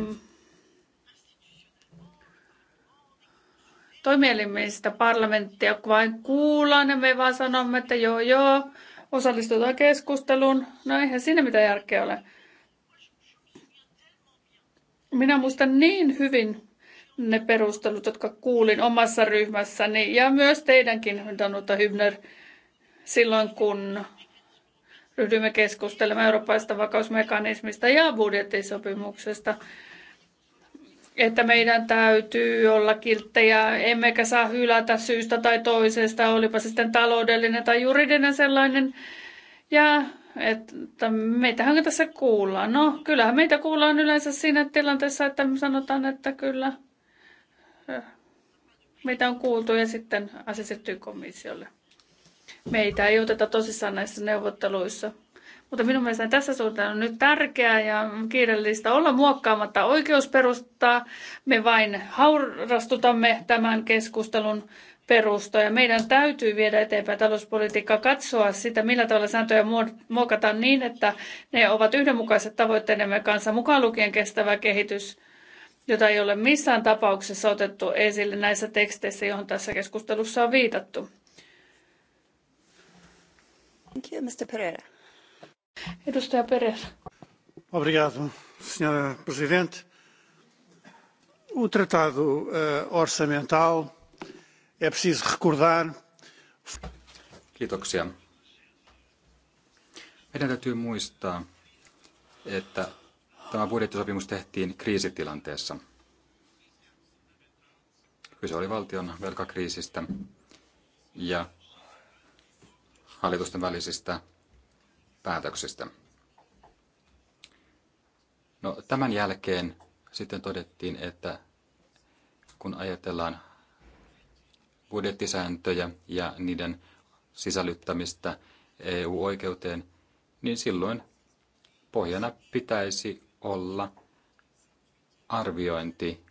toimielimistä parlamenttia vain kuullaan ja me vaan sanomme, että joo joo, osallistutaan keskusteluun. No eihän siinä mitään järkeä ole. Minä muistan niin hyvin ne perustelut, jotka kuulin omassa ryhmässäni ja myös teidänkin, Danuta Hybner, silloin kun ryhdymme keskustelemaan eurooppalaisesta vakausmekanismista ja budjettisopimuksesta, että meidän täytyy olla kilttejä, emmekä saa hylätä syystä tai toisesta, olipa se sitten taloudellinen tai juridinen sellainen. Ja että meitähän tässä kuullaan. No, kyllähän meitä kuullaan yleensä siinä tilanteessa, että sanotaan, että kyllä eh, meitä on kuultu ja sitten asetettu komissiolle meitä ei oteta tosissaan näissä neuvotteluissa. Mutta minun mielestäni tässä suuntaan on nyt tärkeää ja kiireellistä olla muokkaamatta oikeusperustaa. Me vain haurastutamme tämän keskustelun perusta ja meidän täytyy viedä eteenpäin talouspolitiikkaa, katsoa sitä, millä tavalla sääntöjä muokataan niin, että ne ovat yhdenmukaiset tavoitteidemme kanssa, mukaan lukien kestävä kehitys, jota ei ole missään tapauksessa otettu esille näissä teksteissä, johon tässä keskustelussa on viitattu. Thank you, Mr. Pereira. Edustaja Pereira. Obrigado, presidente. O tratado uh, orçamental, é preciso recordar. Kiitoksia. Meidän täytyy muistaa, että tämä budjettisopimus tehtiin kriisitilanteessa. Kyse oli valtion velkakriisistä ja hallitusten välisistä päätöksistä. No, tämän jälkeen sitten todettiin, että kun ajatellaan budjettisääntöjä ja niiden sisällyttämistä EU-oikeuteen, niin silloin pohjana pitäisi olla arviointi.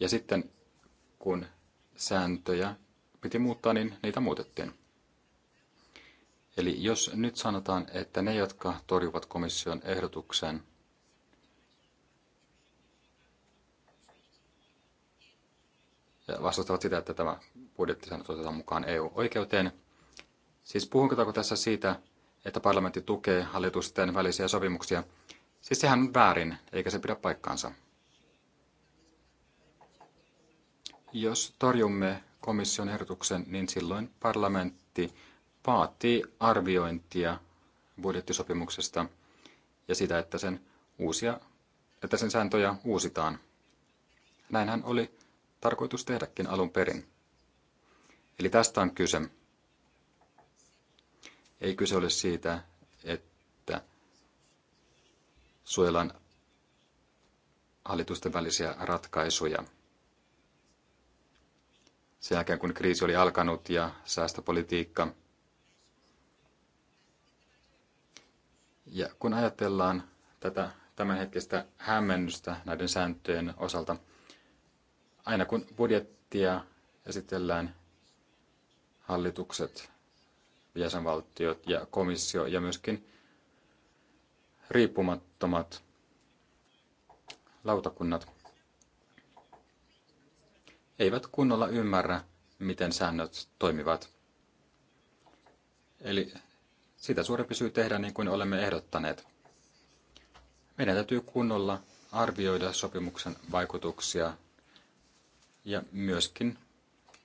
Ja sitten kun sääntöjä piti muuttaa, niin niitä muutettiin. Eli jos nyt sanotaan, että ne, jotka torjuvat komission ehdotuksen, ja vastustavat sitä, että tämä budjettisäännös otetaan mukaan EU-oikeuteen. Siis puhunko tässä siitä, että parlamentti tukee hallitusten välisiä sopimuksia? Siis sehän on väärin, eikä se pidä paikkaansa. Jos torjumme komission ehdotuksen, niin silloin parlamentti vaatii arviointia budjettisopimuksesta ja sitä, että sen, uusia, että sen sääntöjä uusitaan. Näinhän oli tarkoitus tehdäkin alun perin. Eli tästä on kyse. Ei kyse ole siitä, että suojellaan hallitusten välisiä ratkaisuja – sen jälkeen, kun kriisi oli alkanut ja säästöpolitiikka. Ja kun ajatellaan tätä tämänhetkistä hämmennystä näiden sääntöjen osalta, aina kun budjettia esitellään, hallitukset, jäsenvaltiot ja komissio ja myöskin riippumattomat lautakunnat – eivät kunnolla ymmärrä, miten säännöt toimivat. Eli sitä suurempi syy tehdä niin kuin olemme ehdottaneet. Meidän täytyy kunnolla arvioida sopimuksen vaikutuksia ja myöskin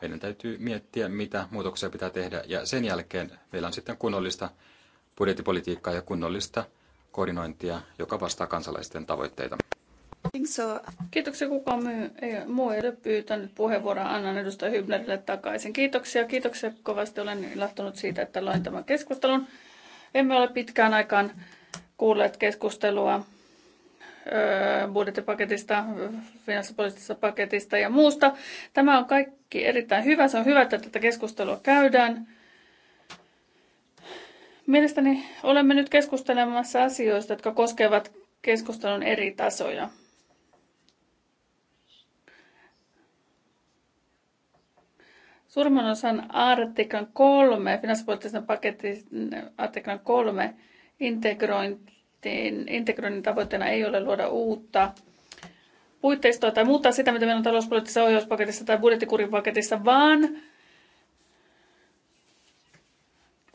meidän täytyy miettiä, mitä muutoksia pitää tehdä ja sen jälkeen meillä on sitten kunnollista budjettipolitiikkaa ja kunnollista koordinointia, joka vastaa kansalaisten tavoitteita. So. Kiitoksia, kuka myy, ei, muu ei ole pyytänyt puheenvuoroa. Annan edustaja Hybnerille takaisin. Kiitoksia, kiitoksia kovasti. Olen ilahtunut siitä, että loin tämän keskustelun. Emme ole pitkään aikaan kuulleet keskustelua budjettipaketista, finanssipoliittisesta paketista ja muusta. Tämä on kaikki erittäin hyvä. Se on hyvä, että tätä keskustelua käydään. Mielestäni olemme nyt keskustelemassa asioista, jotka koskevat keskustelun eri tasoja. Suurimman osan artiklan kolme, finanssipoliittisen paketin artiklan kolme integrointiin, integroinnin tavoitteena ei ole luoda uutta puitteistoa tai muuttaa sitä, mitä meillä on talouspoliittisessa ohjauspaketissa tai budjettikurin paketissa, vaan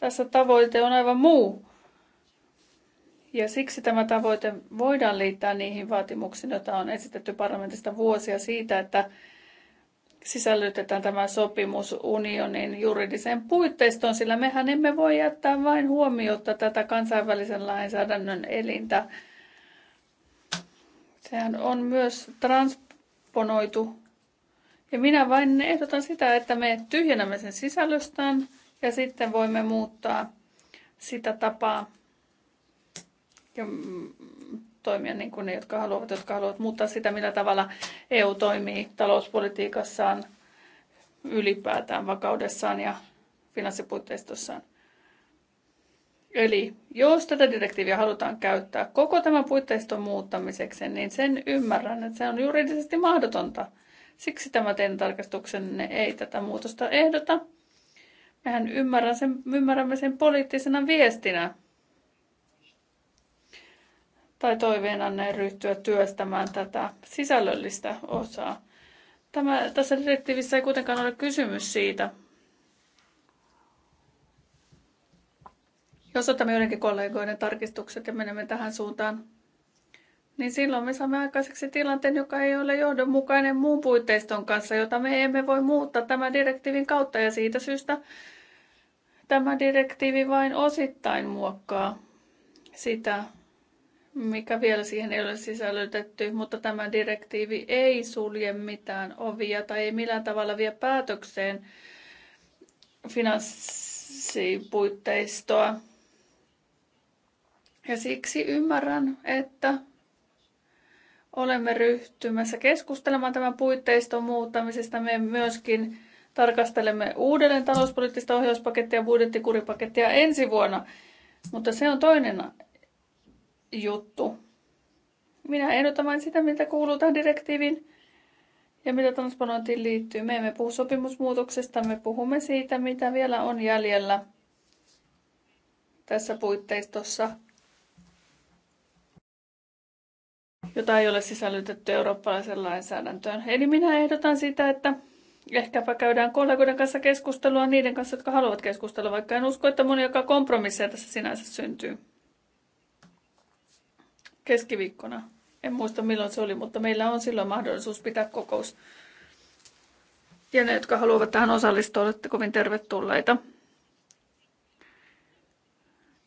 tässä tavoite on aivan muu. Ja siksi tämä tavoite voidaan liittää niihin vaatimuksiin, joita on esitetty parlamentista vuosia siitä, että sisällytetään tämä sopimus unionin juridiseen puitteistoon, sillä mehän emme voi jättää vain huomiota tätä kansainvälisen lainsäädännön elintä. Sehän on myös transponoitu. Ja minä vain ehdotan sitä, että me tyhjennämme sen sisällöstään ja sitten voimme muuttaa sitä tapaa ja toimia niin kuin ne, jotka haluavat, jotka haluavat muuttaa sitä, millä tavalla EU toimii talouspolitiikassaan, ylipäätään vakaudessaan ja finanssipuitteistossaan. Eli jos tätä direktiiviä halutaan käyttää koko tämän puitteiston muuttamiseksi, niin sen ymmärrän, että se on juridisesti mahdotonta. Siksi tämä teidän tarkastuksenne ei tätä muutosta ehdota. Mehän ymmärrän sen, ymmärrämme sen poliittisena viestinä tai toiveenanne ryhtyä työstämään tätä sisällöllistä osaa. Tämä, tässä direktiivissä ei kuitenkaan ole kysymys siitä, jos otamme joidenkin kollegoiden tarkistukset ja menemme tähän suuntaan, niin silloin me saamme aikaiseksi tilanteen, joka ei ole johdonmukainen muun puitteiston kanssa, jota me emme voi muuttaa tämän direktiivin kautta. Ja siitä syystä tämä direktiivi vain osittain muokkaa sitä, mikä vielä siihen ei ole sisällytetty, mutta tämä direktiivi ei sulje mitään ovia tai ei millään tavalla vie päätökseen finanssipuitteistoa. Ja siksi ymmärrän, että olemme ryhtymässä keskustelemaan tämän puitteiston muuttamisesta. Me myöskin tarkastelemme uudelleen talouspoliittista ohjauspakettia ja budjettikuripakettia ensi vuonna, mutta se on toinen juttu. Minä ehdotan vain sitä, mitä kuuluu tähän direktiivin ja mitä transplantointiin liittyy. Me emme puhu sopimusmuutoksesta, me puhumme siitä, mitä vielä on jäljellä tässä puitteistossa, jota ei ole sisällytetty eurooppalaisen lainsäädäntöön. Eli minä ehdotan sitä, että ehkäpä käydään kollegoiden kanssa keskustelua niiden kanssa, jotka haluavat keskustella, vaikka en usko, että moni joka kompromisseja tässä sinänsä syntyy keskiviikkona. En muista milloin se oli, mutta meillä on silloin mahdollisuus pitää kokous. Ja ne, jotka haluavat tähän osallistua, olette kovin tervetulleita.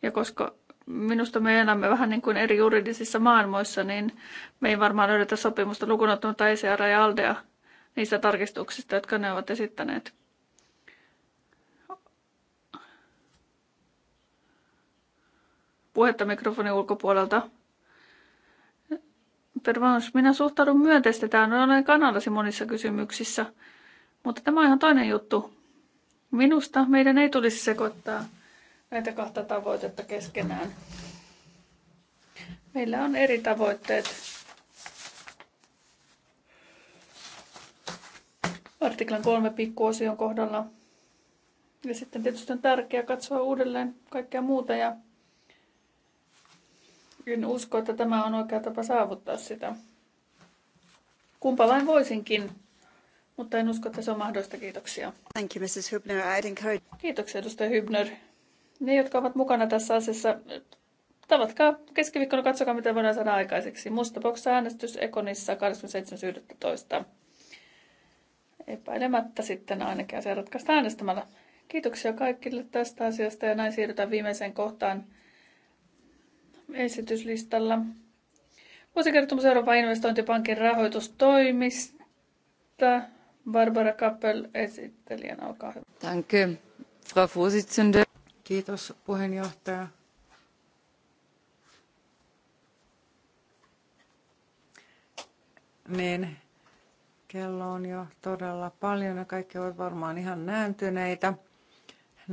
Ja koska minusta me elämme vähän niin kuin eri juridisissa maailmoissa, niin me ei varmaan löydetä sopimusta lukunottamatta ECR ja Aldea niistä tarkistuksista, jotka ne ovat esittäneet. Puhetta mikrofonin ulkopuolelta. Pervans, minä suhtaudun myönteisesti tähän, no, olen kanadasi monissa kysymyksissä. Mutta tämä on ihan toinen juttu. Minusta meidän ei tulisi sekoittaa näitä kahta tavoitetta keskenään. Meillä on eri tavoitteet. Artiklan kolme pikkuosion kohdalla. Ja sitten tietysti on tärkeää katsoa uudelleen kaikkea muuta ja en usko, että tämä on oikea tapa saavuttaa sitä. Kumpa vain voisinkin, mutta en usko, että se on mahdollista. Kiitoksia. Thank you, Mrs. Hübner. I'd encourage... Kiitoksia, edustaja Hübner. Ne, jotka ovat mukana tässä asiassa, tavatkaa keskiviikkona, katsokaa mitä voidaan saada aikaiseksi. boksa äänestys Ekonissa 27.11. Epäilemättä sitten ainakin asia ratkaista äänestämällä. Kiitoksia kaikille tästä asiasta ja näin siirrytään viimeiseen kohtaan esityslistalla. Vuosikertomus Euroopan investointipankin rahoitustoimista. Barbara Kappel esittelijänä, olkaa hyvä. Danke, Frau Vorsitzende. Kiitos puheenjohtaja. Niin, kello on jo todella paljon ja kaikki ovat varmaan ihan nääntyneitä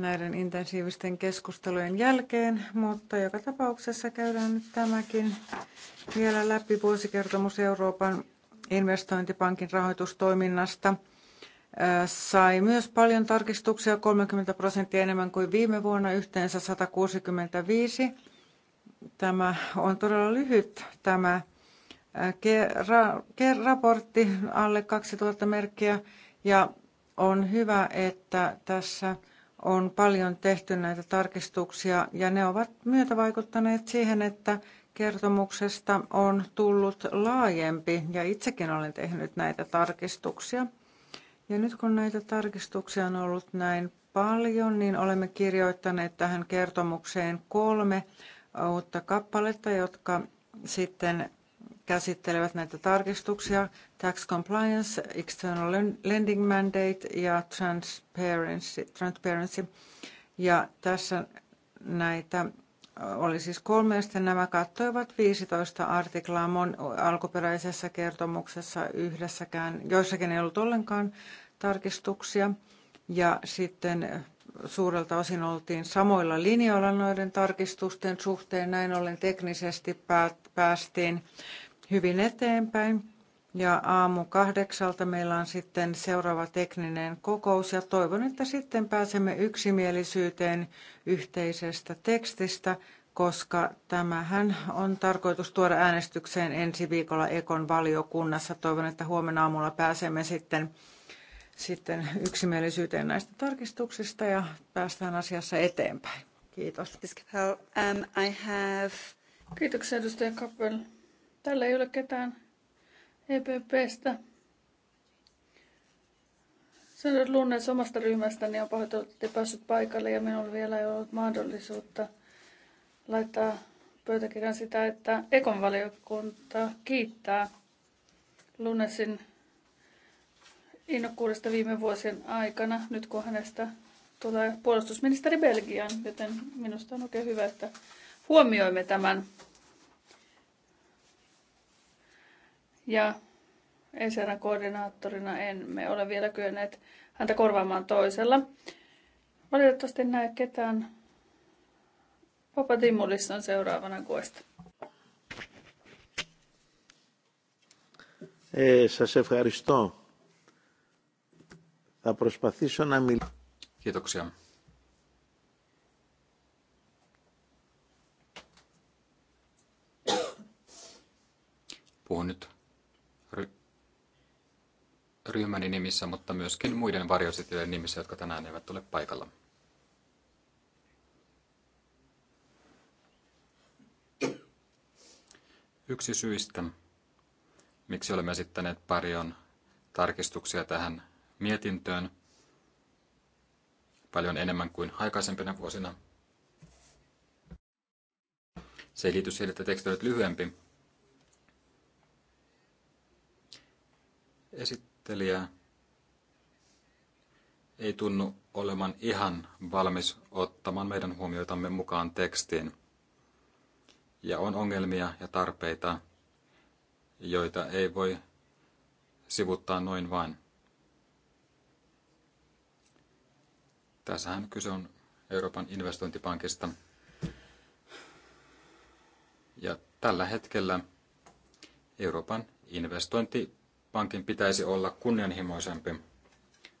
näiden intensiivisten keskustelujen jälkeen, mutta joka tapauksessa käydään nyt tämäkin vielä läpi vuosikertomus Euroopan investointipankin rahoitustoiminnasta. Äh, sai myös paljon tarkistuksia, 30 prosenttia enemmän kuin viime vuonna, yhteensä 165. Tämä on todella lyhyt tämä äh, raportti, alle 2000 merkkiä, ja on hyvä, että tässä on paljon tehty näitä tarkistuksia ja ne ovat myötävaikuttaneet siihen, että kertomuksesta on tullut laajempi ja itsekin olen tehnyt näitä tarkistuksia. Ja nyt kun näitä tarkistuksia on ollut näin paljon, niin olemme kirjoittaneet tähän kertomukseen kolme uutta kappaletta, jotka sitten käsittelevät näitä tarkistuksia, tax compliance, external lending mandate ja transparency. transparency. Ja tässä näitä oli siis kolme ja sitten nämä kattoivat 15 artiklaa mon, alkuperäisessä kertomuksessa yhdessäkään, joissakin ei ollut ollenkaan tarkistuksia. Ja sitten suurelta osin oltiin samoilla linjoilla noiden tarkistusten suhteen. Näin ollen teknisesti päästiin hyvin eteenpäin. Ja aamu kahdeksalta meillä on sitten seuraava tekninen kokous ja toivon, että sitten pääsemme yksimielisyyteen yhteisestä tekstistä, koska tämähän on tarkoitus tuoda äänestykseen ensi viikolla Ekon valiokunnassa. Toivon, että huomenna aamulla pääsemme sitten, sitten yksimielisyyteen näistä tarkistuksista ja päästään asiassa eteenpäin. Kiitos. Um, I have... Kiitoksia edustaja Kappel. Täällä ei ole ketään EPPstä. Sen luunneet omasta ryhmästäni niin on pahoitellut, että päässyt paikalle ja minulla vielä ei ollut mahdollisuutta laittaa pöytäkirjan sitä, että Ekon valiokunta kiittää Lunesin innokkuudesta viime vuosien aikana, nyt kun hänestä tulee puolustusministeri Belgian, joten minusta on oikein hyvä, että huomioimme tämän Ja ECRn koordinaattorina en me ole vielä kyenneet häntä korvaamaan toisella. Valitettavasti näe ketään. Papa on seuraavana kuesta. Ε, σας ευχαριστώ. Θα προσπαθήσω να μιλήσω. Κοίταξε. Puhun nyt ryhmäni nimissä, mutta myöskin muiden varjoesittelijöiden nimissä, jotka tänään eivät ole paikalla. Yksi syistä, miksi olemme esittäneet paljon tarkistuksia tähän mietintöön, paljon enemmän kuin aikaisempina vuosina. Se ei liity siihen, että teksti on lyhyempi. Esit- näyttelijää ei tunnu olevan ihan valmis ottamaan meidän huomioitamme mukaan tekstiin. Ja on ongelmia ja tarpeita, joita ei voi sivuttaa noin vain. Tässähän kyse on Euroopan investointipankista. Ja tällä hetkellä Euroopan investointi pankin pitäisi olla kunnianhimoisempi.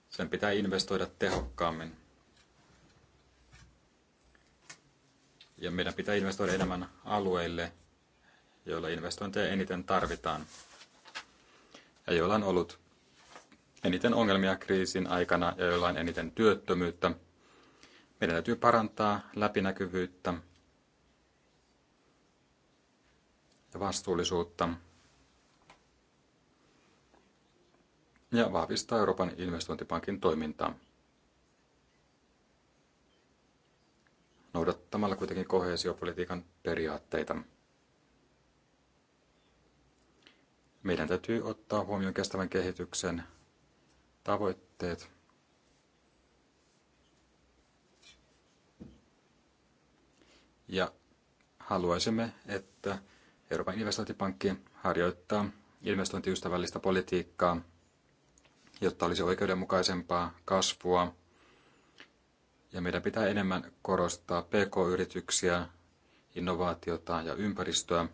Sen pitää investoida tehokkaammin. Ja meidän pitää investoida enemmän alueille, joilla investointeja eniten tarvitaan ja joilla on ollut eniten ongelmia kriisin aikana ja joilla on eniten työttömyyttä. Meidän täytyy parantaa läpinäkyvyyttä ja vastuullisuutta. ja vahvistaa Euroopan investointipankin toimintaa. Noudattamalla kuitenkin kohesiopolitiikan periaatteita. Meidän täytyy ottaa huomioon kestävän kehityksen tavoitteet. Ja haluaisimme, että Euroopan investointipankki harjoittaa investointiystävällistä politiikkaa jotta olisi oikeudenmukaisempaa kasvua. Ja meidän pitää enemmän korostaa pk-yrityksiä, innovaatiota ja ympäristöä.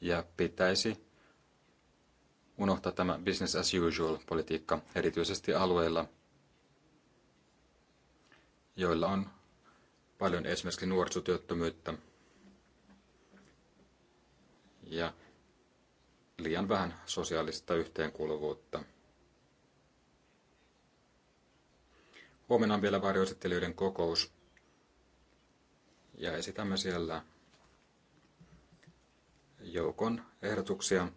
Ja pitäisi unohtaa tämä business as usual politiikka, erityisesti alueilla, joilla on paljon esimerkiksi nuorisotyöttömyyttä. Ja liian vähän sosiaalista yhteenkuuluvuutta. Huomenna on vielä varjoesittelijöiden kokous ja esitämme siellä joukon ehdotuksia.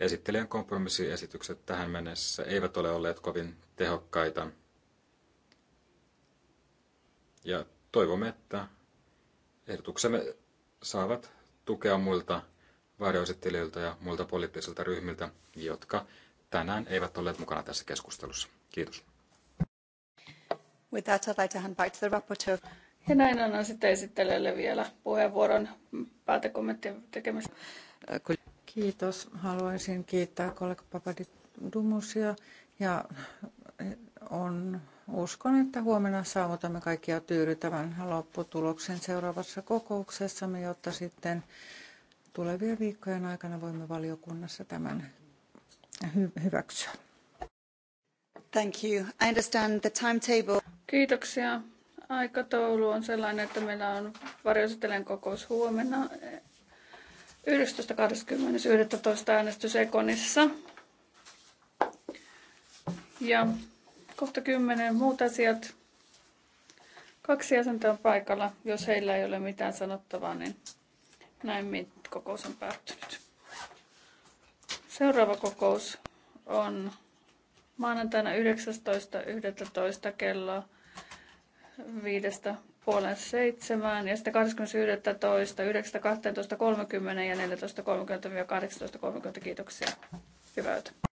Esittelijän kompromissiesitykset tähän mennessä eivät ole olleet kovin tehokkaita. Ja toivomme, että ehdotuksemme saavat tukea muilta varjoesittelijöiltä ja muilta poliittisilta ryhmiltä, jotka tänään eivät olleet mukana tässä keskustelussa. Kiitos. With that, I'd like to hand back to the rapporteur. Ja näin annan sitten esittelijälle vielä puheenvuoron päätekommenttien tekemistä. Kiitos. Haluaisin kiittää kollega Papadidumusia ja on uskon, että huomenna saavutamme kaikkia tyydyttävän lopputuloksen seuraavassa kokouksessamme, jotta sitten tulevien viikkojen aikana voimme valiokunnassa tämän hy- hyväksyä. Thank you. I understand the timetable. Kiitoksia. Aikataulu on sellainen, että meillä on varjoisitellen kokous huomenna 11.20.11. Eh, äänestys Ekonissa. Ja Kohta kymmenen muut asiat. Kaksi jäsentä on paikalla. Jos heillä ei ole mitään sanottavaa, niin näin kokous on päättynyt. Seuraava kokous on maanantaina 19.11. kello 530 puolen ja sitten 20.11. 9.12.30 ja 14.30-18.30. Kiitoksia. Hyvää yötä.